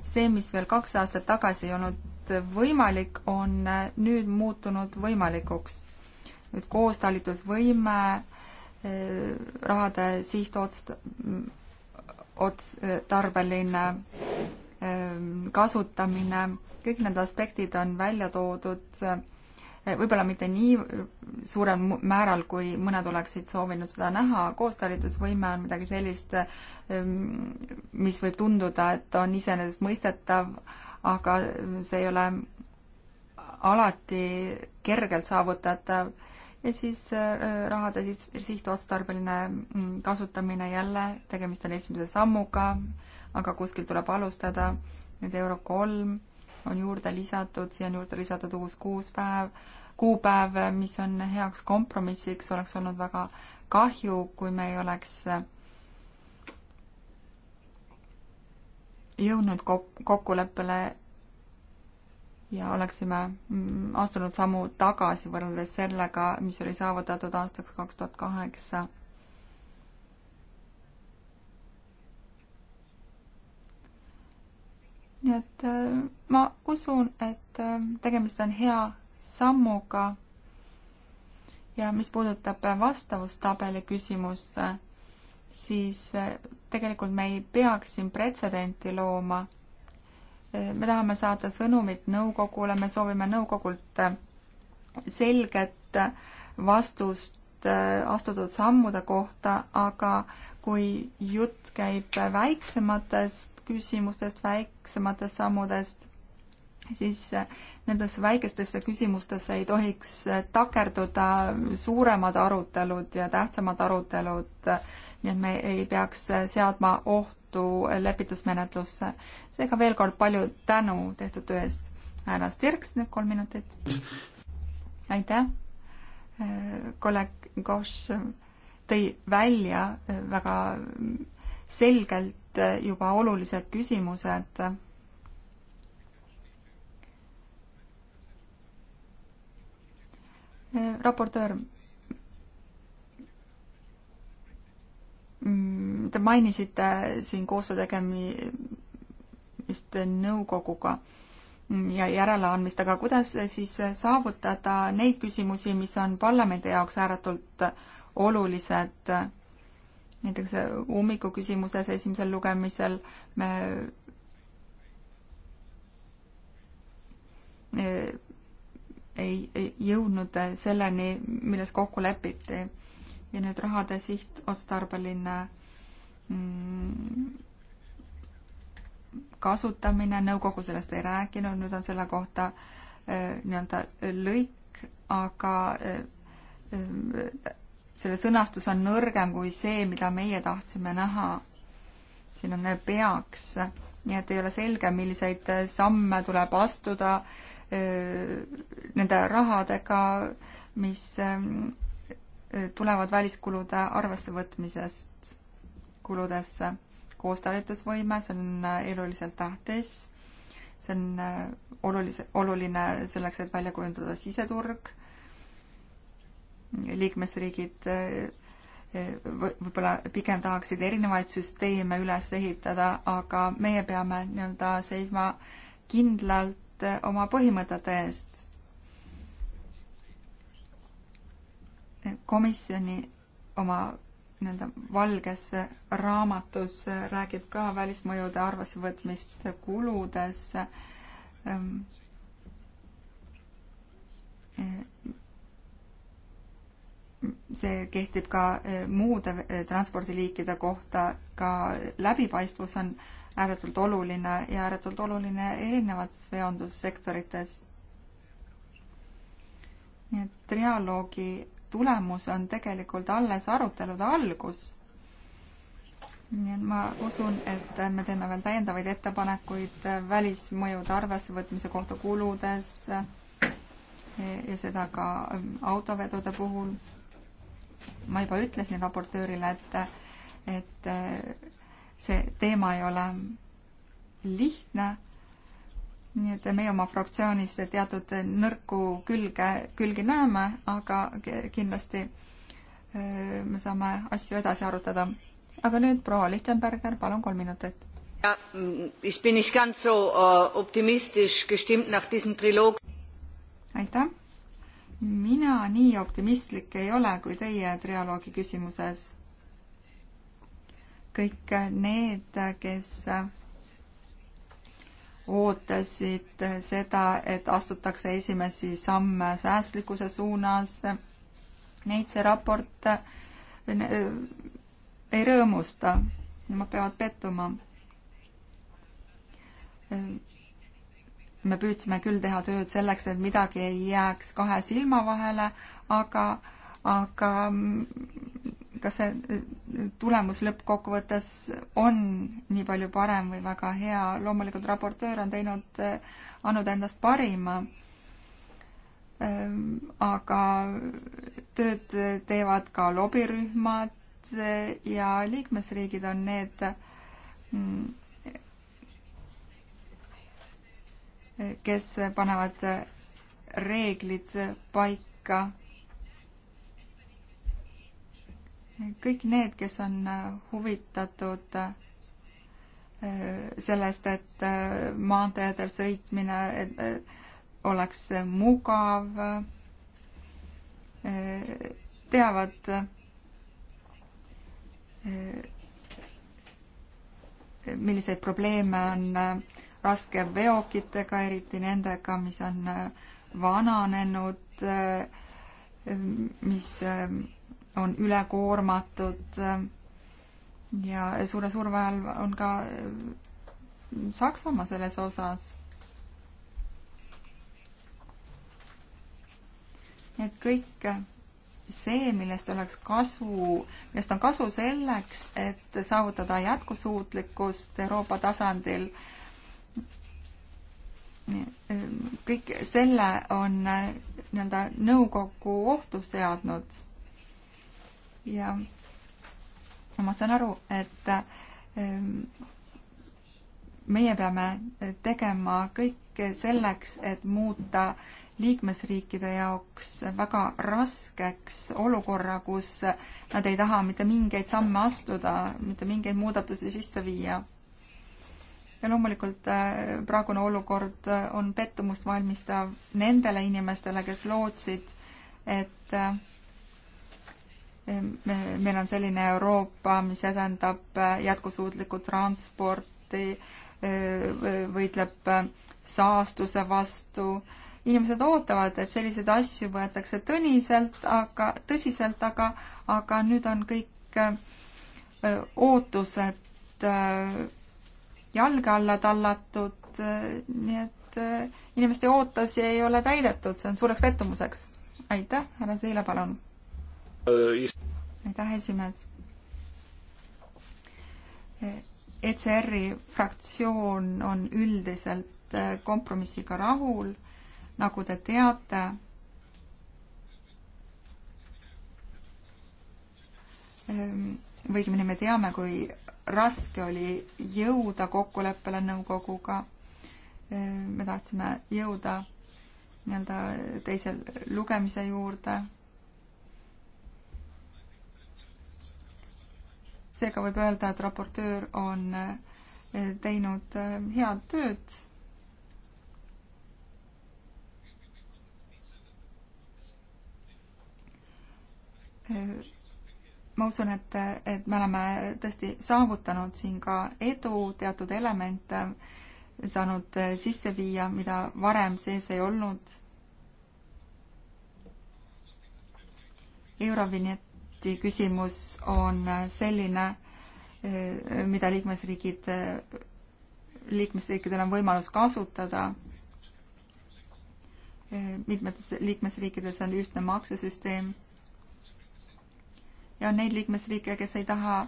see, mis veel kaks aastat tagasi ei olnud võimalik, on nüüd muutunud võimalikuks. nüüd koostalitusvõime, eh, rahade sihtots-, otstarbeline eh, Ähm, kasutamine, kõik need aspektid on välja toodud, äh, võib-olla mitte nii suurel määral, kui mõned oleksid soovinud seda näha, koostalitusvõime on midagi sellist, ähm, mis võib tunduda, et on iseenesestmõistetav, aga see ei ole alati kergelt saavutatav ja siis äh, rahade sihtotstarbeline mm, kasutamine jälle, tegemist on esimese sammuga, aga kuskil tuleb alustada. nüüd Euro kolm on juurde lisatud, siia on juurde lisatud uus kuus päev, kuupäev, mis on heaks kompromissiks, oleks olnud väga kahju, kui me ei oleks jõudnud kok-, kokkuleppele ja oleksime mm, astunud sammu tagasi võrreldes sellega, mis oli saavutatud aastaks kaks tuhat kaheksa. nii et äh, ma usun, et äh, tegemist on hea sammuga. ja mis puudutab vastavustabeli küsimust, siis äh, tegelikult me ei peaks siin pretsedenti looma. me tahame saada sõnumit nõukogule, me soovime nõukogult selget vastust astutud sammude kohta, aga kui jutt käib väiksematest küsimustest, väiksematest sammudest, siis eh, nendesse väikestesse küsimustesse ei tohiks eh, takerduda suuremad arutelud ja tähtsamad arutelud, eh, nii et me ei peaks seadma ohtu lepitusmenetlusse. seega veel kord palju tänu tehtud töö eest. härra Stirks, nüüd kolm minutit. aitäh. kolleeg Koš tõi välja väga selgelt ette juba olulised küsimused. raportöör, mm, te mainisite siin koostöö tegemist nõukoguga ja järeleandmist, aga kuidas siis saavutada neid küsimusi, mis on parlamendi jaoks ääretult olulised näiteks äh, ummikuküsimuses esimesel lugemisel me äh, ei, ei jõudnud selleni, milles kokku lepiti. ja nüüd rahade sihtotstarbeline mm, kasutamine, nõukogu sellest ei rääkinud, nüüd on selle kohta äh, nii-öelda lõik, aga selle sõnastus on nõrgem kui see, mida meie tahtsime näha. siin on peaks, nii et ei ole selge, milliseid samme tuleb astuda nende rahadega, mis tulevad väliskulude arvessevõtmisest kuludesse. koostalitusvõime, see on eluliselt tähtis, see on olulise, oluline selleks, et välja kujundada siseturg liikmesriigid eh, eh, võib-olla pigem tahaksid erinevaid süsteeme üles ehitada, aga meie peame nii-öelda seisma kindlalt eh, oma põhimõtete eest. komisjoni oma nii-öelda valges raamatus räägib ka välismõjude arvessevõtmist kuludes ehm, see kehtib ka eh, muude eh, transpordiliikide kohta, ka läbipaistvus on ääretult oluline ja ääretult oluline erinevates veondussektorites. nii et trialoogi tulemus on tegelikult alles arutelude algus nii et ma usun, et me teeme veel täiendavaid ettepanekuid eh, välismõjude arvessevõtmise kohta kuludes ja seda ka autovedude puhul ma juba ütlesin raportöörile, et, et äh, see teema ei ole lihtne. nii et meie oma fraktsioonis teatud nõrku külge, külgi näeme, aga kindlasti äh, me saame asju edasi arutada. aga nüüd proua Lichtenberger, palun kolm minutit. Ja, mm, ich bin nicht ganz so äh, optimistisch gestimmt nach diesem Trilog. Aitäh mina nii optimistlik ei ole kui teie trialoogi küsimuses. kõik need, kes ootasid seda, et astutakse esimesi samme säästlikkuse suunas, neid see raport äh, ei rõõmusta, nemad peavad pettuma me püüdsime küll teha tööd selleks, et midagi ei jääks kahe silma vahele, aga, aga kas see äh, tulemus lõppkokkuvõttes on nii palju parem või väga hea, loomulikult raportöör on teinud, äh, andnud endast parima, ehm, aga tööd teevad ka lobirühmad äh, ja liikmesriigid on need, mm, kes panevad reeglid paika. kõik need, kes on huvitatud äh, sellest, et äh, maanteedel sõitmine äh, oleks mugav, teavad milliseid probleeme on raskeveokitega, eriti nendega, mis on äh, vananenud, äh, mis äh, on ülekoormatud ja suure surve all on ka Saksamaa selles osas et kõik see, millest oleks kasu, millest on kasu selleks, et saavutada jätkusuutlikkust Euroopa tasandil, kõik selle on äh, nii-öelda nõukogu ohtu seadnud. ja ma saan aru, et ähm, meie peame tegema kõik selleks, et muuta liikmesriikide jaoks väga raskeks olukorra, kus nad ei taha mitte mingeid samme astuda, mitte mingeid muudatusi sisse viia ja loomulikult äh, praegune olukord äh, on pettumust valmistav nendele inimestele, kes lootsid, et äh, meil on selline Euroopa, mis edendab jätkusuutlikku transporti, võitleb saastuse vastu. inimesed ootavad, et selliseid asju võetakse tõniselt, aga, tõsiselt, aga, aga nüüd on kõik ootused jalge alla tallatud, nii et äh, inimeste ootusi ei ole täidetud, see on suureks pettumuseks. aitäh, härra Seile, palun. aitäh, esimees. ECR-i fraktsioon on üldiselt äh, kompromissiga rahul, nagu te teate või ehm, õigemini me teame, kui raske oli jõuda kokkuleppele nõukoguga. me tahtsime jõuda nii-öelda teise lugemise juurde. seega võib öelda, et raportöör on teinud head tööd. Uh ma usun, et, et me oleme tõesti saavutanud siin ka edu, teatud elemente saanud sisse viia, mida varem sees ei olnud. Eurovinjeti küsimus on selline, mida liikmesriigid, liikmesriikidel on võimalus kasutada. mitmetes liikmesriikides on ühtne maksesüsteem ja on neid liikmesriike, kes ei taha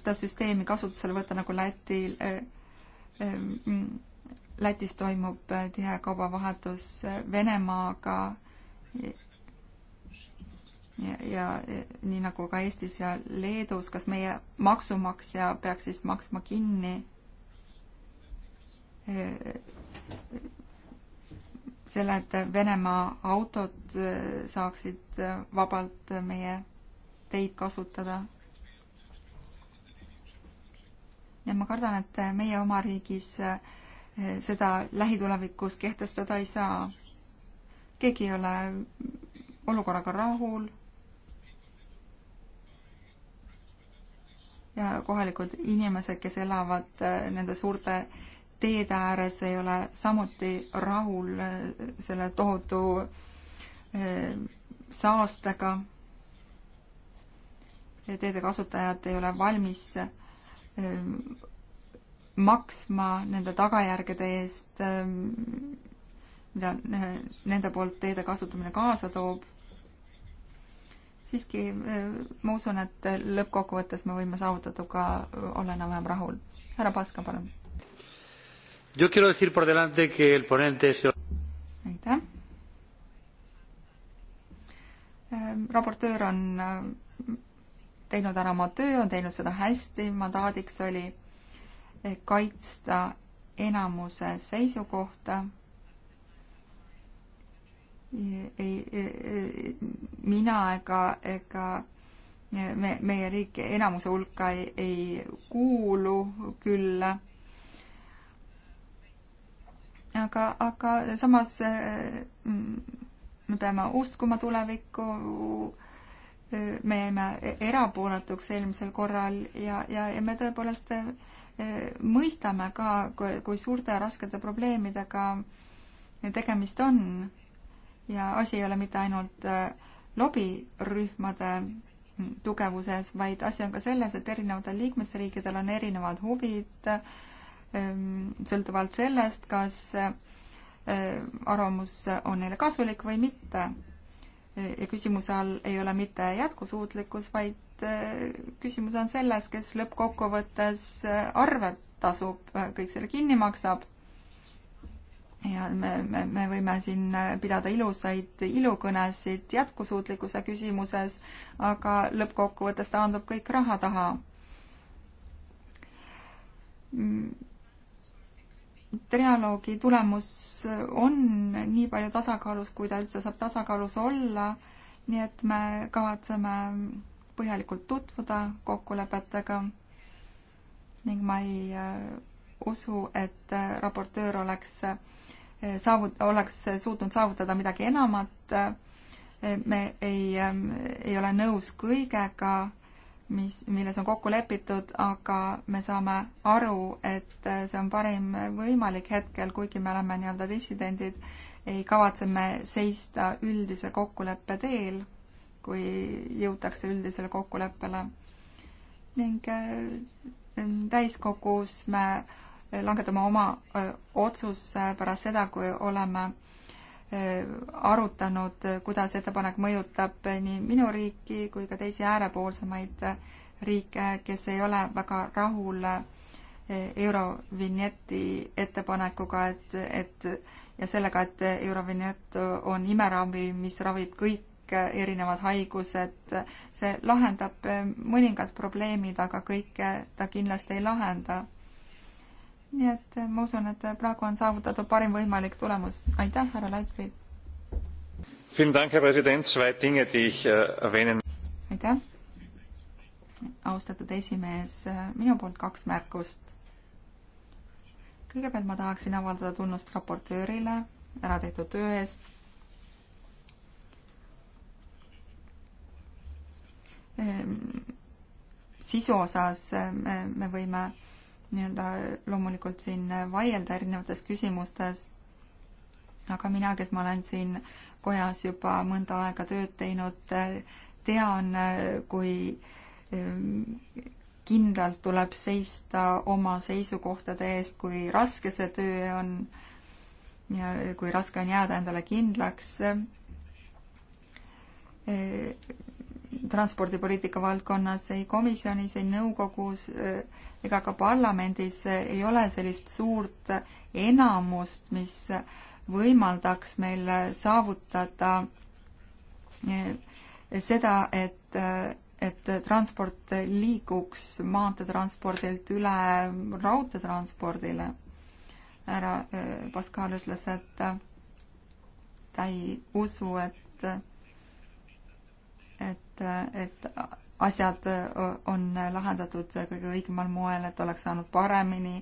seda süsteemi kasutusele võtta, nagu Lätil. Mm, Lätis toimub äh, tihe kaubavahetus äh, Venemaaga ja, ja nii nagu ka Eestis ja Leedus, kas meie maksumaksja peaks siis maksma kinni selle, et Venemaa autod äh, saaksid vabalt meie teid kasutada. ja ma kardan, et meie oma riigis eh, seda lähitulevikus kehtestada ei saa. keegi ei ole olukorraga rahul. ja kohalikud inimesed, kes elavad eh, nende suurte teede ääres, ei ole samuti rahul eh, selle tohutu saastega teede kasutajad ei ole valmis ähm, maksma nende tagajärgede eest, ähm, mida äh, nende poolt teede kasutamine kaasa toob. siiski äh, ma usun, et lõppkokkuvõttes me võime saavutatuga äh, olla enam-vähem rahul. härra Paska, palun. aitäh. Ähm, raportöör on teinud ära oma töö, on teinud seda hästi, mandaadiks oli eh, kaitsta enamuse seisukohta. ei, e, e, mina ega, ega e, me, meie riik enamuse hulka ei, ei kuulu küll. aga, aga samas me peame uskuma tulevikku me jäime erapooletuks eelmisel korral ja, ja, ja me tõepoolest eh, mõistame ka, kui suurte raskete probleemidega tegemist on. ja asi ei ole mitte ainult eh, lobirühmade tugevuses, vaid asi on ka selles, et erinevatel liikmesriikidel on erinevad huvid, ehm, sõltuvalt sellest, kas eh, arvamus on neile kasulik või mitte ja küsimuse all ei ole mitte jätkusuutlikkus, vaid äh, küsimus on selles, kes lõppkokkuvõttes äh, arved tasub, äh, kõik selle kinni maksab. ja me, me, me võime siin pidada ilusaid ilukõnesid jätkusuutlikkuse küsimuses, aga lõppkokkuvõttes taandub kõik raha taha mm trialoogi tulemus on nii palju tasakaalus, kui ta üldse saab tasakaalus olla, nii et me kavatseme põhjalikult tutvuda kokkulepetega ning ma ei äh, usu, et äh, raportöör oleks äh, saavut-, oleks suutnud saavutada midagi enamat, me ei, ähm, ei ole nõus kõigega mis, milles on kokku lepitud, aga me saame aru, et äh, see on parim võimalik hetkel, kuigi me oleme nii-öelda dissidendid, ei kavatse me seista üldise kokkuleppe teel, kui jõutakse üldisele kokkuleppele. ning äh, täiskogus me langetame oma äh, otsuse pärast seda, kui oleme arutanud, kuidas ettepanek mõjutab nii minu riiki kui ka teisi äärepoolsemaid riike, kes ei ole väga rahul Eurovinjeti ettepanekuga, et, et ja sellega, et Eurovinjett on imeravi, mis ravib kõik erinevad haigused, see lahendab mõningad probleemid, aga kõike ta kindlasti ei lahenda nii et eh, ma usun, et eh, praegu on saavutatud parim võimalik tulemus. aitäh, härra Leitfried! Äh, aitäh, austatud esimees, äh, minu poolt kaks märkust. kõigepealt ma tahaksin avaldada tunnust raportöörile ära tehtud töö eest. Ehm, sisu osas äh, me, me võime nii-öelda loomulikult siin vaielda erinevates küsimustes, aga mina, kes ma olen siin kojas juba mõnda aega tööd teinud, tean, kui ehm, kindlalt tuleb seista oma seisukohtade eest, kui raske see töö on ja kui raske on jääda endale kindlaks ehm, transpordipoliitika valdkonnas ei komisjonis, ei nõukogus eh, ega ka parlamendis eh, ei ole sellist suurt enamust, mis võimaldaks meil saavutada eh, seda, et, et transport liiguks maanteetranspordilt üle raudteetranspordile. härra Pascal ütles, et ta ei usu, et et, et asjad on lahendatud kõige õigemal moel, et oleks saanud paremini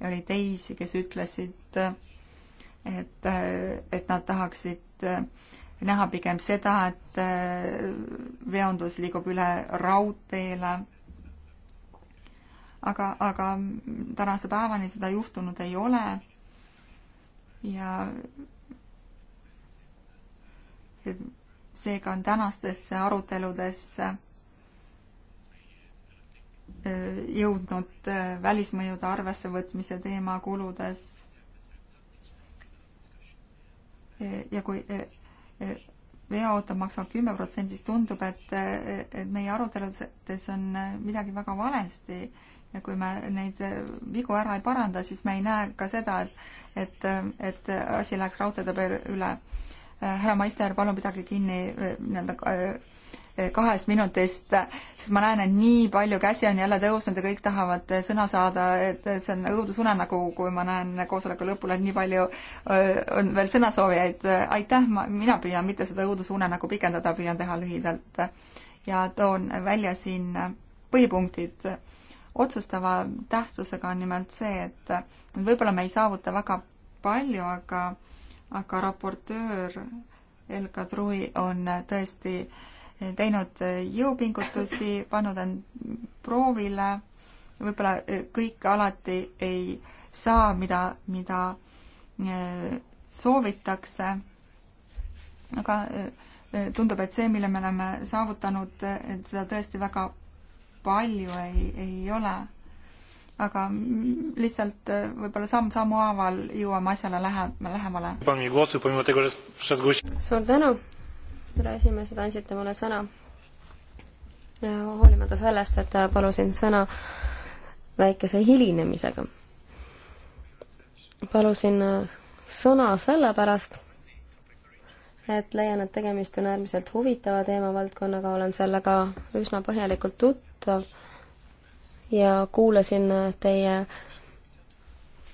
ja oli teisi, kes ütlesid, et, et nad tahaksid näha pigem seda, et äh, veondus liigub üle raudteele. aga, aga tänase päevani seda juhtunud ei ole. ja seega on tänastesse aruteludesse äh, jõudnud äh, välismõjude arvessevõtmise teema kuludes. ja kui äh, veoauto maksab kümme protsenti, siis tundub, et, et meie aruteludes on midagi väga valesti ja kui me neid vigu ära ei paranda, siis me ei näe ka seda, et, et, et asi läheks raudteede peale üle Äh, härra Maister, palun pidage kinni äh, nii-öelda äh, kahest minutist, sest ma näen, et nii palju käsi on jälle tõusnud ja kõik tahavad sõna saada, et see on õudusunenägu, kui ma näen koosoleku lõpul, et nii palju on veel sõnasoovijaid. aitäh, ma, mina püüan mitte seda õudusunenägu pikendada, püüan teha lühidalt ja toon välja siin põhipunktid. otsustava tähtsusega on nimelt see, et võib-olla me ei saavuta väga palju, aga aga raportöör Elka Trui on tõesti teinud jõupingutusi, pannud end proovile, võib-olla e, kõike alati ei saa, mida, mida e, soovitakse, aga e, tundub, et see, mille me oleme saavutanud, et seda tõesti väga palju ei, ei ole aga lihtsalt äh, võib-olla samm-sammu haaval jõuame asjale lähe-, lähemale. suur tänu, härra esimees, et andsite mulle sõna. hoolimata sellest, et äh, palusin sõna väikese hilinemisega. palusin äh, sõna sellepärast, et leian, et tegemist on äärmiselt huvitava teemavaldkonnaga, olen sellega üsna põhjalikult tuttav ja kuulasin teie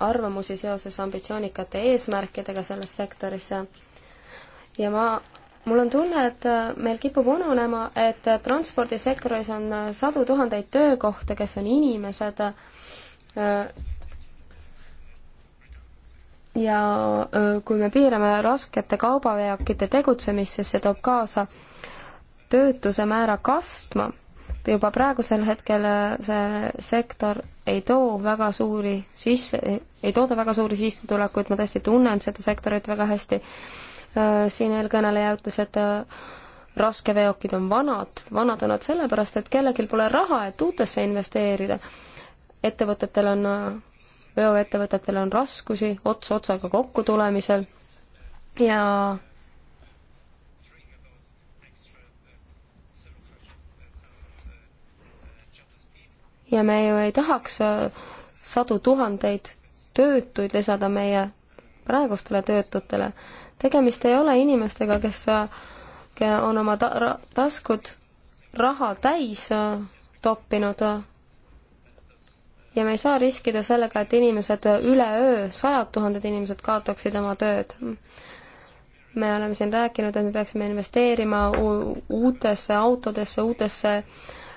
arvamusi seoses ambitsioonikate eesmärkidega selles sektoris. ja ma, mul on tunne, et meil kipub ununema, et transpordisektoris on sadu tuhandeid töökohta, kes on inimesed ja kui me piirame raskete kaubaveokite tegutsemist, siis see toob kaasa töötuse määra kastma juba praegusel hetkel äh, see sektor ei too väga suuri sisse, ei tooda väga suuri sissetulekuid, ma tõesti tunnen seda sektorit väga hästi. Äh, siin eelkõneleja ütles, et äh, raskeveokid on vanad, vanad on nad sellepärast, et kellelgi pole raha, et uutesse investeerida. ettevõtetel on, veoettevõtetel on raskusi ots otsaga kokku tulemisel ja ja me ju ei tahaks äh, sadu tuhandeid töötuid lisada meie praegustele töötutele. tegemist ei ole inimestega, kes äh, on oma ta ra taskud raha täis äh, toppinud ja me ei saa riskida sellega, et inimesed üleöö, sajad tuhanded inimesed kaotaksid oma tööd. me oleme siin rääkinud, et me peaksime investeerima uutesse autodesse, uutesse äh,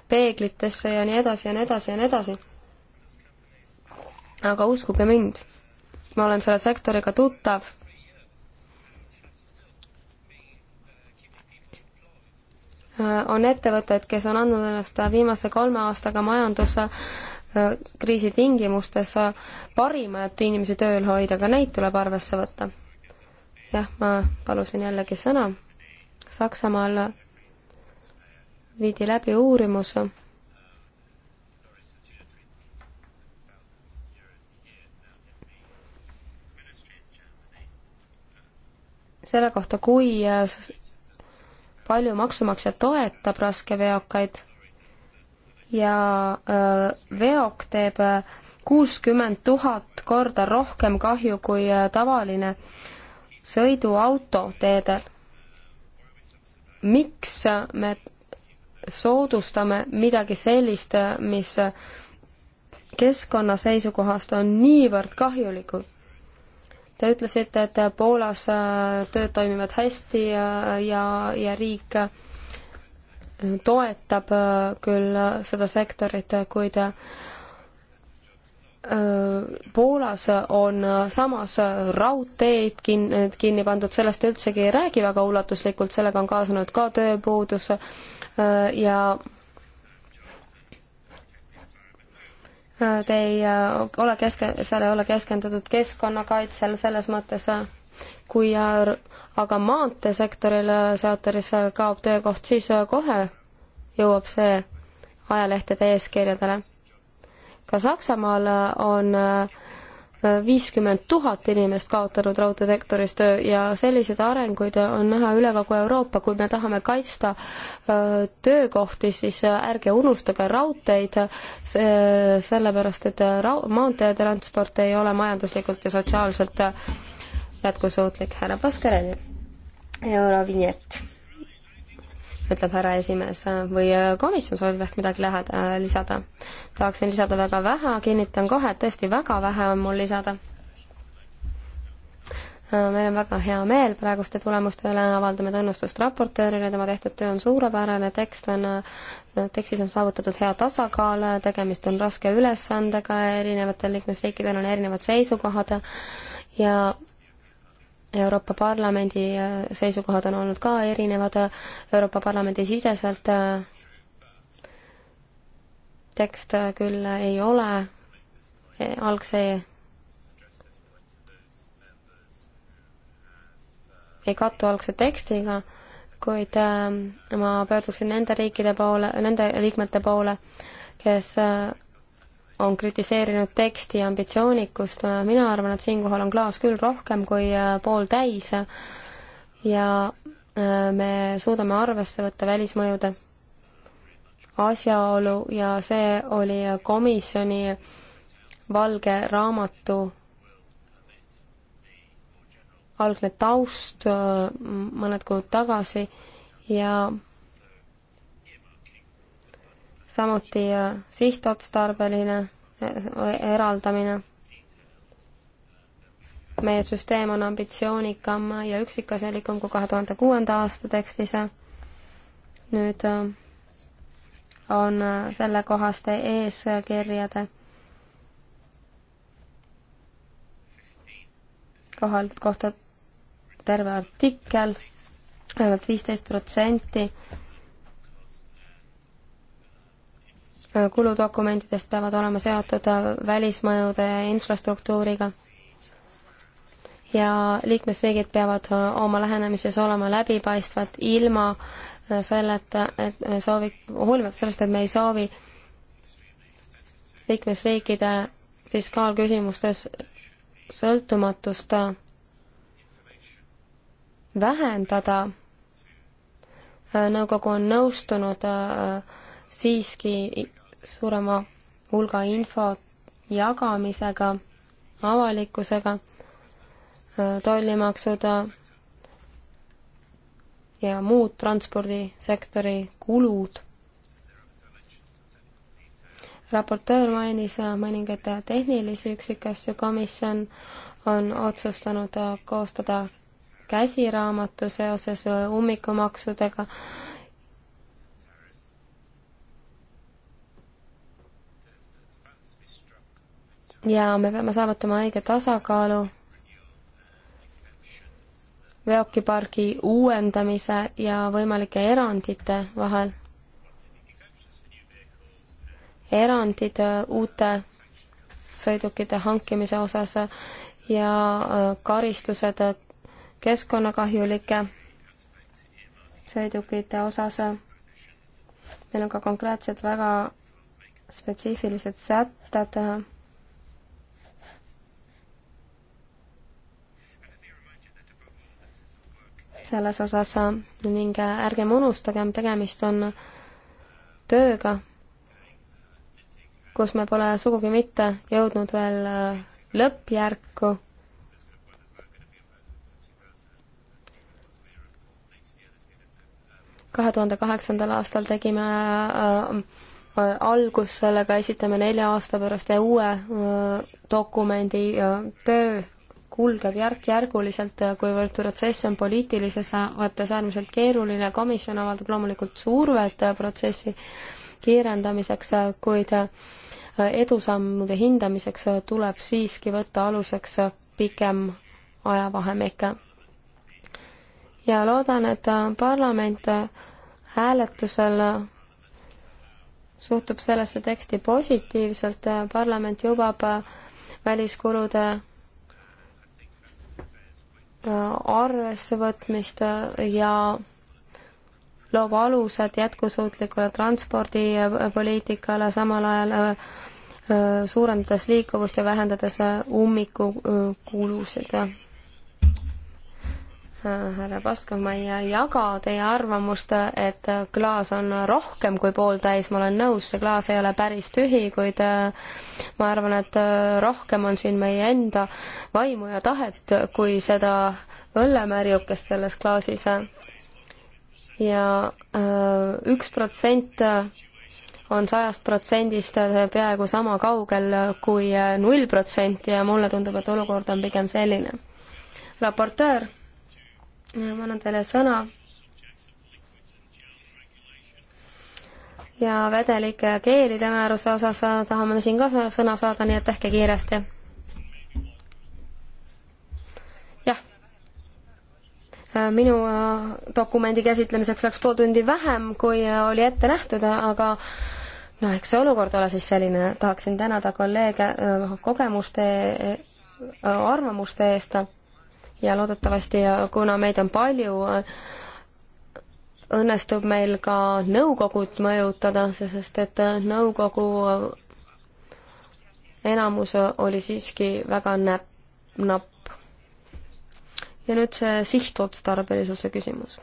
peeglitesse ja nii edasi ja nii edasi ja nii edasi. aga uskuge mind, ma olen selle sektoriga tuttav. on ettevõtted, kes on andnud ennast viimase kolme aastaga majanduse äh, kriisi tingimustes äh, parima, et inimesi tööl hoida, aga neid tuleb arvesse võtta. jah, ma palusin jällegi sõna. Saksamaal viidi läbi uurimus, selle kohta, kui äh, palju maksumaksja toetab raskeveokaid ja äh, veok teeb äh, kuuskümmend tuhat korda rohkem kahju kui tavaline sõiduauto teedel. miks me soodustame midagi sellist, mis keskkonna seisukohast on niivõrd kahjulikud. Te ütlesite, et Poolas äh, tööd toimivad hästi ja, ja, ja riik äh, toetab äh, küll seda sektorit, kuid Poolas on samas raudteed kin-, kinni pandud, sellest üldsegi ei räägi väga ulatuslikult, sellega on kaasanud ka tööpuudus Äh, ja äh, te ei äh, ole keske-, seal ei ole keskendutud keskkonnakaitsele selles mõttes, kui aga maanteesektorile sektoris kaob töökoht, siis kohe jõuab see ajalehtede eeskirjadele. ka Saksamaal on äh, viiskümmend tuhat inimest kaotanud raudteesektoris töö ja selliseid arenguid on näha üle kogu Euroopa, kui me tahame kaitsta töökohti, siis ärge unustage raudteid, sellepärast et rau-, maanteetransport ei ole majanduslikult ja sotsiaalselt jätkusuutlik. härra Paskareli, Eurovinjett ütleb härra esimees, või komisjon soovib ehk midagi läheda, lisada? tahaksin lisada väga vähe, kinnitan kohe, et tõesti väga vähe on mul lisada. meil on väga hea meel praeguste tulemuste üle, avaldame tunnustust raportöörile, tema tehtud töö on suurepärane, tekst on, tekstis on saavutatud hea tasakaal, tegemist on raske ülesandega, erinevatel liikmesriikidel on erinevad seisukohad ja Euroopa Parlamendi äh, seisukohad on olnud ka erinevad äh, Euroopa Parlamendi siseselt. Äh, tekst küll ei ole e, algse ei kattu algse tekstiga, kuid ma pöörduksin nende riikide poole, nende liikmete poole, kes on kritiseerinud teksti ambitsioonikust, mina arvan, et siinkohal on klaas küll rohkem kui äh, pooltäis ja äh, me suudame arvesse võtta välismõjude asjaolu ja see oli komisjoni valge raamatu algne taust äh, mõned kuud tagasi ja samuti äh, sihtotstarbeline äh, eraldamine. meie süsteem on ambitsioonikam ja üksikasjalikum kui kahe tuhande kuuenda aasta tekstis. nüüd äh, on sellekohaste eeskirjade kohal, kohta terve artikkel vähemalt, vähemalt viisteist protsenti kuludokumentidest peavad olema seotud välismõjude infrastruktuuriga ja liikmesriigid peavad oma lähenemises olema läbipaistvad ilma selleta, et me soovi, hoolimata sellest, et me ei soovi liikmesriikide fiskaalküsimustes sõltumatust vähendada, nõukogu on nõustunud äh, siiski suurema hulga info jagamisega avalikkusega, äh, tollimaksud äh, ja muud transpordisektori kulud. raportöör mainis äh, mõningaid tehnilisi üksikasju, komisjon on otsustanud koostada käsiraamatu seoses ummikumaksudega ja me peame saavutama õige tasakaalu veokipargi uuendamise ja võimalike erandite vahel. erandid äh, uute sõidukite hankimise osas ja äh, karistused äh, keskkonnakahjulike sõidukite osas. meil on ka konkreetsed väga spetsiifilised sätted selles osas ning ärgem unustagem, tegemist on tööga, kus me pole sugugi mitte jõudnud veel lõppjärku. kahe tuhande kaheksandal aastal tegime äh, äh, algus sellega, esitame nelja aasta pärast uue äh, dokumendi töö kulgeb järk-järguliselt, kuivõrd protsess on poliitilises mõttes äärmiselt keeruline, komisjon avaldab loomulikult survet protsessi kiirendamiseks, kuid edusammude hindamiseks tuleb siiski võtta aluseks pikem ajavahemik. ja loodan, et parlament hääletusel suhtub sellesse teksti positiivselt, parlament jubab väliskulude arvesse võtmist ja loob alused jätkusuutlikule transpordipoliitikale, samal ajal äh, suurendades liikuvust ja vähendades ummikukulusid äh, härra Pasko, ma ei jaga teie arvamust, et klaas on rohkem kui pooltäis, ma olen nõus, see klaas ei ole päris tühi, kuid äh, ma arvan, et äh, rohkem on siin meie enda vaimu ja tahet, kui seda õllemärjukest selles klaasis. ja äh, üks protsent on sajast protsendist peaaegu sama kaugel kui null protsenti ja mulle tundub, et olukord on pigem selline. raportöör ma annan teile sõna. ja vedelike ja keelide määruse osas tahame siin ka sõna saada, nii et tehke kiiresti. jah. minu äh, dokumendi käsitlemiseks läks pool tundi vähem, kui oli ette nähtud, aga noh, eks see olukord ole siis selline, tahaksin tänada kolleege äh, kogemuste, äh, arvamuste eest ja loodetavasti, kuna meid on palju, õnnestub meil ka nõukogud mõjutada, sest et nõukogu enamus oli siiski väga näpp, napp. ja nüüd see sihtotstarbelisuse küsimus.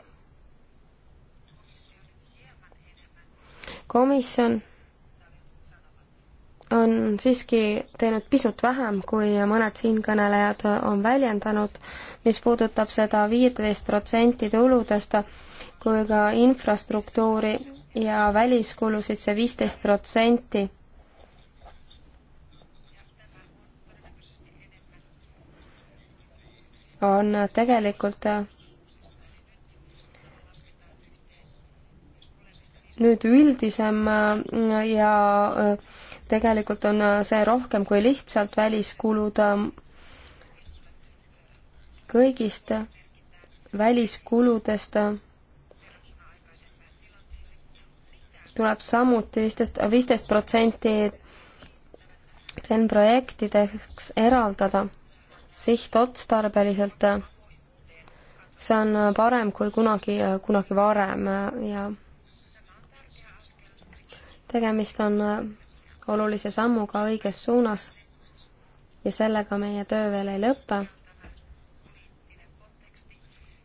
komisjon on siiski teinud pisut vähem, kui mõned siinkõnelejad on väljendanud, mis puudutab seda viieteist protsenti tuludest kui ka infrastruktuuri ja väliskulusid, see viisteist protsenti. on tegelikult nüüd üldisem äh, ja äh, tegelikult on äh, see rohkem kui lihtsalt väliskulud kõigist väliskuludest tuleb samuti viisteist, viisteist protsenti TEN projektideks eraldada sihtotstarbeliselt. see on parem kui kunagi, kunagi varem ja tegemist on äh, olulise sammuga õiges suunas ja sellega meie töö veel ei lõpe.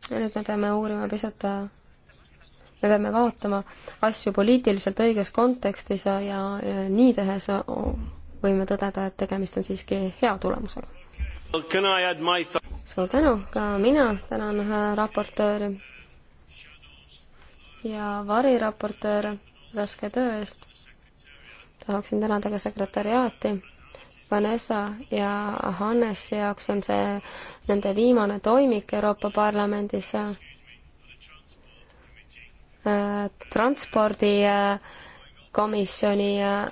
ja nüüd me peame uurima pisut, äh, me peame vaatama asju poliitiliselt õiges kontekstis ja, ja, ja nii tehes äh, võime tõdeda, et tegemist on siiski hea tulemusega. suur tänu, ka mina tänan raportööri ja variraportööre raske töö eest tahaksin tänada ka sekretäriaati. Vanessa ja Hannese jaoks on see nende viimane toimik Euroopa Parlamendis. transpordikomisjoni äh, äh,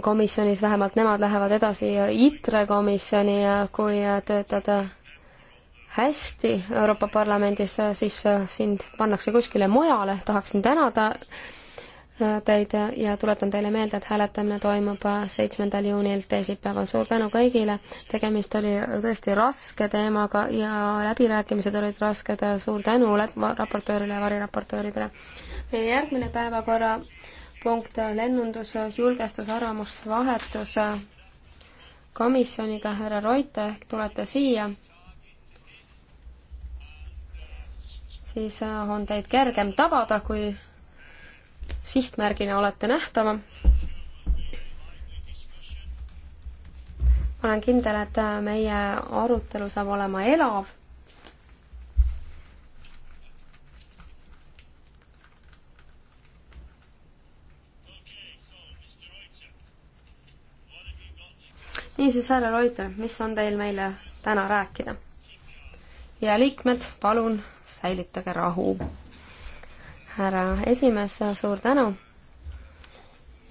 komisjonis vähemalt nemad lähevad edasi ITRE komisjoni ja äh, kui töötad hästi Euroopa Parlamendis, siis sind pannakse kuskile mujale, tahaksin tänada teid ja tuletan teile meelde, et hääletamine toimub äh, seitsmendal juunil teisipäeval. suur tänu kõigile, tegemist oli tõesti raske teemaga ja läbirääkimised olid rasked, suur tänu raportöörile ja variraportööridele. meie järgmine päevakorrapunkt, lennundus, julgestus, arvamusvahetus komisjoniga, härra Roite, ehk tulete siia, siis äh, on teid kergem tabada, kui sihtmärgina olete nähtava. ma olen kindel, et meie arutelu saab olema elav niisiis, härra Reuter, mis on teil meile täna rääkida? ja liikmed, palun säilitage rahu härra esimees, suur tänu.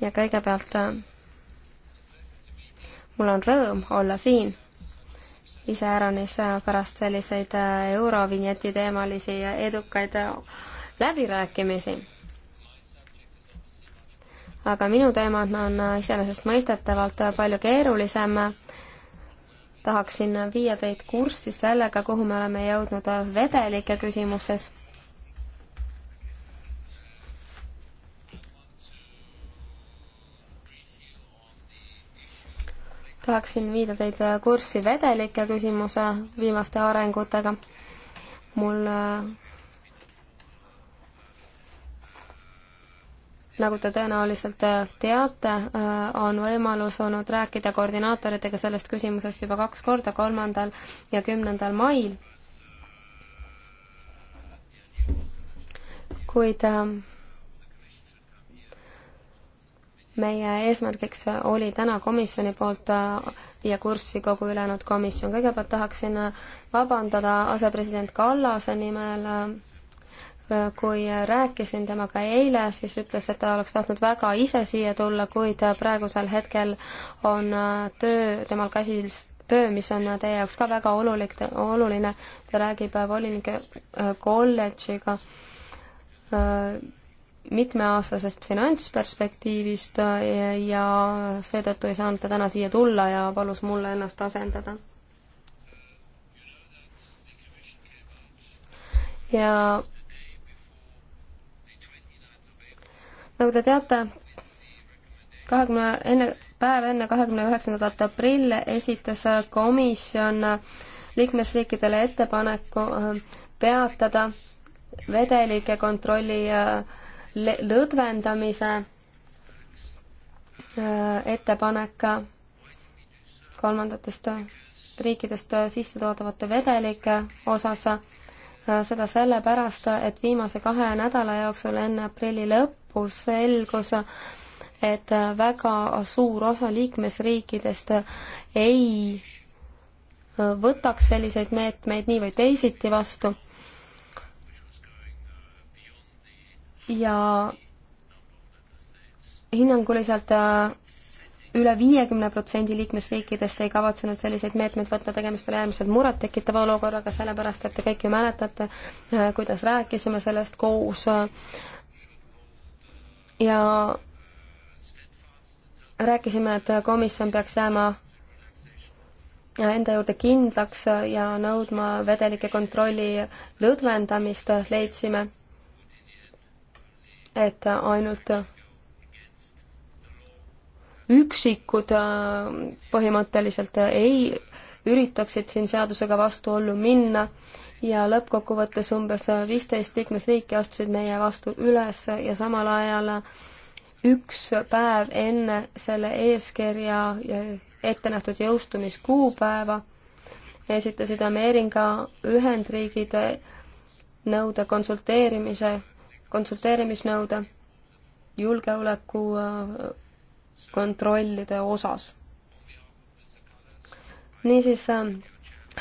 ja kõigepealt äh, mul on rõõm olla siin iseäranis äh, pärast selliseid äh, Eurovinjeti teemalisi edukaid läbirääkimisi. aga minu teemad on iseenesestmõistetavalt palju keerulisem. tahaksin viia teid kurssi sellega, kuhu me oleme jõudnud vedelike küsimustes tahaksin viida teid kurssi vedelike küsimuse viimaste arengutega. mul äh, nagu te tõenäoliselt äh, teate, äh, on võimalus olnud rääkida koordinaatoritega sellest küsimusest juba kaks korda, kolmandal ja kümnendal mail. kuid äh, meie eesmärgiks oli täna komisjoni poolt äh, viia kurssi kogu ülejäänud komisjon. kõigepealt tahaksin äh, vabandada asepresident Kallase nimel, äh, kui rääkisin temaga eile, siis ütles, et ta oleks tahtnud väga ise siia tulla, kuid praegusel hetkel on töö temal käsis töö, mis on teie jaoks ka väga olulik, oluline. ta räägib volinike kolledžiga mitmeaastasest finantsperspektiivist äh, ja seetõttu ei saanud ta täna siia tulla ja palus mulle ennast asendada. ja nagu te teate, kahekümne, enne, päev enne kahekümne üheksandat aprilli esitas komisjon liikmesriikidele ettepaneku äh, peatada vedelike kontrolli äh, lõdvendamise ettepanek kolmandatest riikidest sisse toodavate vedelike osas, seda sellepärast, et viimase kahe nädala jooksul enne aprilli lõppu selgus, et väga suur osa liikmesriikidest ei võtaks selliseid meetmeid nii või teisiti vastu ja hinnanguliselt äh, üle viiekümne protsendi liikmesriikidest ei kavatsenud selliseid meetmeid võtta, tegemist oli äärmiselt murettekitava olukorraga, sellepärast et te kõik ju mäletate, äh, kuidas rääkisime sellest koos ja rääkisime, et komisjon peaks jääma äh, enda juurde kindlaks ja nõudma vedelike kontrolli lõdvendamist, leidsime et ainult üksikud äh, põhimõtteliselt ei üritaksid siin seadusega vastuollu minna ja lõppkokkuvõttes umbes viisteist liikmesriiki astusid meie vastu üles ja samal ajal üks päev enne selle eeskirja ette nähtud jõustumiskuupäeva esitasid Ameerika Ühendriigid nõude konsulteerimise konsulteerimisnõude julgeoleku äh, kontrollide osas. niisiis, äh,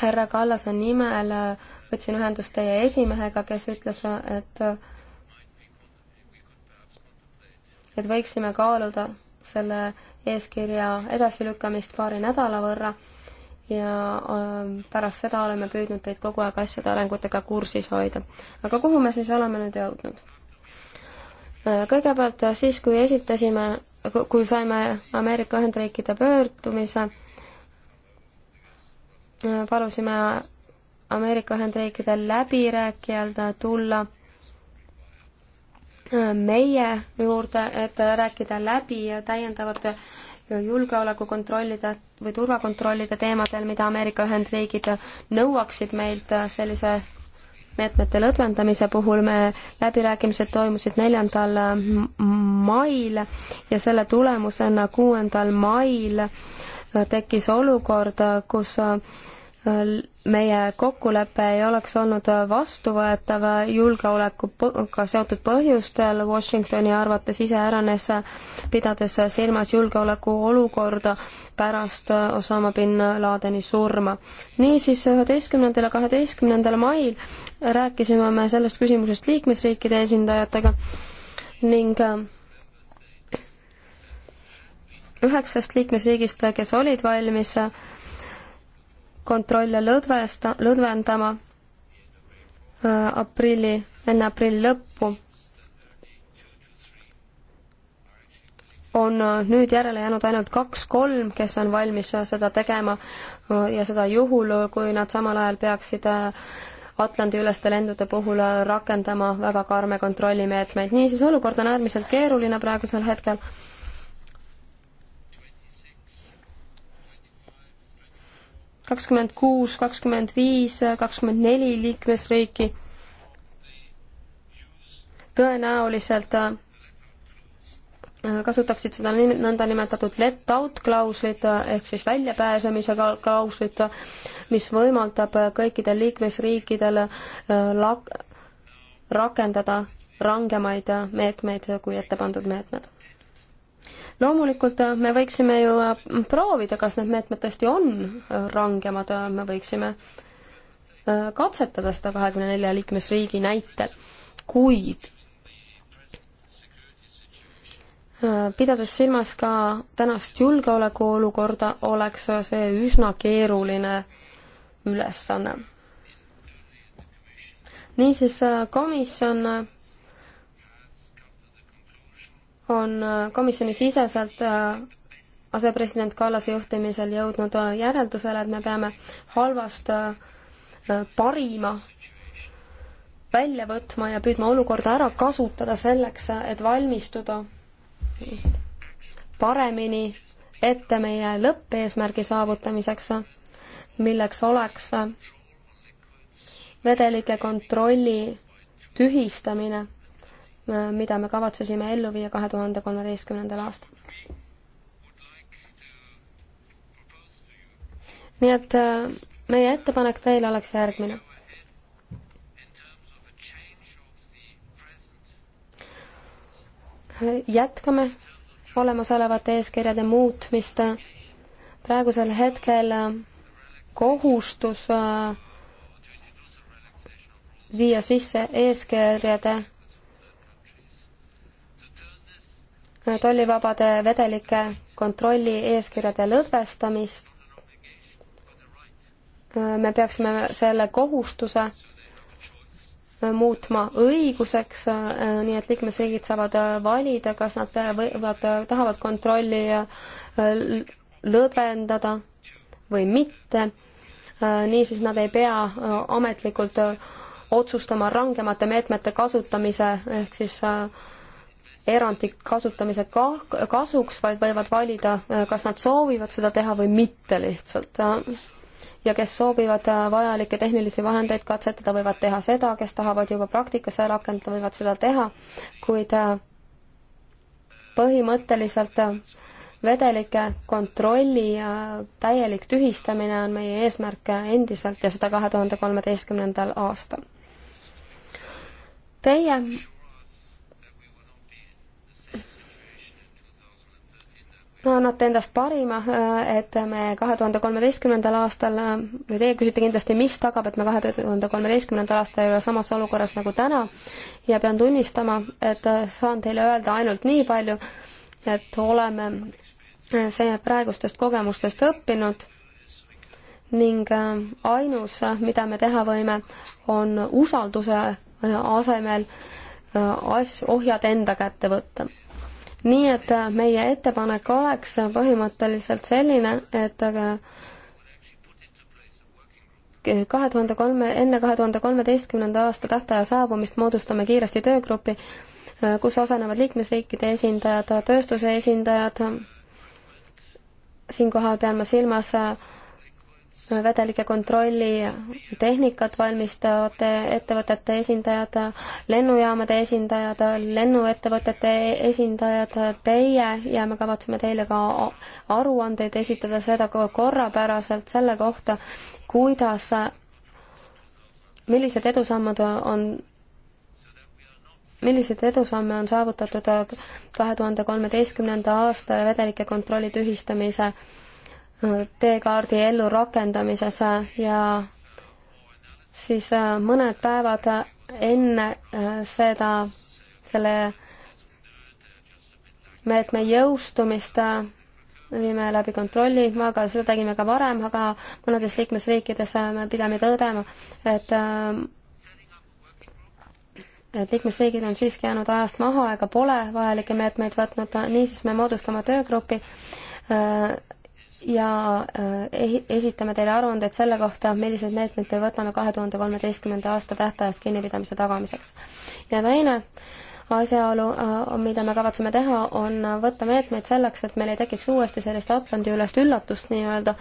härra Kallase nimel äh, võtsin ühendust teie esimehega, kes ütles, et et võiksime kaaluda selle eeskirja edasilükkamist paari nädala võrra ja pärast seda oleme püüdnud teid kogu aeg asjade arengutega kursis hoida. aga kuhu me siis oleme nüüd jõudnud? kõigepealt siis, kui esitasime, kui saime Ameerika Ühendriikide pöördumise, palusime Ameerika Ühendriikide läbirääkijal tulla meie juurde, et rääkida läbi täiendavate julgeolekukontrollide või turvakontrollide teemadel, mida Ameerika Ühendriigid nõuaksid meilt sellise meetmete lõdvendamise puhul me, läbirääkimised toimusid neljandal mail ja selle tulemusena kuuendal mail tekkis olukord, kus meie kokkulepe ei oleks olnud vastuvõetav julgeolekuga seotud põhjustel Washingtoni arvates iseäranes, pidades silmas julgeolekuolukorda pärast Osama bin Ladeni surma. niisiis üheteistkümnendal ja kaheteistkümnendal mail rääkisime me sellest küsimusest liikmesriikide esindajatega ning üheksast liikmesriigist, kes olid valmis kontrolle lõdvesta, lõdvendama äh, aprilli, enne aprilli lõppu, on äh, nüüd järele jäänud ainult kaks-kolm, kes on valmis äh, seda tegema ja seda juhul, kui nad samal ajal peaksid Atlandi-üleste lendude puhul rakendama väga karme kontrollimeetmeid. niisiis, olukord on äärmiselt keeruline praegusel hetkel kakskümmend kuus, kakskümmend viis, kakskümmend neli liikmesriiki tõenäoliselt äh, kasutaksid seda nõndanimetatud let out klauslit äh, ehk siis väljapääsemise klauslit, äh, mis võimaldab kõikidel liikmesriikidel rakendada rangemaid meetmeid kui ette pandud meetmed loomulikult äh, me võiksime ju äh, proovida, kas need meetmed tõesti on äh, rangemad, me võiksime katsetada seda kahekümne nelja liikmesriigi näitel, kuid pidades silmas ka tänast julgeolekuolukorda, oleks see üsna keeruline ülesanne. niisiis, komisjon on äh, komisjoni siseselt äh, asepresident Kallase juhtimisel jõudnud äh, järeldusele, et me peame halvast parima välja võtma ja püüdma olukorda ära kasutada selleks, et valmistuda paremini ette meie lõppeesmärgi saavutamiseks, milleks oleks vedelike kontrolli tühistamine mida me kavatsesime ellu viia kahe tuhande kolmeteistkümnendal aastal. nii et äh, meie ettepanek teile oleks järgmine. jätkame olemasolevate eeskirjade muutmist. praegusel hetkel äh, kohustus äh, viia sisse eeskirjade tollivabade vedelike kontrolli eeskirjade lõdvestamist. me peaksime selle kohustuse muutma õiguseks, nii et liikmesriigid saavad valida, kas nad võivad, tahavad kontrolli lõdvendada või mitte. niisiis nad ei pea ametlikult otsustama rangemate meetmete kasutamise ehk siis äh, erandi kasutamise kah-, kasuks, vaid võivad valida, äh, kas nad soovivad seda teha või mitte lihtsalt. Äh. ja kes soovivad äh, vajalikke tehnilisi vahendeid katsetada, võivad teha seda, kes tahavad juba praktikasse rakendada, võivad seda teha, kuid põhimõtteliselt vedelike kontrolli ja täielik tühistamine on meie eesmärk endiselt ja seda kahe tuhande kolmeteistkümnendal aastal. Teie annate endast parima, äh, et me kahe tuhande kolmeteistkümnendal aastal, äh, või teie küsite kindlasti, mis tagab, et me kahe tuhande kolmeteistkümnendal aastal ei ole samas olukorras nagu täna ja pean tunnistama, et äh, saan teile öelda ainult nii palju, et oleme see praegustest kogemustest õppinud ning ainus, mida me teha võime, on usalduse asemel asju, ohjad enda kätte võtta nii et äh, meie ettepanek oleks põhimõtteliselt selline, et kahe tuhande kolme, enne kahe tuhande kolmeteistkümnenda aasta tähtaja saabumist moodustame kiiresti töögrupi, äh, kus osanevad liikmesriikide esindajad, tööstuse esindajad, siinkohal pean ma silmas äh, vedelike kontrolli tehnikat valmistavate ettevõtete esindajad, lennujaamade esindajad, lennuettevõtete esindajad, teie ja me kavatseme teile ka aruandeid esitada seda korrapäraselt selle kohta, kuidas, millised edusammud on milliseid edusamme on saavutatud kahe tuhande kolmeteistkümnenda aasta vedelike kontrolli tühistamise äh, teekaardi ellurakendamises ja siis äh, mõned päevad enne äh, seda, selle meetme jõustumist äh, viime läbi kontrolli, aga seda tegime ka varem, aga mõnedes liikmesriikides me pidime tõdema, et et liikmesriigid on siiski jäänud ajast maha ega pole vajalikke meetmeid võtnud, niisiis me moodustame töögrupi ja äh, esitame teile aruanded selle kohta, millised meetmed me võtame kahe tuhande kolmeteistkümnenda aasta tähtajast kinnipidamise tagamiseks. ja teine asjaolu, äh, mida me kavatseme teha, on võtta meetmeid selleks, et meil ei tekiks uuesti sellist Atlandi-ülest üllatust nii-öelda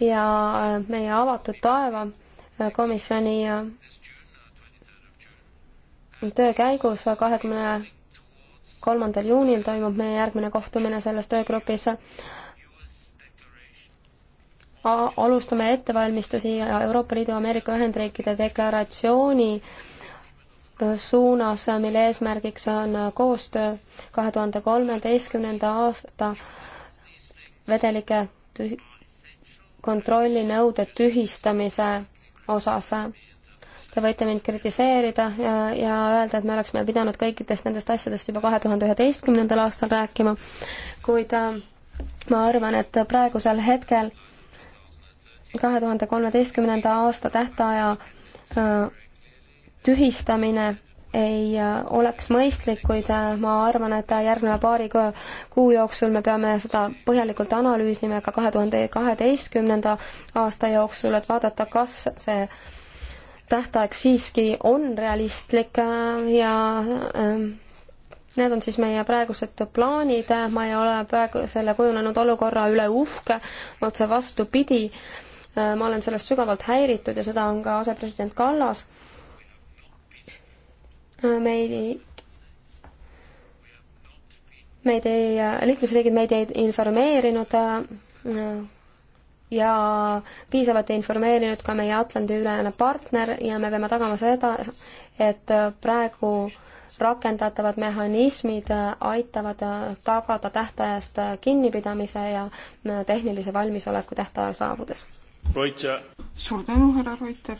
ja äh, meie avatud taeva komisjoni töö käigus kahekümne kolmandal juunil toimub meie järgmine kohtumine selles töögrupis alustame ettevalmistusi Euroopa Liidu Ameerika Ühendriikide deklaratsiooni suunas, mille eesmärgiks on koostöö kahe tuhande kolmeteistkümnenda aasta vedelike tühi-, kontrollinõude tühistamise osas. Te võite mind kritiseerida ja, ja öelda, et me oleksime pidanud kõikidest nendest asjadest juba kahe tuhande üheteistkümnendal aastal rääkima, kuid äh, ma arvan, et praegusel hetkel kahe tuhande kolmeteistkümnenda aasta tähtaja äh, tühistamine ei äh, oleks mõistlik, kuid äh, ma arvan, et järgneva paari kuu jooksul me peame seda põhjalikult analüüsima ka kahe tuhande kaheteistkümnenda aasta jooksul, et vaadata, kas see tähtaeg siiski on realistlik ja ähm, Need on siis meie praegused plaanid, ma ei ole praegu selle kujunenud olukorra üle uhke, otse vastupidi Äh, ma olen sellest sügavalt häiritud ja seda on ka asepresident Kallas. Äh, meid ei, meid ei, liikmesriigid meid ei informeerinud äh, ja piisavalt ei informeerinud ka meie Atlandi-ülene partner ja me peame tagama seda, et praegu rakendatavad mehhanismid aitavad tagada tähtajast kinnipidamise ja tehnilise valmisoleku tähtaja saabudes suur tänu, härra Reuter.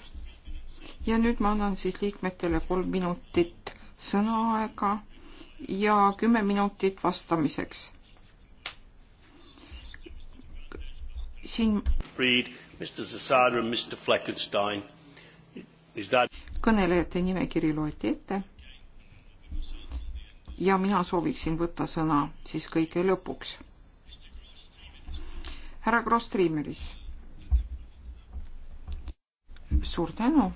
ja nüüd ma annan siis liikmetele kolm minutit sõnaaega ja kümme minutit vastamiseks. siin. kõnelejate nimekiri loeti ette. ja mina sooviksin võtta sõna siis kõige lõpuks. härra Kross-Triimeris suur tänu.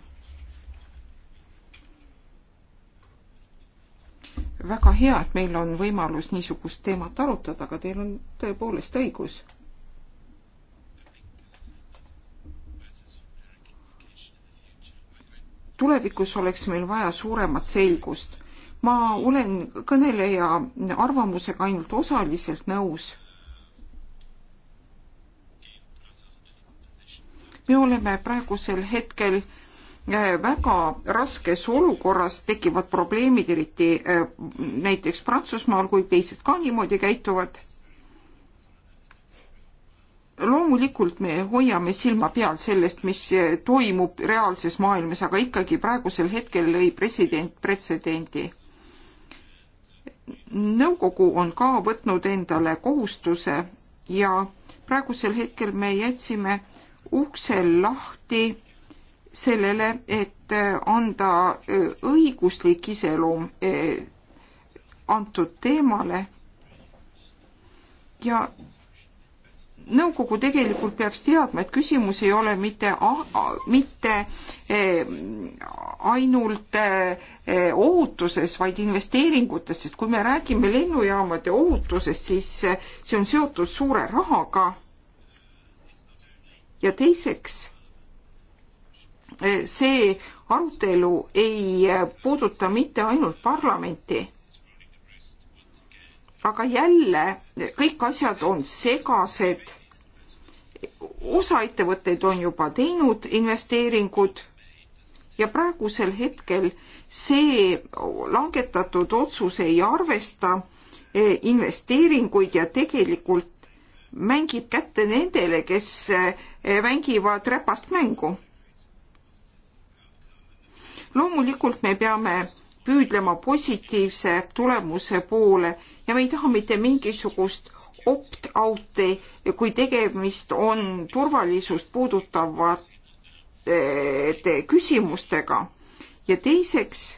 väga hea, et meil on võimalus niisugust teemat arutada, aga teil on tõepoolest õigus. tulevikus oleks meil vaja suuremat selgust. ma olen kõneleja arvamusega ainult osaliselt nõus me oleme praegusel hetkel eh, väga raskes olukorras, tekivad probleemid, eriti eh, näiteks Prantsusmaal, kui teised ka niimoodi käituvad. loomulikult me hoiame silma peal sellest, mis eh, toimub reaalses maailmas, aga ikkagi praegusel hetkel lõi president pretsedendi nõukogu on ka võtnud endale kohustuse ja praegusel hetkel me jätsime uksel lahti sellele, et äh, anda äh, õiguslik iseloom äh, antud teemale ja nõukogu tegelikult peaks teadma, et küsimus ei ole mitte, mitte ainult ohutuses, vaid investeeringutes, sest kui me räägime lennujaamade ohutusest, siis see on seotud suure rahaga ja teiseks, see arutelu ei puuduta mitte ainult parlamenti, aga jälle kõik asjad on segased. osa ettevõtteid on juba teinud investeeringud ja praegusel hetkel see langetatud otsus ei arvesta eh, investeeringuid ja tegelikult mängib kätte nendele, kes eh, mängivad räpast mängu. loomulikult me peame püüdlema positiivse tulemuse poole ja me ei taha mitte mingisugust opt-out'i, kui tegemist on turvalisust puudutavate eh, küsimustega. ja teiseks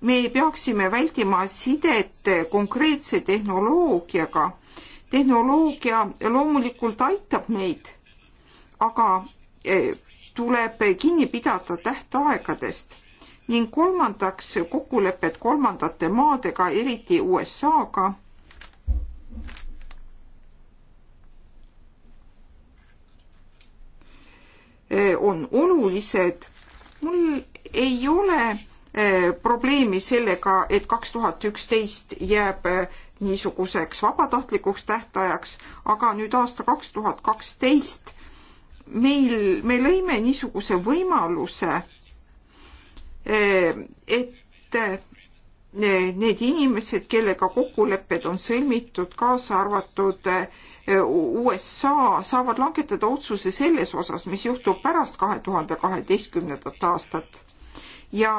me peaksime vältima sidet konkreetse tehnoloogiaga. tehnoloogia loomulikult aitab meid, aga e, tuleb kinni pidada tähtaegadest ning kolmandaks kokkulepped kolmandate maadega, eriti USA-ga. E, on olulised. mul ei ole Eh, probleemi sellega, et kaks tuhat üksteist jääb eh, niisuguseks vabatahtlikuks tähtajaks, aga nüüd aasta kaks tuhat kaksteist meil, me lõime niisuguse võimaluse, eh, et need inimesed, kellega kokkulepped on sõlmitud, kaasa arvatud USA, saavad langetada otsuse selles osas, mis juhtub pärast kahe tuhande kaheteistkümnendat aastat ja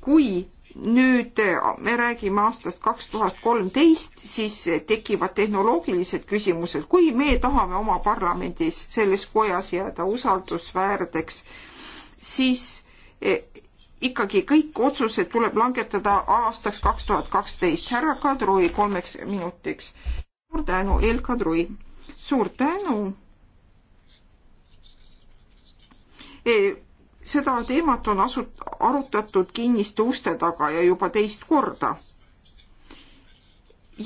kui nüüd äh, me räägime aastast kaks tuhat kolmteist, siis tekivad tehnoloogilised küsimused, kui me tahame oma parlamendis selles kojas jääda usaldusväärdeks, siis äh, ikkagi kõik otsused tuleb langetada aastaks kaks tuhat kaksteist. härra Kadri kolmeks minutiks. suur tänu, El Kadri. suur tänu e seda teemat on asut-, arutatud kinniste uste taga ja juba teist korda.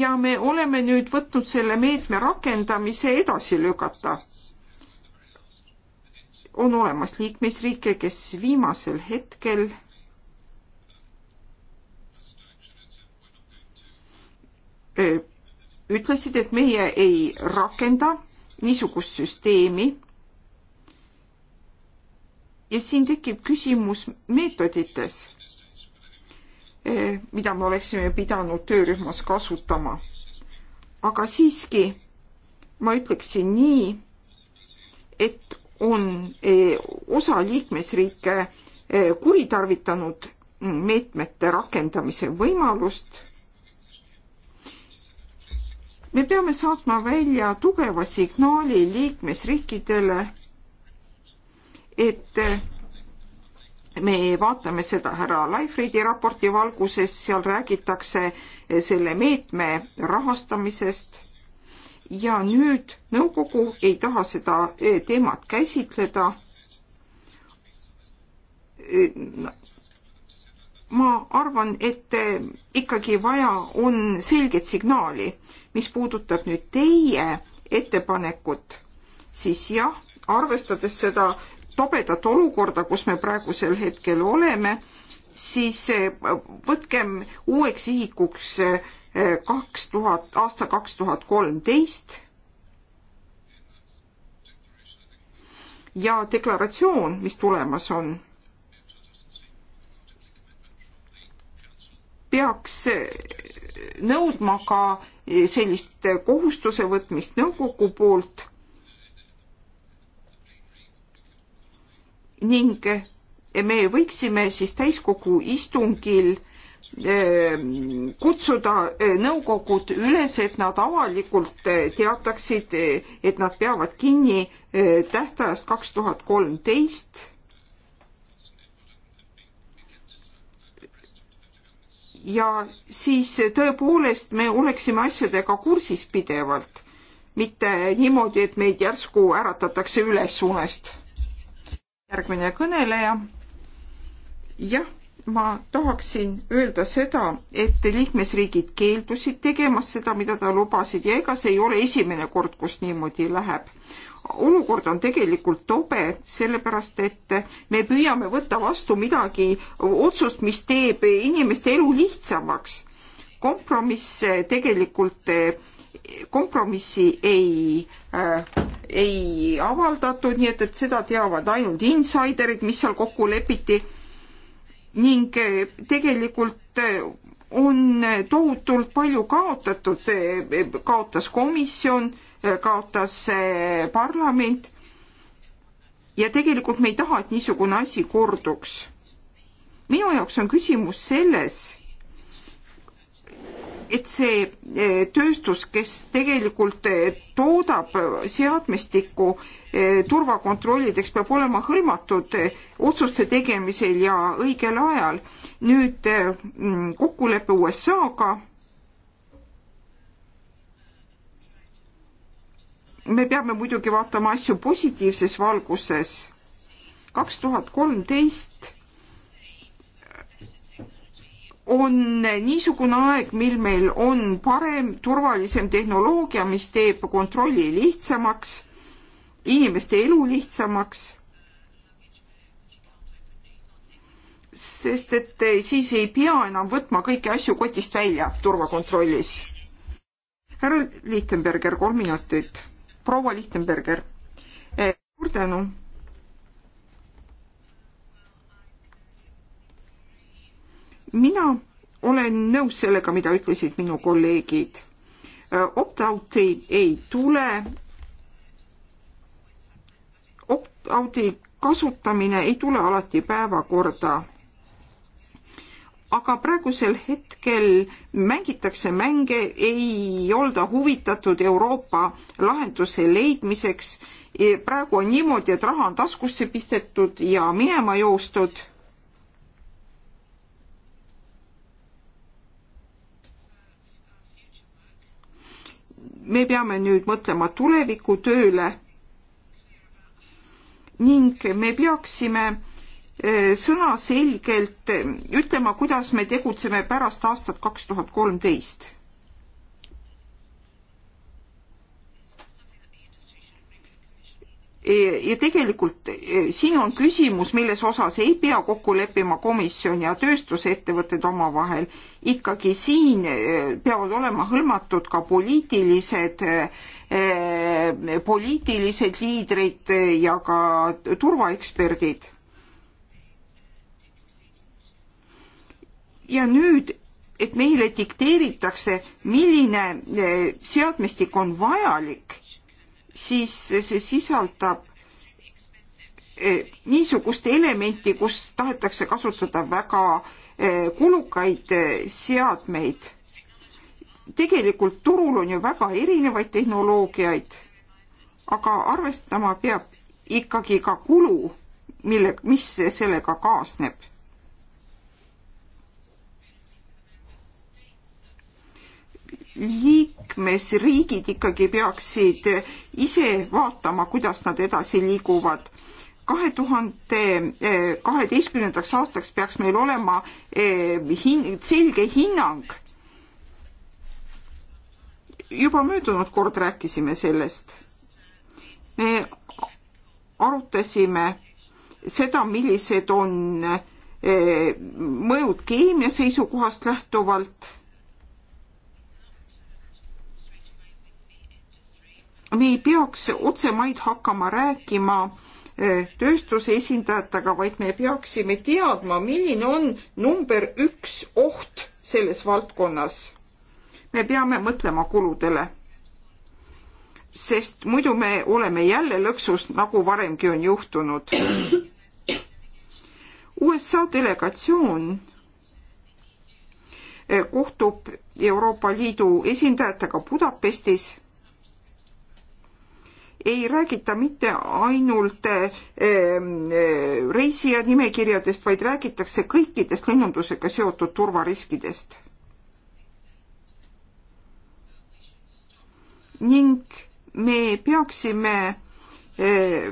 ja me oleme nüüd võtnud selle meetme rakendamise edasi lükata. on olemas liikmesriike, kes viimasel hetkel ütlesid, et meie ei rakenda niisugust süsteemi ja siin tekib küsimus meetodites, eh, mida me oleksime pidanud töörühmas kasutama. aga siiski ma ütleksin nii, et on eh, osa liikmesriike eh, kuritarvitanud meetmete rakendamise võimalust me peame saatma välja tugeva signaali liikmesriikidele et me vaatame seda härra Laifridi raporti valguses, seal räägitakse selle meetme rahastamisest ja nüüd nõukogu ei taha seda teemat käsitleda. ma arvan, et ikkagi vaja on selget signaali, mis puudutab nüüd teie ettepanekut, siis jah, arvestades seda tobedat olukorda, kus me praegusel hetkel oleme, siis eh, võtkem uueks sihikuks eh, kaks tuhat, aasta kaks tuhat kolmteist. ja deklaratsioon, mis tulemas on, peaks eh, nõudma ka sellist kohustuse võtmist nõukogu poolt ning eh, me võiksime siis täiskogu istungil eh, kutsuda eh, nõukogud üles, et nad avalikult teataksid, et nad peavad kinni tähtajast kaks tuhat kolmteist. ja siis tõepoolest me oleksime asjadega kursis pidevalt, mitte niimoodi, et meid järsku äratatakse üles unest järgmine kõneleja. jah, ma tahaksin öelda seda, et liikmesriigid keeldusid tegemas seda, mida ta lubasid ja ega see ei ole esimene kord, kus niimoodi läheb olukord on tegelikult tobe, sellepärast et me püüame võtta vastu midagi, otsust, mis teeb inimeste elu lihtsamaks. kompromiss eh, tegelikult, eh, kompromissi ei eh, ei avaldatud, nii et, et seda teavad ainult insiderid, mis seal kokku lepiti. ning eh, tegelikult eh, on tohutult palju kaotatud, eh, kaotas komisjon, kaotas parlament. ja tegelikult me ei taha, et niisugune asi korduks. minu jaoks on küsimus selles et see eh, tööstus, kes tegelikult eh, toodab seadmestikku eh, turvakontrollideks, peab olema hõlmatud otsuste tegemisel ja õigel ajal. nüüd mm, kokkulepe USA-ga. me peame muidugi vaatama asju positiivses valguses. kaks tuhat kolmteist on niisugune aeg, mil meil on parem, turvalisem tehnoloogia, mis teeb kontrolli lihtsamaks, inimeste elu lihtsamaks. sest et siis ei pea enam võtma kõiki asju kotist välja turvakontrollis. härra Lichtenberger, kolm minutit. proua Lichtenberger, eh, suur tänu mina olen nõus sellega, mida ütlesid minu kolleegid. Äh, opt-out'i ei tule. Opt-out'i kasutamine ei tule alati päevakorda aga praegusel hetkel mängitakse mänge, ei olda huvitatud Euroopa lahenduse leidmiseks. praegu on niimoodi, et raha on taskusse pistetud ja minema joostud. me peame nüüd mõtlema tuleviku tööle ning me peaksime eh, sõnaselgelt eh, ütlema, kuidas me tegutseme pärast aastat kaks tuhat kolmteist E, ja tegelikult e, siin on küsimus, milles osas ei pea kokku leppima komisjon ja tööstusettevõtted omavahel. ikkagi siin e, peavad olema hõlmatud ka poliitilised, poliitilised liidrid ja ka turvaeksperdid. ja nüüd et meile dikteeritakse, milline seadmestik on vajalik siis see sisaldab e, niisugust elementi, kus tahetakse kasutada väga e, kulukaid e, seadmeid. tegelikult turul on ju väga erinevaid tehnoloogiaid, aga arvestama peab ikkagi ka kulu, mille, mis sellega kaasneb liikmesriigid ikkagi peaksid ise vaatama, kuidas nad edasi liiguvad. kahe tuhande kaheteistkümnendaks aastaks peaks meil olema eh, hin-, selge hinnang. juba möödunud kord rääkisime sellest. me arutasime seda, millised on eh, mõjud keemia seisukohast lähtuvalt me ei peaks otsemaid hakkama rääkima eh, tööstuse esindajatega, vaid me peaksime teadma, milline on number üks oht selles valdkonnas. me peame mõtlema kuludele. sest muidu me oleme jälle lõksus, nagu varemgi on juhtunud. USA delegatsioon eh, kohtub Euroopa Liidu esindajatega Budapestis ei räägita mitte ainult eh, ehm, eh, reisijad nimekirjadest, vaid räägitakse kõikidest lennundusega seotud turvariskidest. ning me peaksime Eh,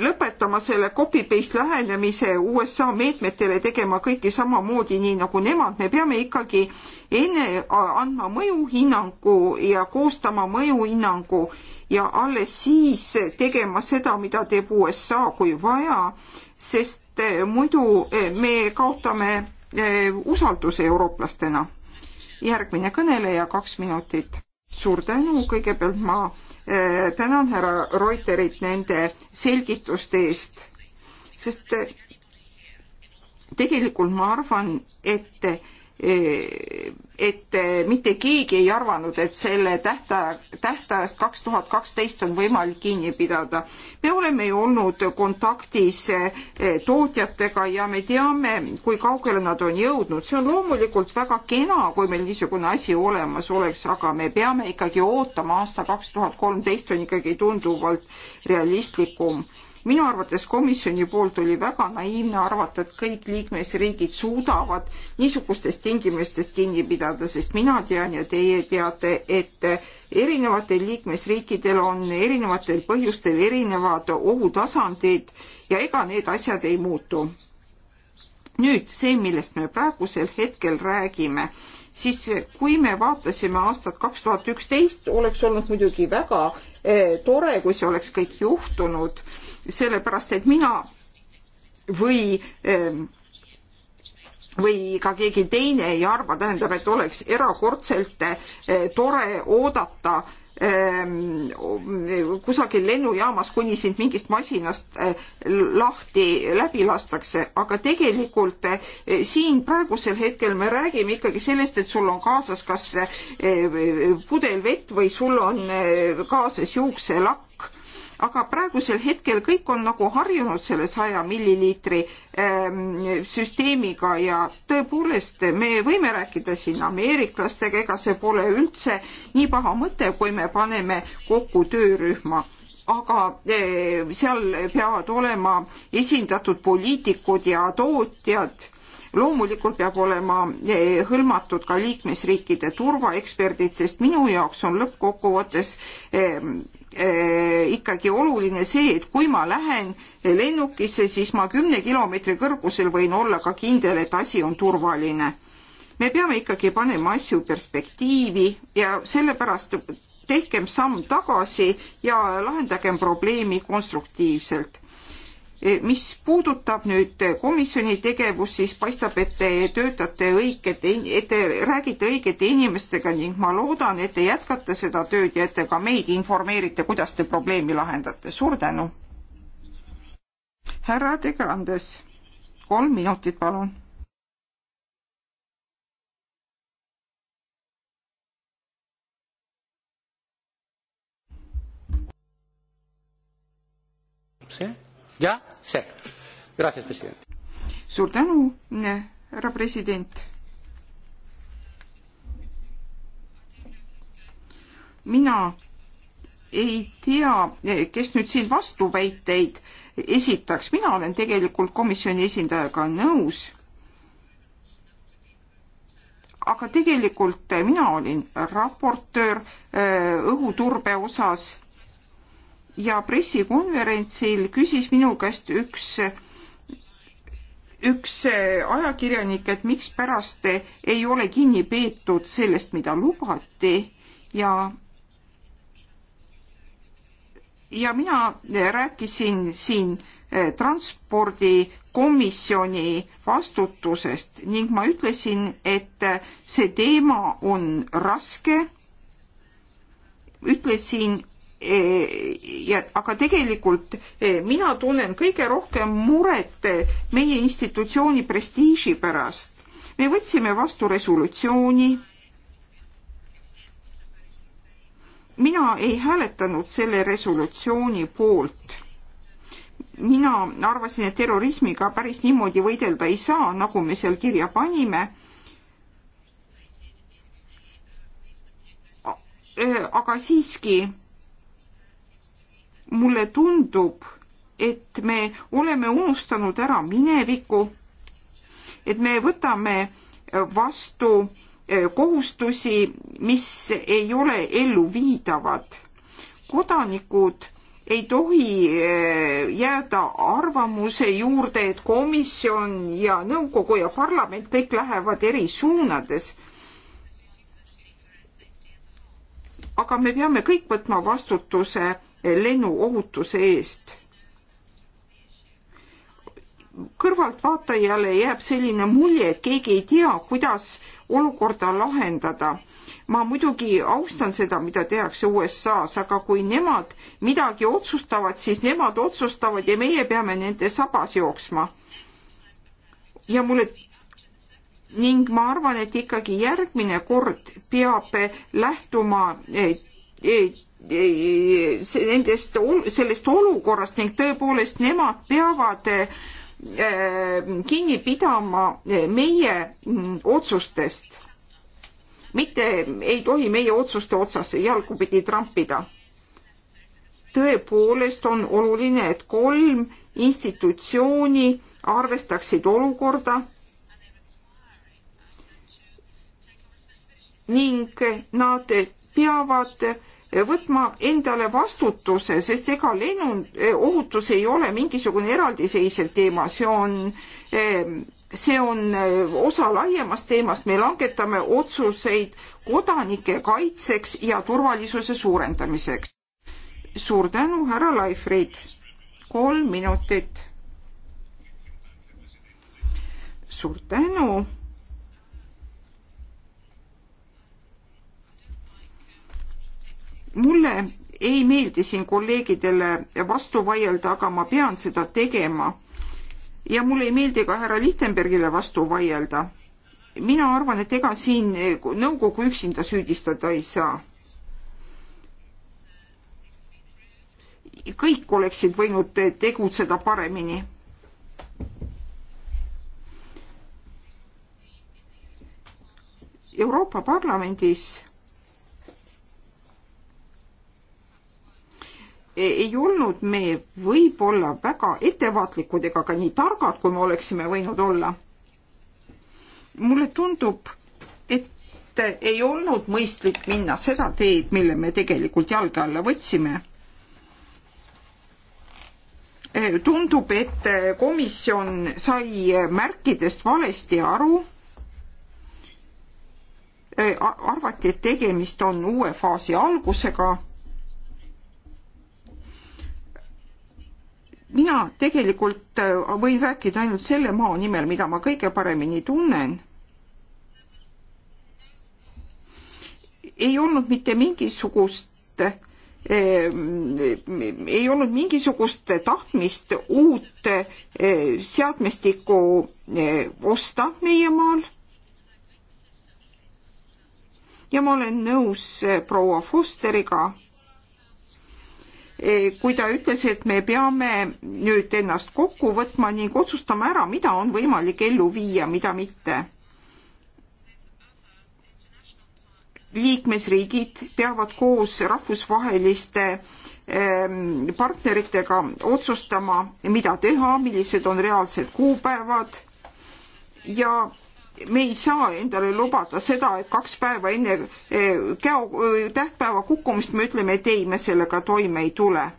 lõpetama selle copy-paste lähenemise USA meetmetele, tegema kõike samamoodi, nii nagu nemad, me peame ikkagi enne andma mõjuhinnangu ja koostama mõjuhinnangu ja alles siis tegema seda, mida teeb USA, kui vaja, sest eh, muidu eh, me kaotame usalduse eurooplastena. järgmine kõneleja, kaks minutit suur tänu, kõigepealt ma eh, tänan härra Reuterit nende selgituste eest, sest eh, tegelikult ma arvan, et eh, et eh, mitte keegi ei arvanud, et selle tähtaja, tähtajast kaks tuhat kaksteist on võimalik kinni pidada. me oleme ju olnud kontaktis eh, tootjatega ja me teame, kui kaugele nad on jõudnud. see on loomulikult väga kena, kui meil niisugune asi olemas oleks, aga me peame ikkagi ootama, aasta kaks tuhat kolmteist on ikkagi tunduvalt realistlikum minu arvates komisjoni poolt oli väga naiivne arvata, et kõik liikmesriigid suudavad niisugustest tingimustest kinni pidada, sest mina tean ja teie teate, et erinevatel liikmesriikidel on erinevatel põhjustel erinevad ohutasandid ja ega need asjad ei muutu. nüüd see, millest me praegusel hetkel räägime, siis kui me vaatasime aastat kaks tuhat üksteist, oleks olnud muidugi väga eh, tore, kui see oleks kõik juhtunud sellepärast et mina või ähm, või ka keegi teine ei arva, tähendab, et oleks erakordselt äh, tore oodata ähm, kusagil lennujaamas, kuni sind mingist masinast äh, lahti läbi lastakse, aga tegelikult äh, siin praegusel hetkel me räägime ikkagi sellest, et sul on kaasas kas pudel vett või sul on kaasas juukselakk aga praegusel hetkel kõik on nagu harjunud selle saja milliliitri ähm, süsteemiga ja tõepoolest me võime rääkida siin ameeriklastega, ega see pole üldse nii paha mõte, kui me paneme kokku töörühma aga äh, seal peavad olema esindatud poliitikud ja tootjad. loomulikult peab olema äh, hõlmatud ka liikmesriikide turvaeksperdid, sest minu jaoks on lõppkokkuvõttes ähm, Eh, ikkagi oluline see, et kui ma lähen lennukisse, siis ma kümne kilomeetri kõrgusel võin olla ka kindel, et asi on turvaline. me peame ikkagi panema asju perspektiivi ja sellepärast tehkem samm tagasi ja lahendagem probleemi konstruktiivselt Eh, mis puudutab nüüd eh, komisjoni tegevust, siis paistab, et te töötate õigete, et te räägite õigete inimestega ning ma loodan, et te jätkate seda tööd ja et te ka meid informeerite, kuidas te probleemi lahendate. suur tänu. härra De Grandes, kolm minutit, palun. see jah, see. Gracias, president. suur tänu, härra president. mina ei tea, kes nüüd siin vastuväiteid esitaks, mina olen tegelikult komisjoni esindajaga nõus. aga tegelikult mina olin raportöör eh, õhuturbe osas ja pressikonverentsil küsis minu käest üks üks ajakirjanik, et mikspärast ei ole kinni peetud sellest, mida lubati ja ja mina rääkisin siin eh, transpordikomisjoni vastutusest ning ma ütlesin, et see teema on raske. ütlesin, ja, aga tegelikult eh, mina tunnen kõige rohkem muret eh, meie institutsiooni prestiiži pärast. me võtsime vastu resolutsiooni. mina ei hääletanud selle resolutsiooni poolt. mina arvasin, et terrorismiga päris niimoodi võidelda ei saa, nagu me seal kirja panime eh, aga siiski mulle tundub, et me oleme unustanud ära mineviku, et me võtame vastu eh, kohustusi, mis ei ole elluviidavad. kodanikud ei tohi eh, jääda arvamuse juurde, et komisjon ja nõukogu ja parlament kõik lähevad eri suunades. aga me peame kõik võtma vastutuse lennuohutuse eest. kõrvaltvaatajale jääb selline mulje, et keegi ei tea, kuidas olukorda lahendada. ma muidugi austan seda, mida tehakse USA-s, aga kui nemad midagi otsustavad, siis nemad otsustavad ja meie peame nende sabas jooksma. ja mulle ning ma arvan, et ikkagi järgmine kord peab lähtuma eh, eh, nendest, sellest olukorrast ning tõepoolest nemad peavad eh, kinni pidama eh, meie mm, otsustest. mitte ei tohi meie otsuste otsas jalgupidi trampida. tõepoolest on oluline, et kolm institutsiooni arvestaksid olukorda ning nad peavad võtma endale vastutuse, sest ega lennuohutus ei ole mingisugune eraldiseisev teema, see on eh, see on eh, osa laiemast teemast, me langetame otsuseid kodanike kaitseks ja turvalisuse suurendamiseks. suur tänu, härra Laifrid. kolm minutit. suur tänu mulle ei meeldi siin kolleegidele vastu vaielda, aga ma pean seda tegema. ja mulle ei meeldi ka härra Lichtenbergile vastu vaielda. mina arvan, et ega siin nõukogu üksinda süüdistada ei saa. kõik oleksid võinud tegutseda paremini Euroopa Parlamendis ei olnud me võib-olla väga ettevaatlikud ega ka nii targad, kui me oleksime võinud olla. mulle tundub, et ei olnud mõistlik minna seda teed, mille me tegelikult jalge alla võtsime. tundub, et komisjon sai märkidest valesti aru arvati, et tegemist on uue faasi algusega mina tegelikult äh, võin rääkida ainult selle maa nimel, mida ma kõige paremini tunnen. ei olnud mitte mingisugust äh, ei olnud mingisugust tahtmist uut äh, seadmestikku osta meie maal. ja ma olen nõus proua Fosteriga Eh, kui ta ütles, et me peame nüüd ennast kokku võtma ning otsustama ära, mida on võimalik ellu viia, mida mitte. liikmesriigid peavad koos rahvusvaheliste ehm, partneritega otsustama, mida teha, millised on reaalsed kuupäevad ja me ei saa endale lubada seda, et kaks päeva enne eh, käo, eh, tähtpäeva kukkumist me ütleme, et ei, me sellega toime ei tule.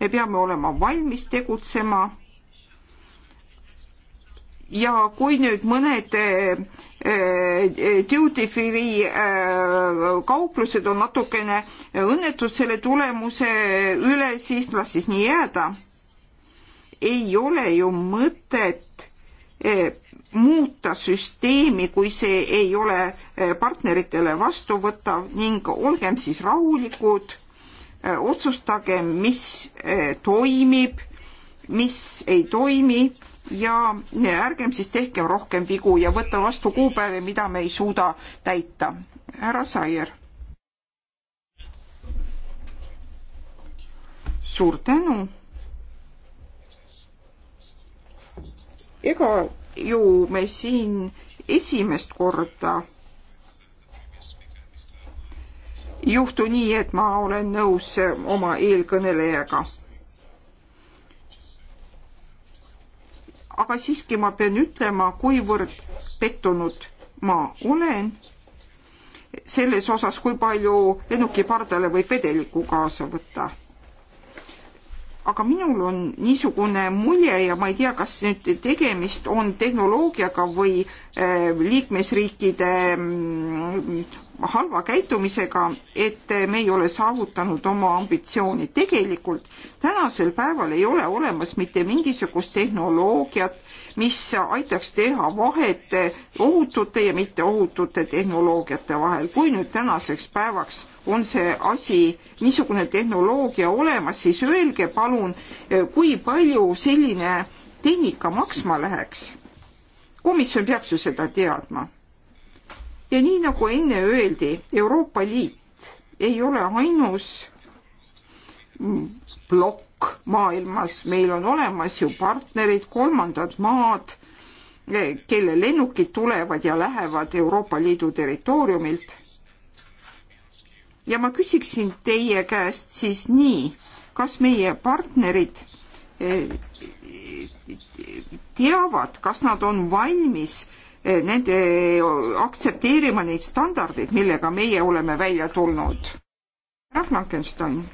me peame olema valmis tegutsema. ja kui nüüd mõned eh, duty free kauplused on natukene õnnetud selle tulemuse üle, siis las siis nii jääda. ei ole ju mõtet muuta süsteemi, kui see ei ole eh, partneritele vastuvõtav ning olgem siis rahulikud, eh, otsustagem, mis eh, toimib, mis ei toimi ja ärgem siis tehkem rohkem vigu ja võtta vastu kuupäevi, mida me ei suuda täita. härra Saier. suur tänu. ega ju me siin esimest korda juhtu nii, et ma olen nõus oma eelkõnelejaga. aga siiski ma pean ütlema, kuivõrd pettunud ma olen selles osas, kui palju lennuki pardale võib vedelikku kaasa võtta aga minul on niisugune mulje ja ma ei tea, kas nüüd tegemist on tehnoloogiaga või eh, liikmesriikide mm, halva käitumisega, et me ei ole saavutanud oma ambitsiooni. tegelikult tänasel päeval ei ole olemas mitte mingisugust tehnoloogiat, mis aitaks teha vahet ohutute ja mitteohutute tehnoloogiate vahel. kui nüüd tänaseks päevaks on see asi, niisugune tehnoloogia olemas, siis öelge palun, kui palju selline tehnika maksma läheks? komisjon peaks ju seda teadma ja nii nagu enne öeldi, Euroopa Liit ei ole ainus plokk maailmas, meil on olemas ju partnerid, kolmandad maad, kelle lennukid tulevad ja lähevad Euroopa Liidu territooriumilt. ja ma küsiksin teie käest siis nii, kas meie partnerid eh, teavad, kas nad on valmis äh, nende, aktsepteerima neid standardeid, millega meie oleme välja tulnud. härra Frankenstein.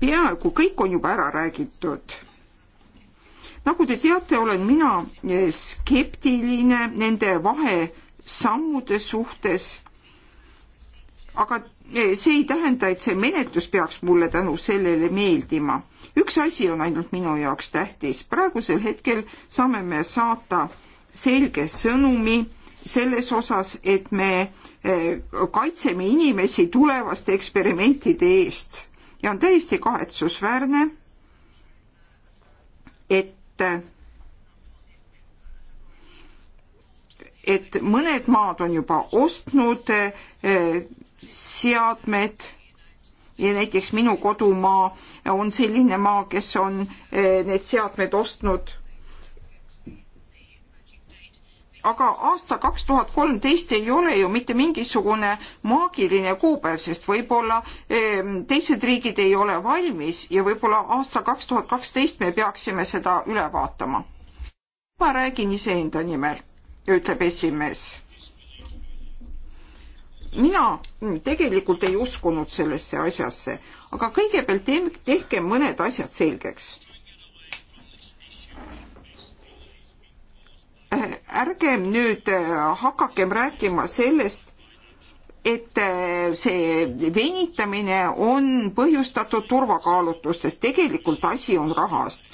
peaaegu kõik on juba ära räägitud nagu te teate, olen mina skeptiline nende vahesammude suhtes. aga see ei tähenda, et see menetlus peaks mulle tänu sellele meeldima. üks asi on ainult minu jaoks tähtis, praegusel hetkel saame me saata selge sõnumi selles osas, et me eh, kaitseme inimesi tulevaste eksperimentide eest ja on täiesti kahetsusväärne, et et mõned maad on juba ostnud eh, seadmed ja näiteks minu kodumaa on selline maa, kes on eh, need seadmed ostnud. aga aasta kaks tuhat kolmteist ei ole ju mitte mingisugune maagiline kuupäev, sest võib-olla eh, teised riigid ei ole valmis ja võib-olla aasta kaks tuhat kaksteist me peaksime seda üle vaatama. ma räägin iseenda nimel, ütleb esimees mina tegelikult ei uskunud sellesse asjasse, aga kõigepealt tehke mõned asjad selgeks. Äh, ärgem nüüd äh, hakakem rääkima sellest, et äh, see venitamine on põhjustatud turvakaalutlustest, tegelikult asi on rahast.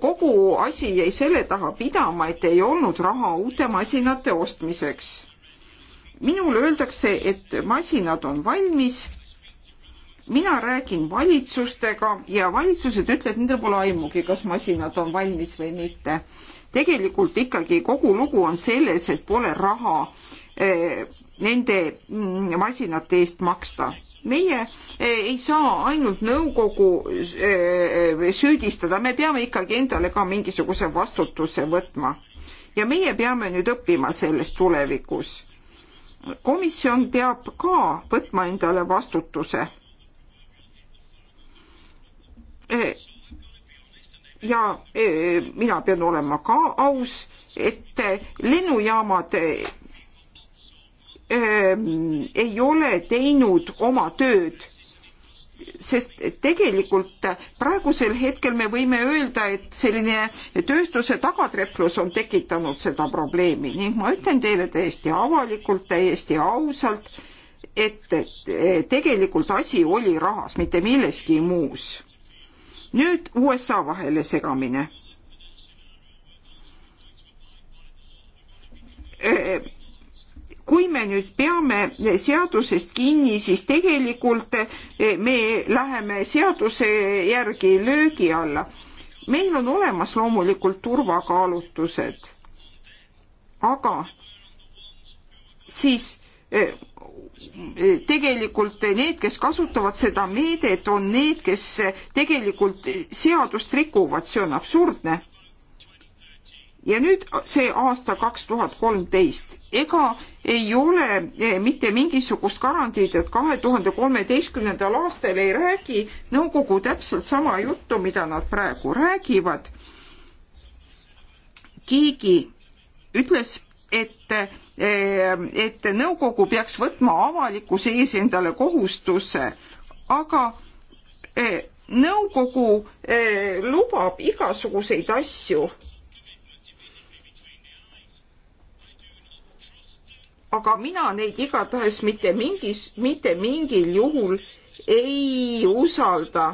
kogu asi jäi selle taha pidama, et ei olnud raha uute masinate ostmiseks minule öeldakse, et masinad on valmis. mina räägin valitsustega ja valitsused ütlevad, nendel pole aimugi, kas masinad on valmis või mitte. tegelikult ikkagi kogu lugu on selles, et pole raha eh, nende mm, masinate eest maksta. meie eh, ei saa ainult nõukogu eh, süüdistada, me peame ikkagi endale ka mingisuguse vastutuse võtma. ja meie peame nüüd õppima sellest tulevikus komisjon peab ka võtma endale vastutuse. E, ja e, mina pean olema ka aus, et lennujaamad e, ei ole teinud oma tööd sest tegelikult praegusel hetkel me võime öelda, et selline tööstuse tagatreplus on tekitanud seda probleemi ning ma ütlen teile täiesti avalikult, täiesti ausalt, et tegelikult asi oli rahas, mitte milleski muus. nüüd USA vahele segamine äh, kui me nüüd peame seadusest kinni, siis tegelikult eh, me läheme seaduse järgi löögi alla. meil on olemas loomulikult turvakaalutused, aga siis eh, tegelikult need, kes kasutavad seda meedet, on need, kes eh, tegelikult seadust rikuvad, see on absurdne ja nüüd see aasta kaks tuhat kolmteist, ega ei ole eh, mitte mingisugust garantiid, et kahe tuhande kolmeteistkümnendal aastal ei räägi nõukogu täpselt sama juttu, mida nad praegu räägivad. keegi ütles, et, eh, et nõukogu peaks võtma avalikkuse ees endale kohustuse, aga eh, nõukogu lubab igasuguseid asju aga mina neid igatahes mitte mingis, mitte mingil juhul ei usalda.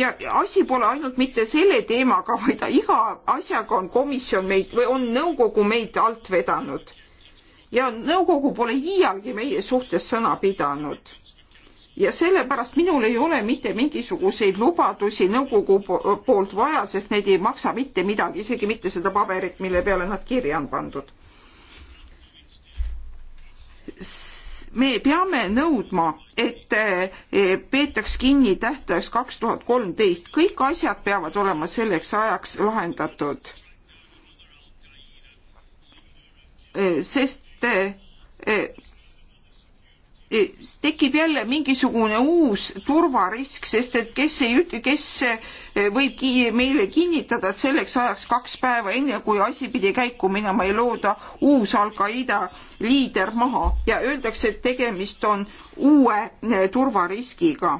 ja asi pole ainult mitte selle teemaga, vaid iga asjaga on komisjon meid või on nõukogu meid alt vedanud. ja nõukogu pole iialgi meie suhtes sõna pidanud. ja sellepärast minul ei ole mitte mingisuguseid lubadusi nõukogu poolt vaja, sest need ei maksa mitte midagi, isegi mitte seda paberit, mille peale nad kirja on pandud me peame nõudma, et eh, peetaks kinni tähtajaks kaks tuhat kolmteist, kõik asjad peavad olema selleks ajaks lahendatud. Eh, sest eh, Eh, tekib jälle mingisugune uus turvarisk, sest et kes ei, kes eh, võib ki meile kinnitada, et selleks ajaks kaks päeva enne, kui asi pidi käiku minema, ei looda uus Al-Qaeda liider maha ja öeldakse, et tegemist on uue eh, turvariskiga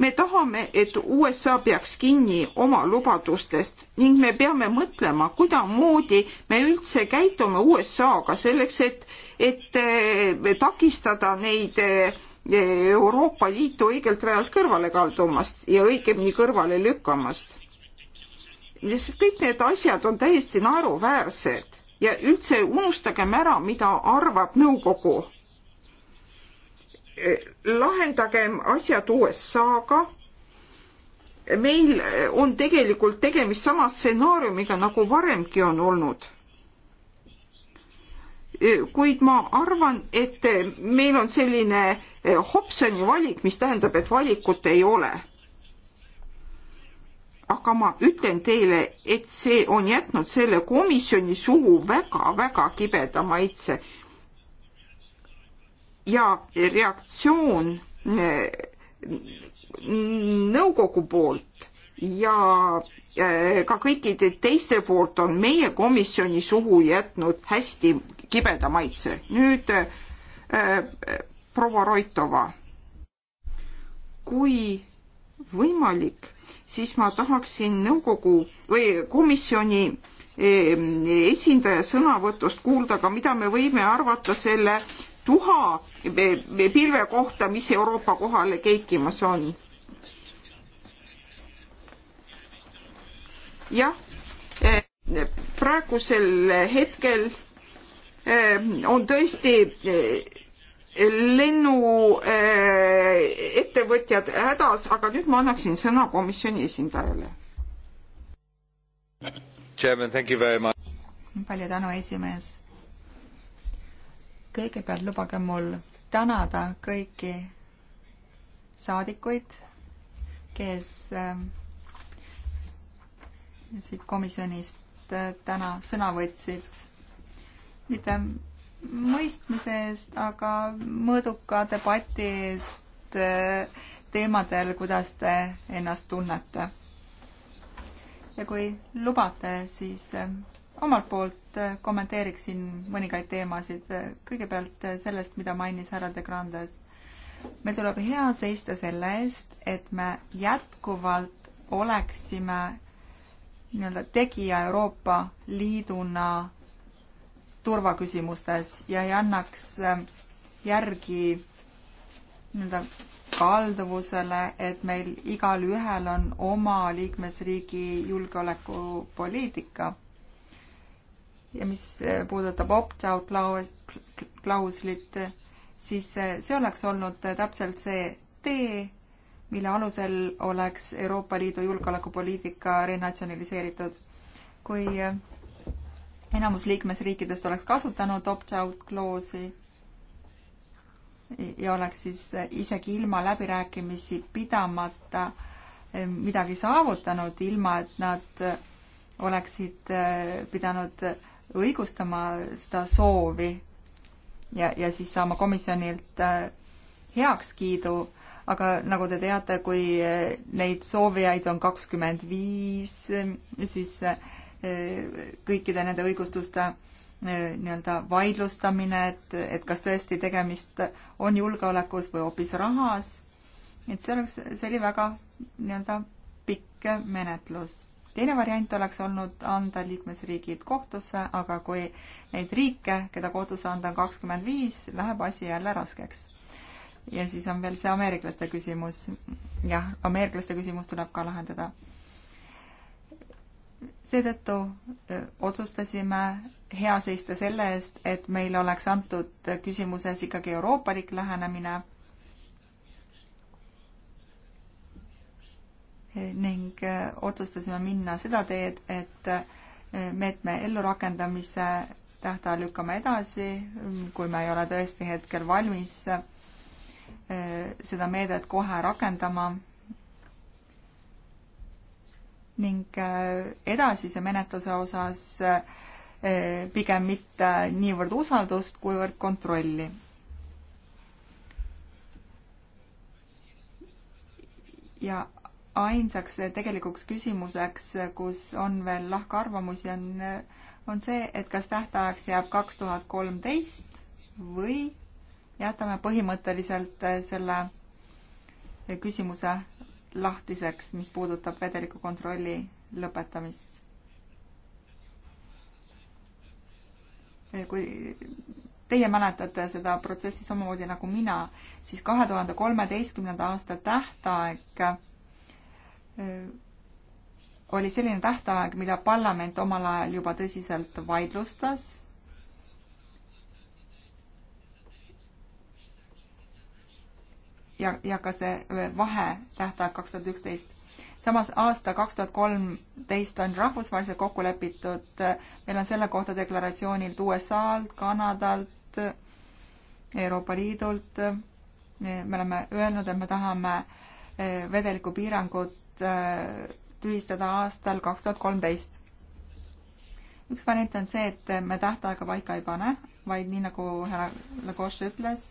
me tahame, et USA peaks kinni oma lubadustest ning me peame mõtlema, kuidasmoodi me üldse käitume USA-ga selleks, et, et eh, takistada neid eh, Euroopa Liitu õigelt rajalt kõrvale kaldumast ja õigemini kõrvale lükkamast. kõik need asjad on täiesti naeruväärsed ja üldse unustagem ära, mida arvab nõukogu lahendagem asjad USA-ga. meil on tegelikult tegemist sama stsenaariumiga, nagu varemgi on olnud. kuid ma arvan, et meil on selline eh, Hobsoni valik, mis tähendab, et valikut ei ole aga ma ütlen teile, et see on jätnud selle komisjoni suhu väga-väga kibeda maitse ja reaktsioon mm, nõukogu poolt ja äh, ka kõikide teiste poolt on meie komisjoni suhu jätnud hästi kibeda maitse. nüüd äh, proua Roitova, kui võimalik, siis ma tahaksin nõukogu või komisjoni äh, esindaja sõnavõtust kuulda ka, mida me võime arvata selle tuha pilve kohta, mis Euroopa kohale keikimas on. jah, eh, praegusel hetkel eh, on tõesti eh, lennuettevõtjad hädas, aga nüüd ma annaksin sõna komisjoni esindajale. palju tänu, esimees kõigepealt lubage mul tänada kõiki saadikuid, kes äh, siit komisjonist äh, täna sõna võtsid. mitte mõistmise eest, aga mõõduka debati eest äh, teemadel, kuidas te ennast tunnete. ja kui lubate, siis omalt poolt äh, kommenteeriksin mõningaid teemasid. kõigepealt äh, sellest, mida mainis härra De Grandes. meil tuleb hea seista selle eest, et me jätkuvalt oleksime nii-öelda tegija Euroopa Liiduna turvaküsimustes ja ei annaks äh, järgi nii-öelda kalduvusele, et meil igalühel on oma liikmesriigi julgeolekupoliitika ja mis äh, puudutab opt-out klauslit, siis äh, see oleks olnud äh, täpselt see tee, mille alusel oleks Euroopa Liidu julgeolekupoliitika renatsionaliseeritud. kui enamus liikmesriikidest oleks kasutanud opt-out kloosi ja oleks siis isegi ilma läbirääkimisi pidamata midagi saavutanud, ilma et nad oleksid pidanud õigustama seda soovi ja, ja siis saama komisjonilt äh, heakskiidu, aga nagu te teate, kui äh, neid soovijaid on kakskümmend viis, äh, siis kõikide nende õigustuste nii-öelda vaidlustamine, et, et kas tõesti tegemist on julgeolekus või hoopis rahas. et see oleks, see oli väga nii-öelda pikk menetlus teine variant oleks olnud anda liikmesriigid kohtusse, aga kui neid riike, keda kohtusse anda on kakskümmend viis, läheb asi jälle raskeks. ja siis on veel see ameeriklaste küsimus. jah, ameeriklaste küsimus tuleb ka lahendada. seetõttu otsustasime hea seista selle eest, et meil oleks antud küsimuses ikkagi euroopalik lähenemine ning äh, otsustasime minna seda teed, et äh, meetme ellurakendamise tähtaja lükkame edasi, kui me ei ole tõesti hetkel valmis äh, seda meedet kohe rakendama. ning edasise menetluse osas pigem mitte niivõrd usaldust, kuivõrd kontrolli ja ainsaks eh, tegelikuks küsimuseks, eh, kus on veel lahkarvamusi, on, eh, on see, et kas tähtajaks jääb kaks tuhat kolmteist või jätame põhimõtteliselt selle küsimuse lahtiseks, mis puudutab vedeliku kontrolli lõpetamist. kui teie mäletate seda protsessi samamoodi nagu mina, siis kahe tuhande kolmeteistkümnenda aasta tähtaeg Äh, oli selline tähtaeg, mida parlament omal ajal juba tõsiselt vaidlustas. ja, ja ka see äh, vahe tähtaeg kaks tuhat üksteist. samas aasta kaks tuhat kolmteist on rahvusvaheliselt kokku lepitud, meil on selle kohta deklaratsioonilt USA-lt, Kanadalt, Euroopa Liidult, me oleme öelnud, et me tahame äh, vedelikupiirangut Äh, tühistada aastal kaks tuhat kolmteist. üks variant on see, et me tähtaega paika ei pane, vaid nii, nagu härra Lagoš ütles,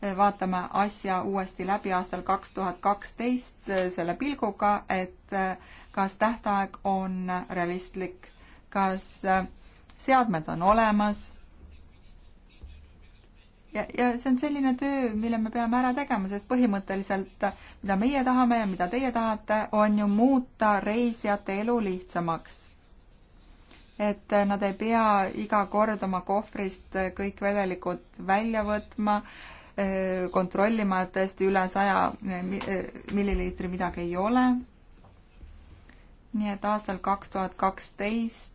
äh, vaatame asja uuesti läbi aastal kaks tuhat kaksteist äh, selle pilguga, et kas tähtaeg on realistlik, kas seadmed on olemas ja, ja see on selline töö, mille me peame ära tegema, sest põhimõtteliselt mida meie tahame ja mida teie tahate, on ju muuta reisijate elu lihtsamaks. et nad ei pea iga kord oma kohvrist kõik vedelikud välja võtma, eh, kontrollima, et tõesti üle saja eh, eh, milliliitri midagi ei ole. nii et aastal kaks tuhat kaksteist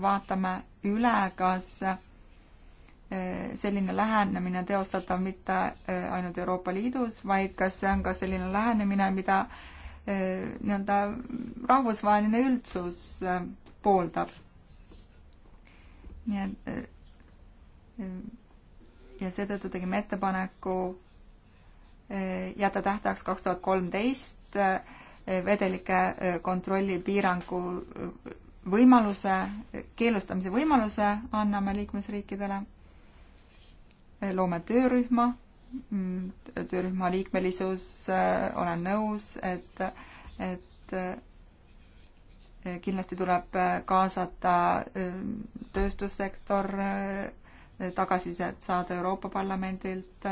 vaatame üle, kas Eh, selline lähenemine teostatav mitte eh, ainult Euroopa Liidus, vaid kas see on ka selline lähenemine, mida eh, nii-öelda rahvusvaheline üldsus pooldab. nii et ja seetõttu tegime ettepaneku jätta tähtajaks kaks tuhat kolmteist vedelike kontrolli piirangu võimaluse, keelustamise võimaluse anname liikmesriikidele loome töörühma, mm, töörühma liikmelisus, äh, olen nõus, et, et äh, kindlasti tuleb äh, kaasata tööstussektor, tagasisidet saada Euroopa Parlamendilt.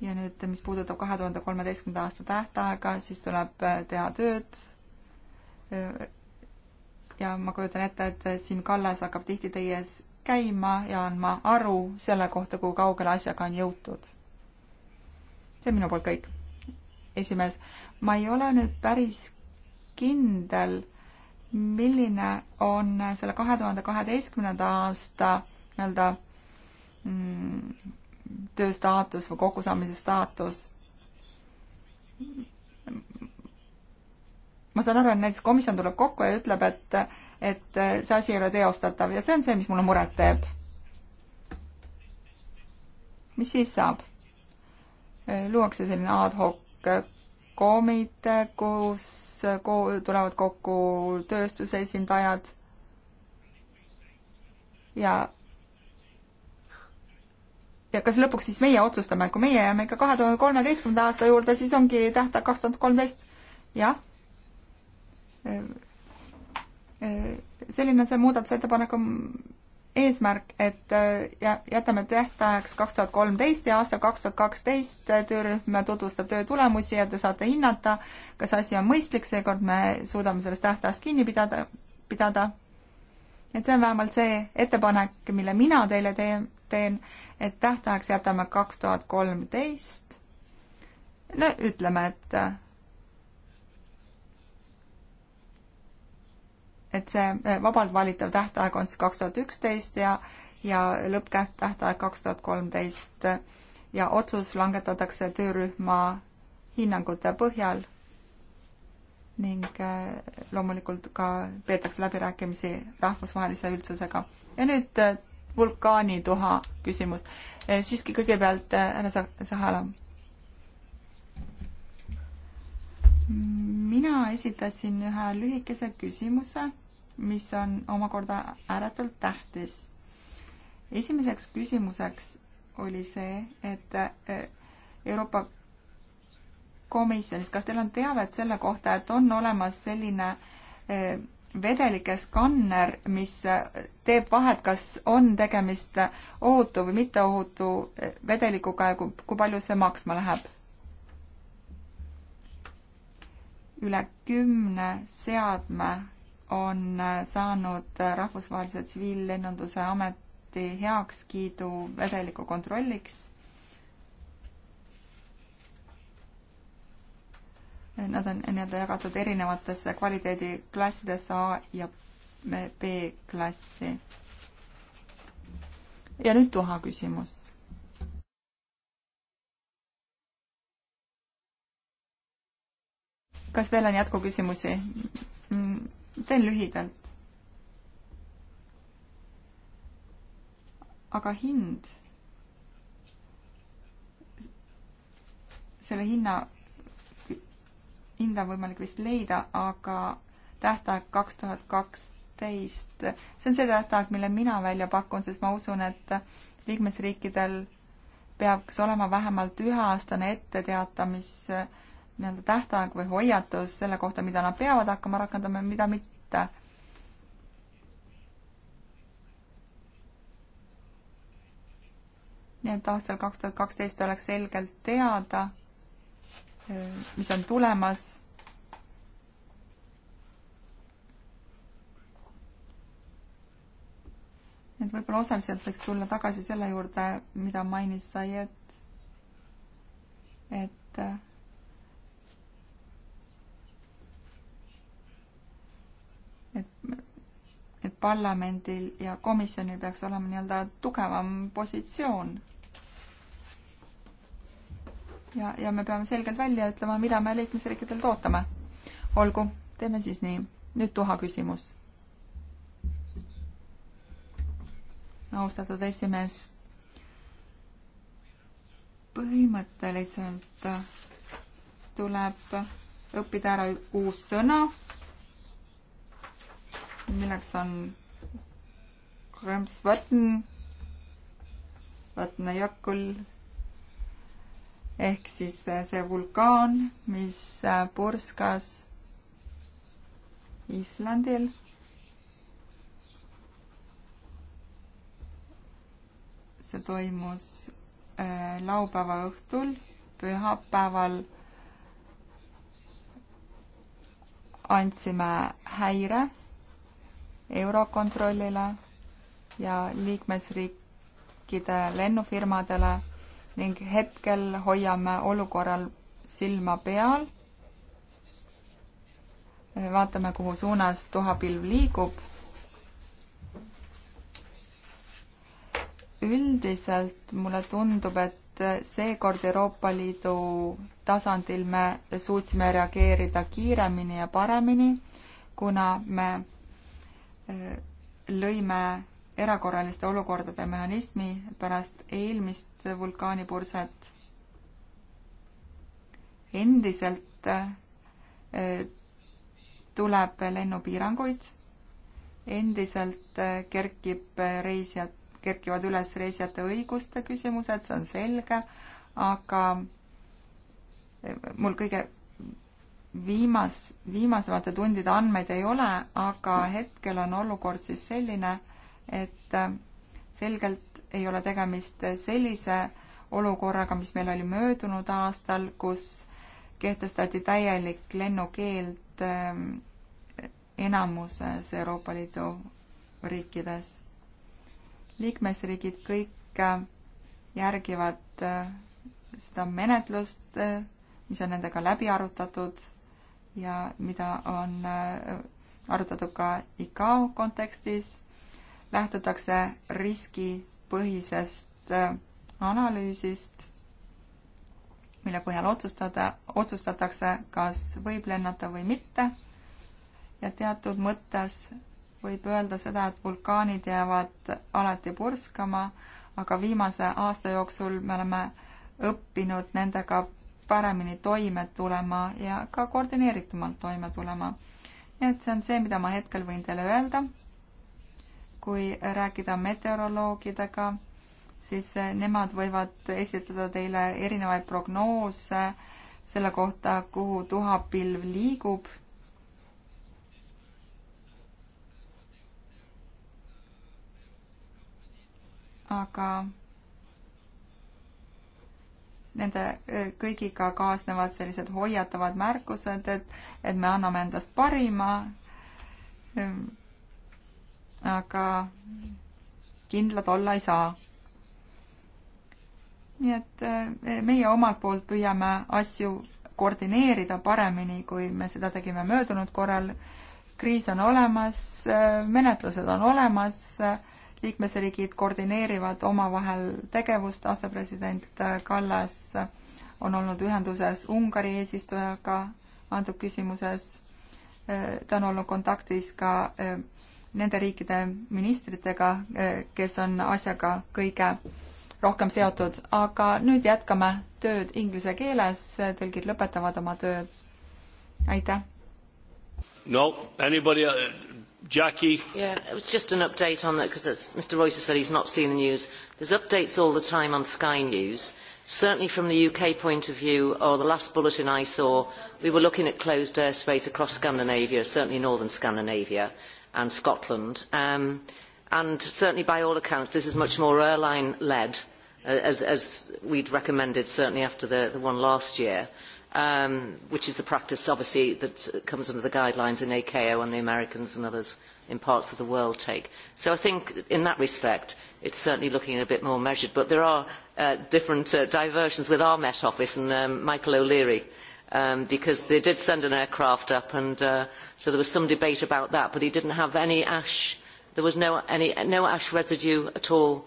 ja nüüd, mis puudutab kahe tuhande kolmeteistkümnenda aasta tähtaega, siis tuleb teha tööd. ja ma kujutan ette, et Siim Kallas hakkab tihti teie ees käima ja andma aru selle kohta, kui kaugele asjaga on jõutud. see on minu poolt kõik. esimees, ma ei ole nüüd päris kindel, milline on selle kahe tuhande kaheteistkümnenda aasta nii-öelda mm, töö staatus või kokkusaamise staatus. ma saan aru, et näiteks komisjon tuleb kokku ja ütleb, et et äh, see asi ei ole teostatav ja see on see, mis mulle muret teeb. mis siis saab? Äh, luuakse selline ad hoc komitee, kus äh, ko-, tulevad kokku tööstuse esindajad ja ja kas lõpuks siis meie otsustame, kui meie jääme ikka kahe tuhande kolmeteistkümnenda aasta juurde, siis ongi tähtaeg kaks tuhat kolmteist, jah Äh, selline see muudatusettepaneku eesmärk, et äh, jätame tähtajaks kaks tuhat kolmteist ja aastal kaks tuhat kaksteist töörühm tutvustab töö tulemusi ja te saate hinnata, kas asi on mõistlik, seekord me suudame sellest tähtajast kinni pidada, pidada. et see on vähemalt see ettepanek, mille mina teile teen, teen, et tähtajaks jätame kaks tuhat kolmteist. no ütleme, et äh, et see eh, vabalt valitav tähtaeg on siis kaks tuhat üksteist ja, ja lõpptähtaeg kaks tuhat kolmteist ja otsus langetatakse töörühma hinnangute põhjal ning eh, loomulikult ka peetakse läbirääkimisi rahvusvahelise üldsusega. ja nüüd eh, vulkaanituha küsimus. siiski kõigepealt härra Sahala mina esitasin ühe lühikese küsimuse, mis on omakorda ääretult tähtis. esimeseks küsimuseks oli see, et e, Euroopa Komisjonis, kas teil on teavet selle kohta, et on olemas selline e, vedelike skanner, mis teeb vahet, kas on tegemist ohutu või mitteohutu e, vedelikuga ja kui, kui palju see maksma läheb? üle kümne seadme on äh, saanud äh, Rahvusvahelise Tsiviillennunduse Ameti heakskiidu vedeliku kontrolliks. Nad on nii-öelda jagatud erinevatesse kvaliteediklassidesse A ja B klassi. ja nüüd tuha küsimus kas veel on jätkuküsimusi? teen lühidalt. aga hind? selle hinna, hinda on võimalik vist leida, aga tähtaeg kaks tuhat kaksteist, see on see tähtaeg, mille mina välja pakun, sest ma usun, et liikmesriikidel peaks olema vähemalt üheaastane etteteatamis äh, nii-öelda tähtaeg või hoiatus selle kohta, mida nad peavad hakkama rakendama ja mida mitte. nii et aastal kaks tuhat kaksteist oleks selgelt teada, mis on tulemas. et võib-olla osaliselt võiks tulla tagasi selle juurde, mida mainis Saiet, et, et et, et parlamendil ja komisjonil peaks olema nii-öelda tugevam positsioon. ja, ja me peame selgelt välja ütlema, mida me liikmesriikidelt ootame. olgu, teeme siis nii. nüüd tuha küsimus. austatud esimees põhimõtteliselt tuleb õppida ära uus sõna, milleks on Krems Vatn, Vatna Jakul ehk siis äh, see vulkaan, mis äh, purskas Islandil. see toimus äh, laupäeva õhtul, pühapäeval andsime häire Eurokontrollile ja liikmesriikide lennufirmadele ning hetkel hoiame olukorral silma peal. vaatame, kuhu suunas tuhapilv liigub. üldiselt mulle tundub, et seekord Euroopa Liidu tasandil me suutsime reageerida kiiremini ja paremini, kuna me lõime erakorraliste olukordade mehhanismi pärast eelmist vulkaanipurset. endiselt eh, tuleb lennupiiranguid, endiselt eh, kerkib reisijad, kerkivad üles reisijate õiguste küsimused, see on selge, aga eh, mul kõige viimas, viimasemate tundide andmeid ei ole, aga hetkel on olukord siis selline, et äh, selgelt ei ole tegemist sellise olukorraga, mis meil oli möödunud aastal, kus kehtestati täielik lennukeeld ähm, enamuses Euroopa Liidu riikides. liikmesriigid kõik äh, järgivad äh, seda menetlust, mis on nendega läbi arutatud ja mida on äh, arutatud ka ICAO kontekstis, lähtutakse riskipõhisest äh, analüüsist, mille põhjal otsustada, otsustatakse, kas võib lennata või mitte. ja teatud mõttes võib öelda seda, et vulkaanid jäävad alati purskama, aga viimase aasta jooksul me oleme õppinud nendega paremini toime tulema ja ka koordineeritumalt toime tulema. nii et see on see, mida ma hetkel võin teile öelda. kui rääkida meteoroloogidega, siis eh, nemad võivad esitada teile erinevaid prognoose selle kohta, kuhu tuhapilv liigub. aga nende kõigiga kaasnevad sellised hoiatavad märkused, et, et me anname endast parima. Ehm, aga kindlad olla ei saa. nii et meie omalt poolt püüame asju koordineerida paremini, kui me seda tegime möödunud korral. kriis on olemas, menetlused on olemas liikmesriigid koordineerivad omavahel tegevust, asepresident Kallas on olnud ühenduses Ungari eesistujaga antud küsimuses, ta on olnud kontaktis ka eh, nende riikide ministritega, eh, kes on asjaga kõige rohkem seotud, aga nüüd jätkame tööd inglise keeles, tõlgid lõpetavad oma töö. aitäh! No anybody uh, Jackie? Yeah, it was just an update on that because Mr Royce said he's not seen the news. There's updates all the time on Sky News. Certainly from the UK point of view, or the last bulletin I saw, we were looking at closed airspace across Scandinavia, certainly northern Scandinavia and Scotland. Um, and certainly by all accounts this is much more airline-led, uh, as, as we'd recommended certainly after the, the one last year um, which is the practice, obviously, that comes under the guidelines in ACAO and the Americans and others in parts of the world take. So I think in that respect, it's certainly looking a bit more measured. But there are uh, different uh, diversions with our Met Office and um, Michael O'Leary, um, because they did send an aircraft up, and uh, so there was some debate about that, but he didn't have any ash, there was no, any, no ash residue at all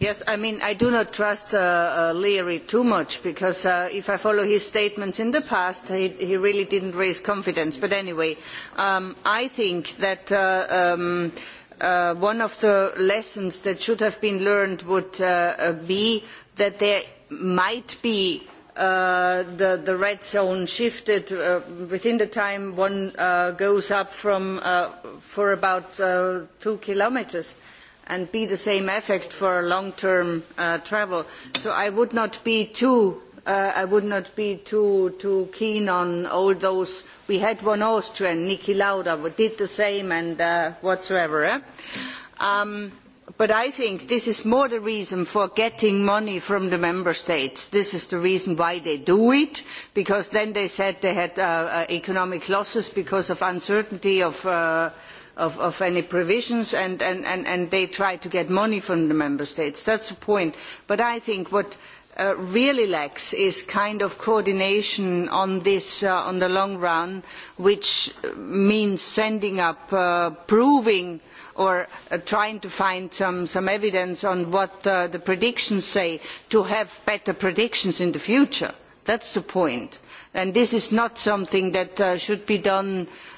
Yes, I mean, I do not trust uh, uh, Leary too much because uh, if I follow his statements in the past, he, he really didn't raise confidence. But anyway, um, I think that uh, um, uh, one of the lessons that should have been learned would uh, uh be that there might be Uh, the, the red zone shifted uh, within the time one uh, goes up from, uh, for about uh, two kilometers and be the same effect for long-term uh, travel. So I would not be too uh, I would not be too too keen on all those. We had one Austrian, Niki Lauda, who did the same and uh, whatsoever. Eh? Um, but I think this is more the reason for getting money from the member states. This is the reason why they do it, because then they said they had uh, uh, economic losses because of uncertainty of. Uh, of, of any provisions and, and, and, and they try to get money from the member states. That's the point. But I think what uh, really lacks is kind of coordination on this uh, on the long run, which means sending up, uh, proving or uh, trying to find some, some evidence on what uh, the predictions say to have better predictions in the future. That's the point. And this is not something that uh, should be done uh,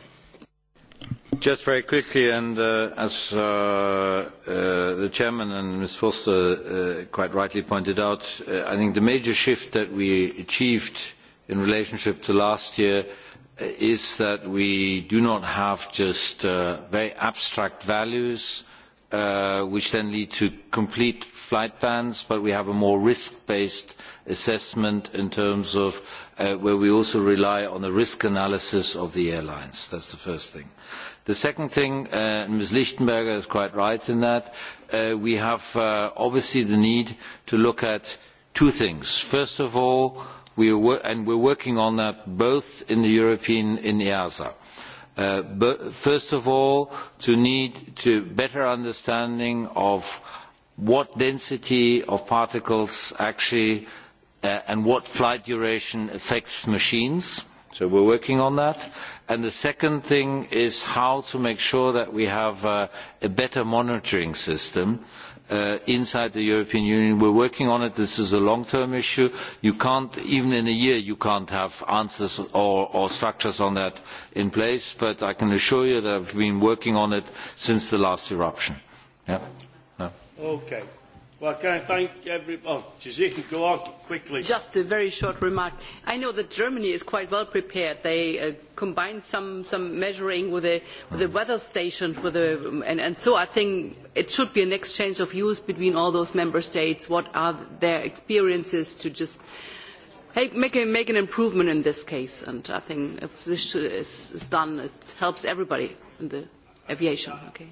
Just very quickly, and uh, as uh, uh, the chairman and Ms. Foster uh, quite rightly pointed out, uh, I think the major shift that we achieved in relationship to last year uh, is that we do not have just uh, very abstract values uh, which then lead to complete flight bans, but we have a more risk-based assessment in terms of uh, where we also rely on the risk analysis of the airlines. That's the first thing. The second thing, uh, Ms. Lichtenberger is quite right in that, uh, we have uh, obviously the need to look at two things. First of all, we are and we're working on that both in the European, in EASA. E uh, but first of all, to need to better understanding of what density of particles actually uh, and what flight duration affects machines So we're working on that. And the second thing is how to make sure that we have uh, a better monitoring system uh, inside the European Union. We're working on it. This is a long-term issue. You can't, even in a year, you can't have answers or, or structures on that in place, but I can assure you that I've been working on it since the last eruption. Yeah. Yeah. Okay. Well, can I thank every... Oh, Jazeen, go on quickly. Just a very short remark. I know that Germany is quite well prepared. They uh, combine some, some measuring with a, with a weather station, with a, and, and so I think it should be an exchange of views between all those member states. What are their experiences to just hey, make, a, make an improvement in this case? And I think if this is, is done, it helps everybody in the aviation. Okay.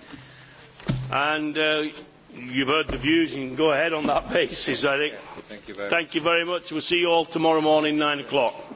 And uh, you've heard the views. You can go ahead on that basis, I think. Yeah, thank you very, thank you very much. much. We'll see you all tomorrow morning, 9 o'clock.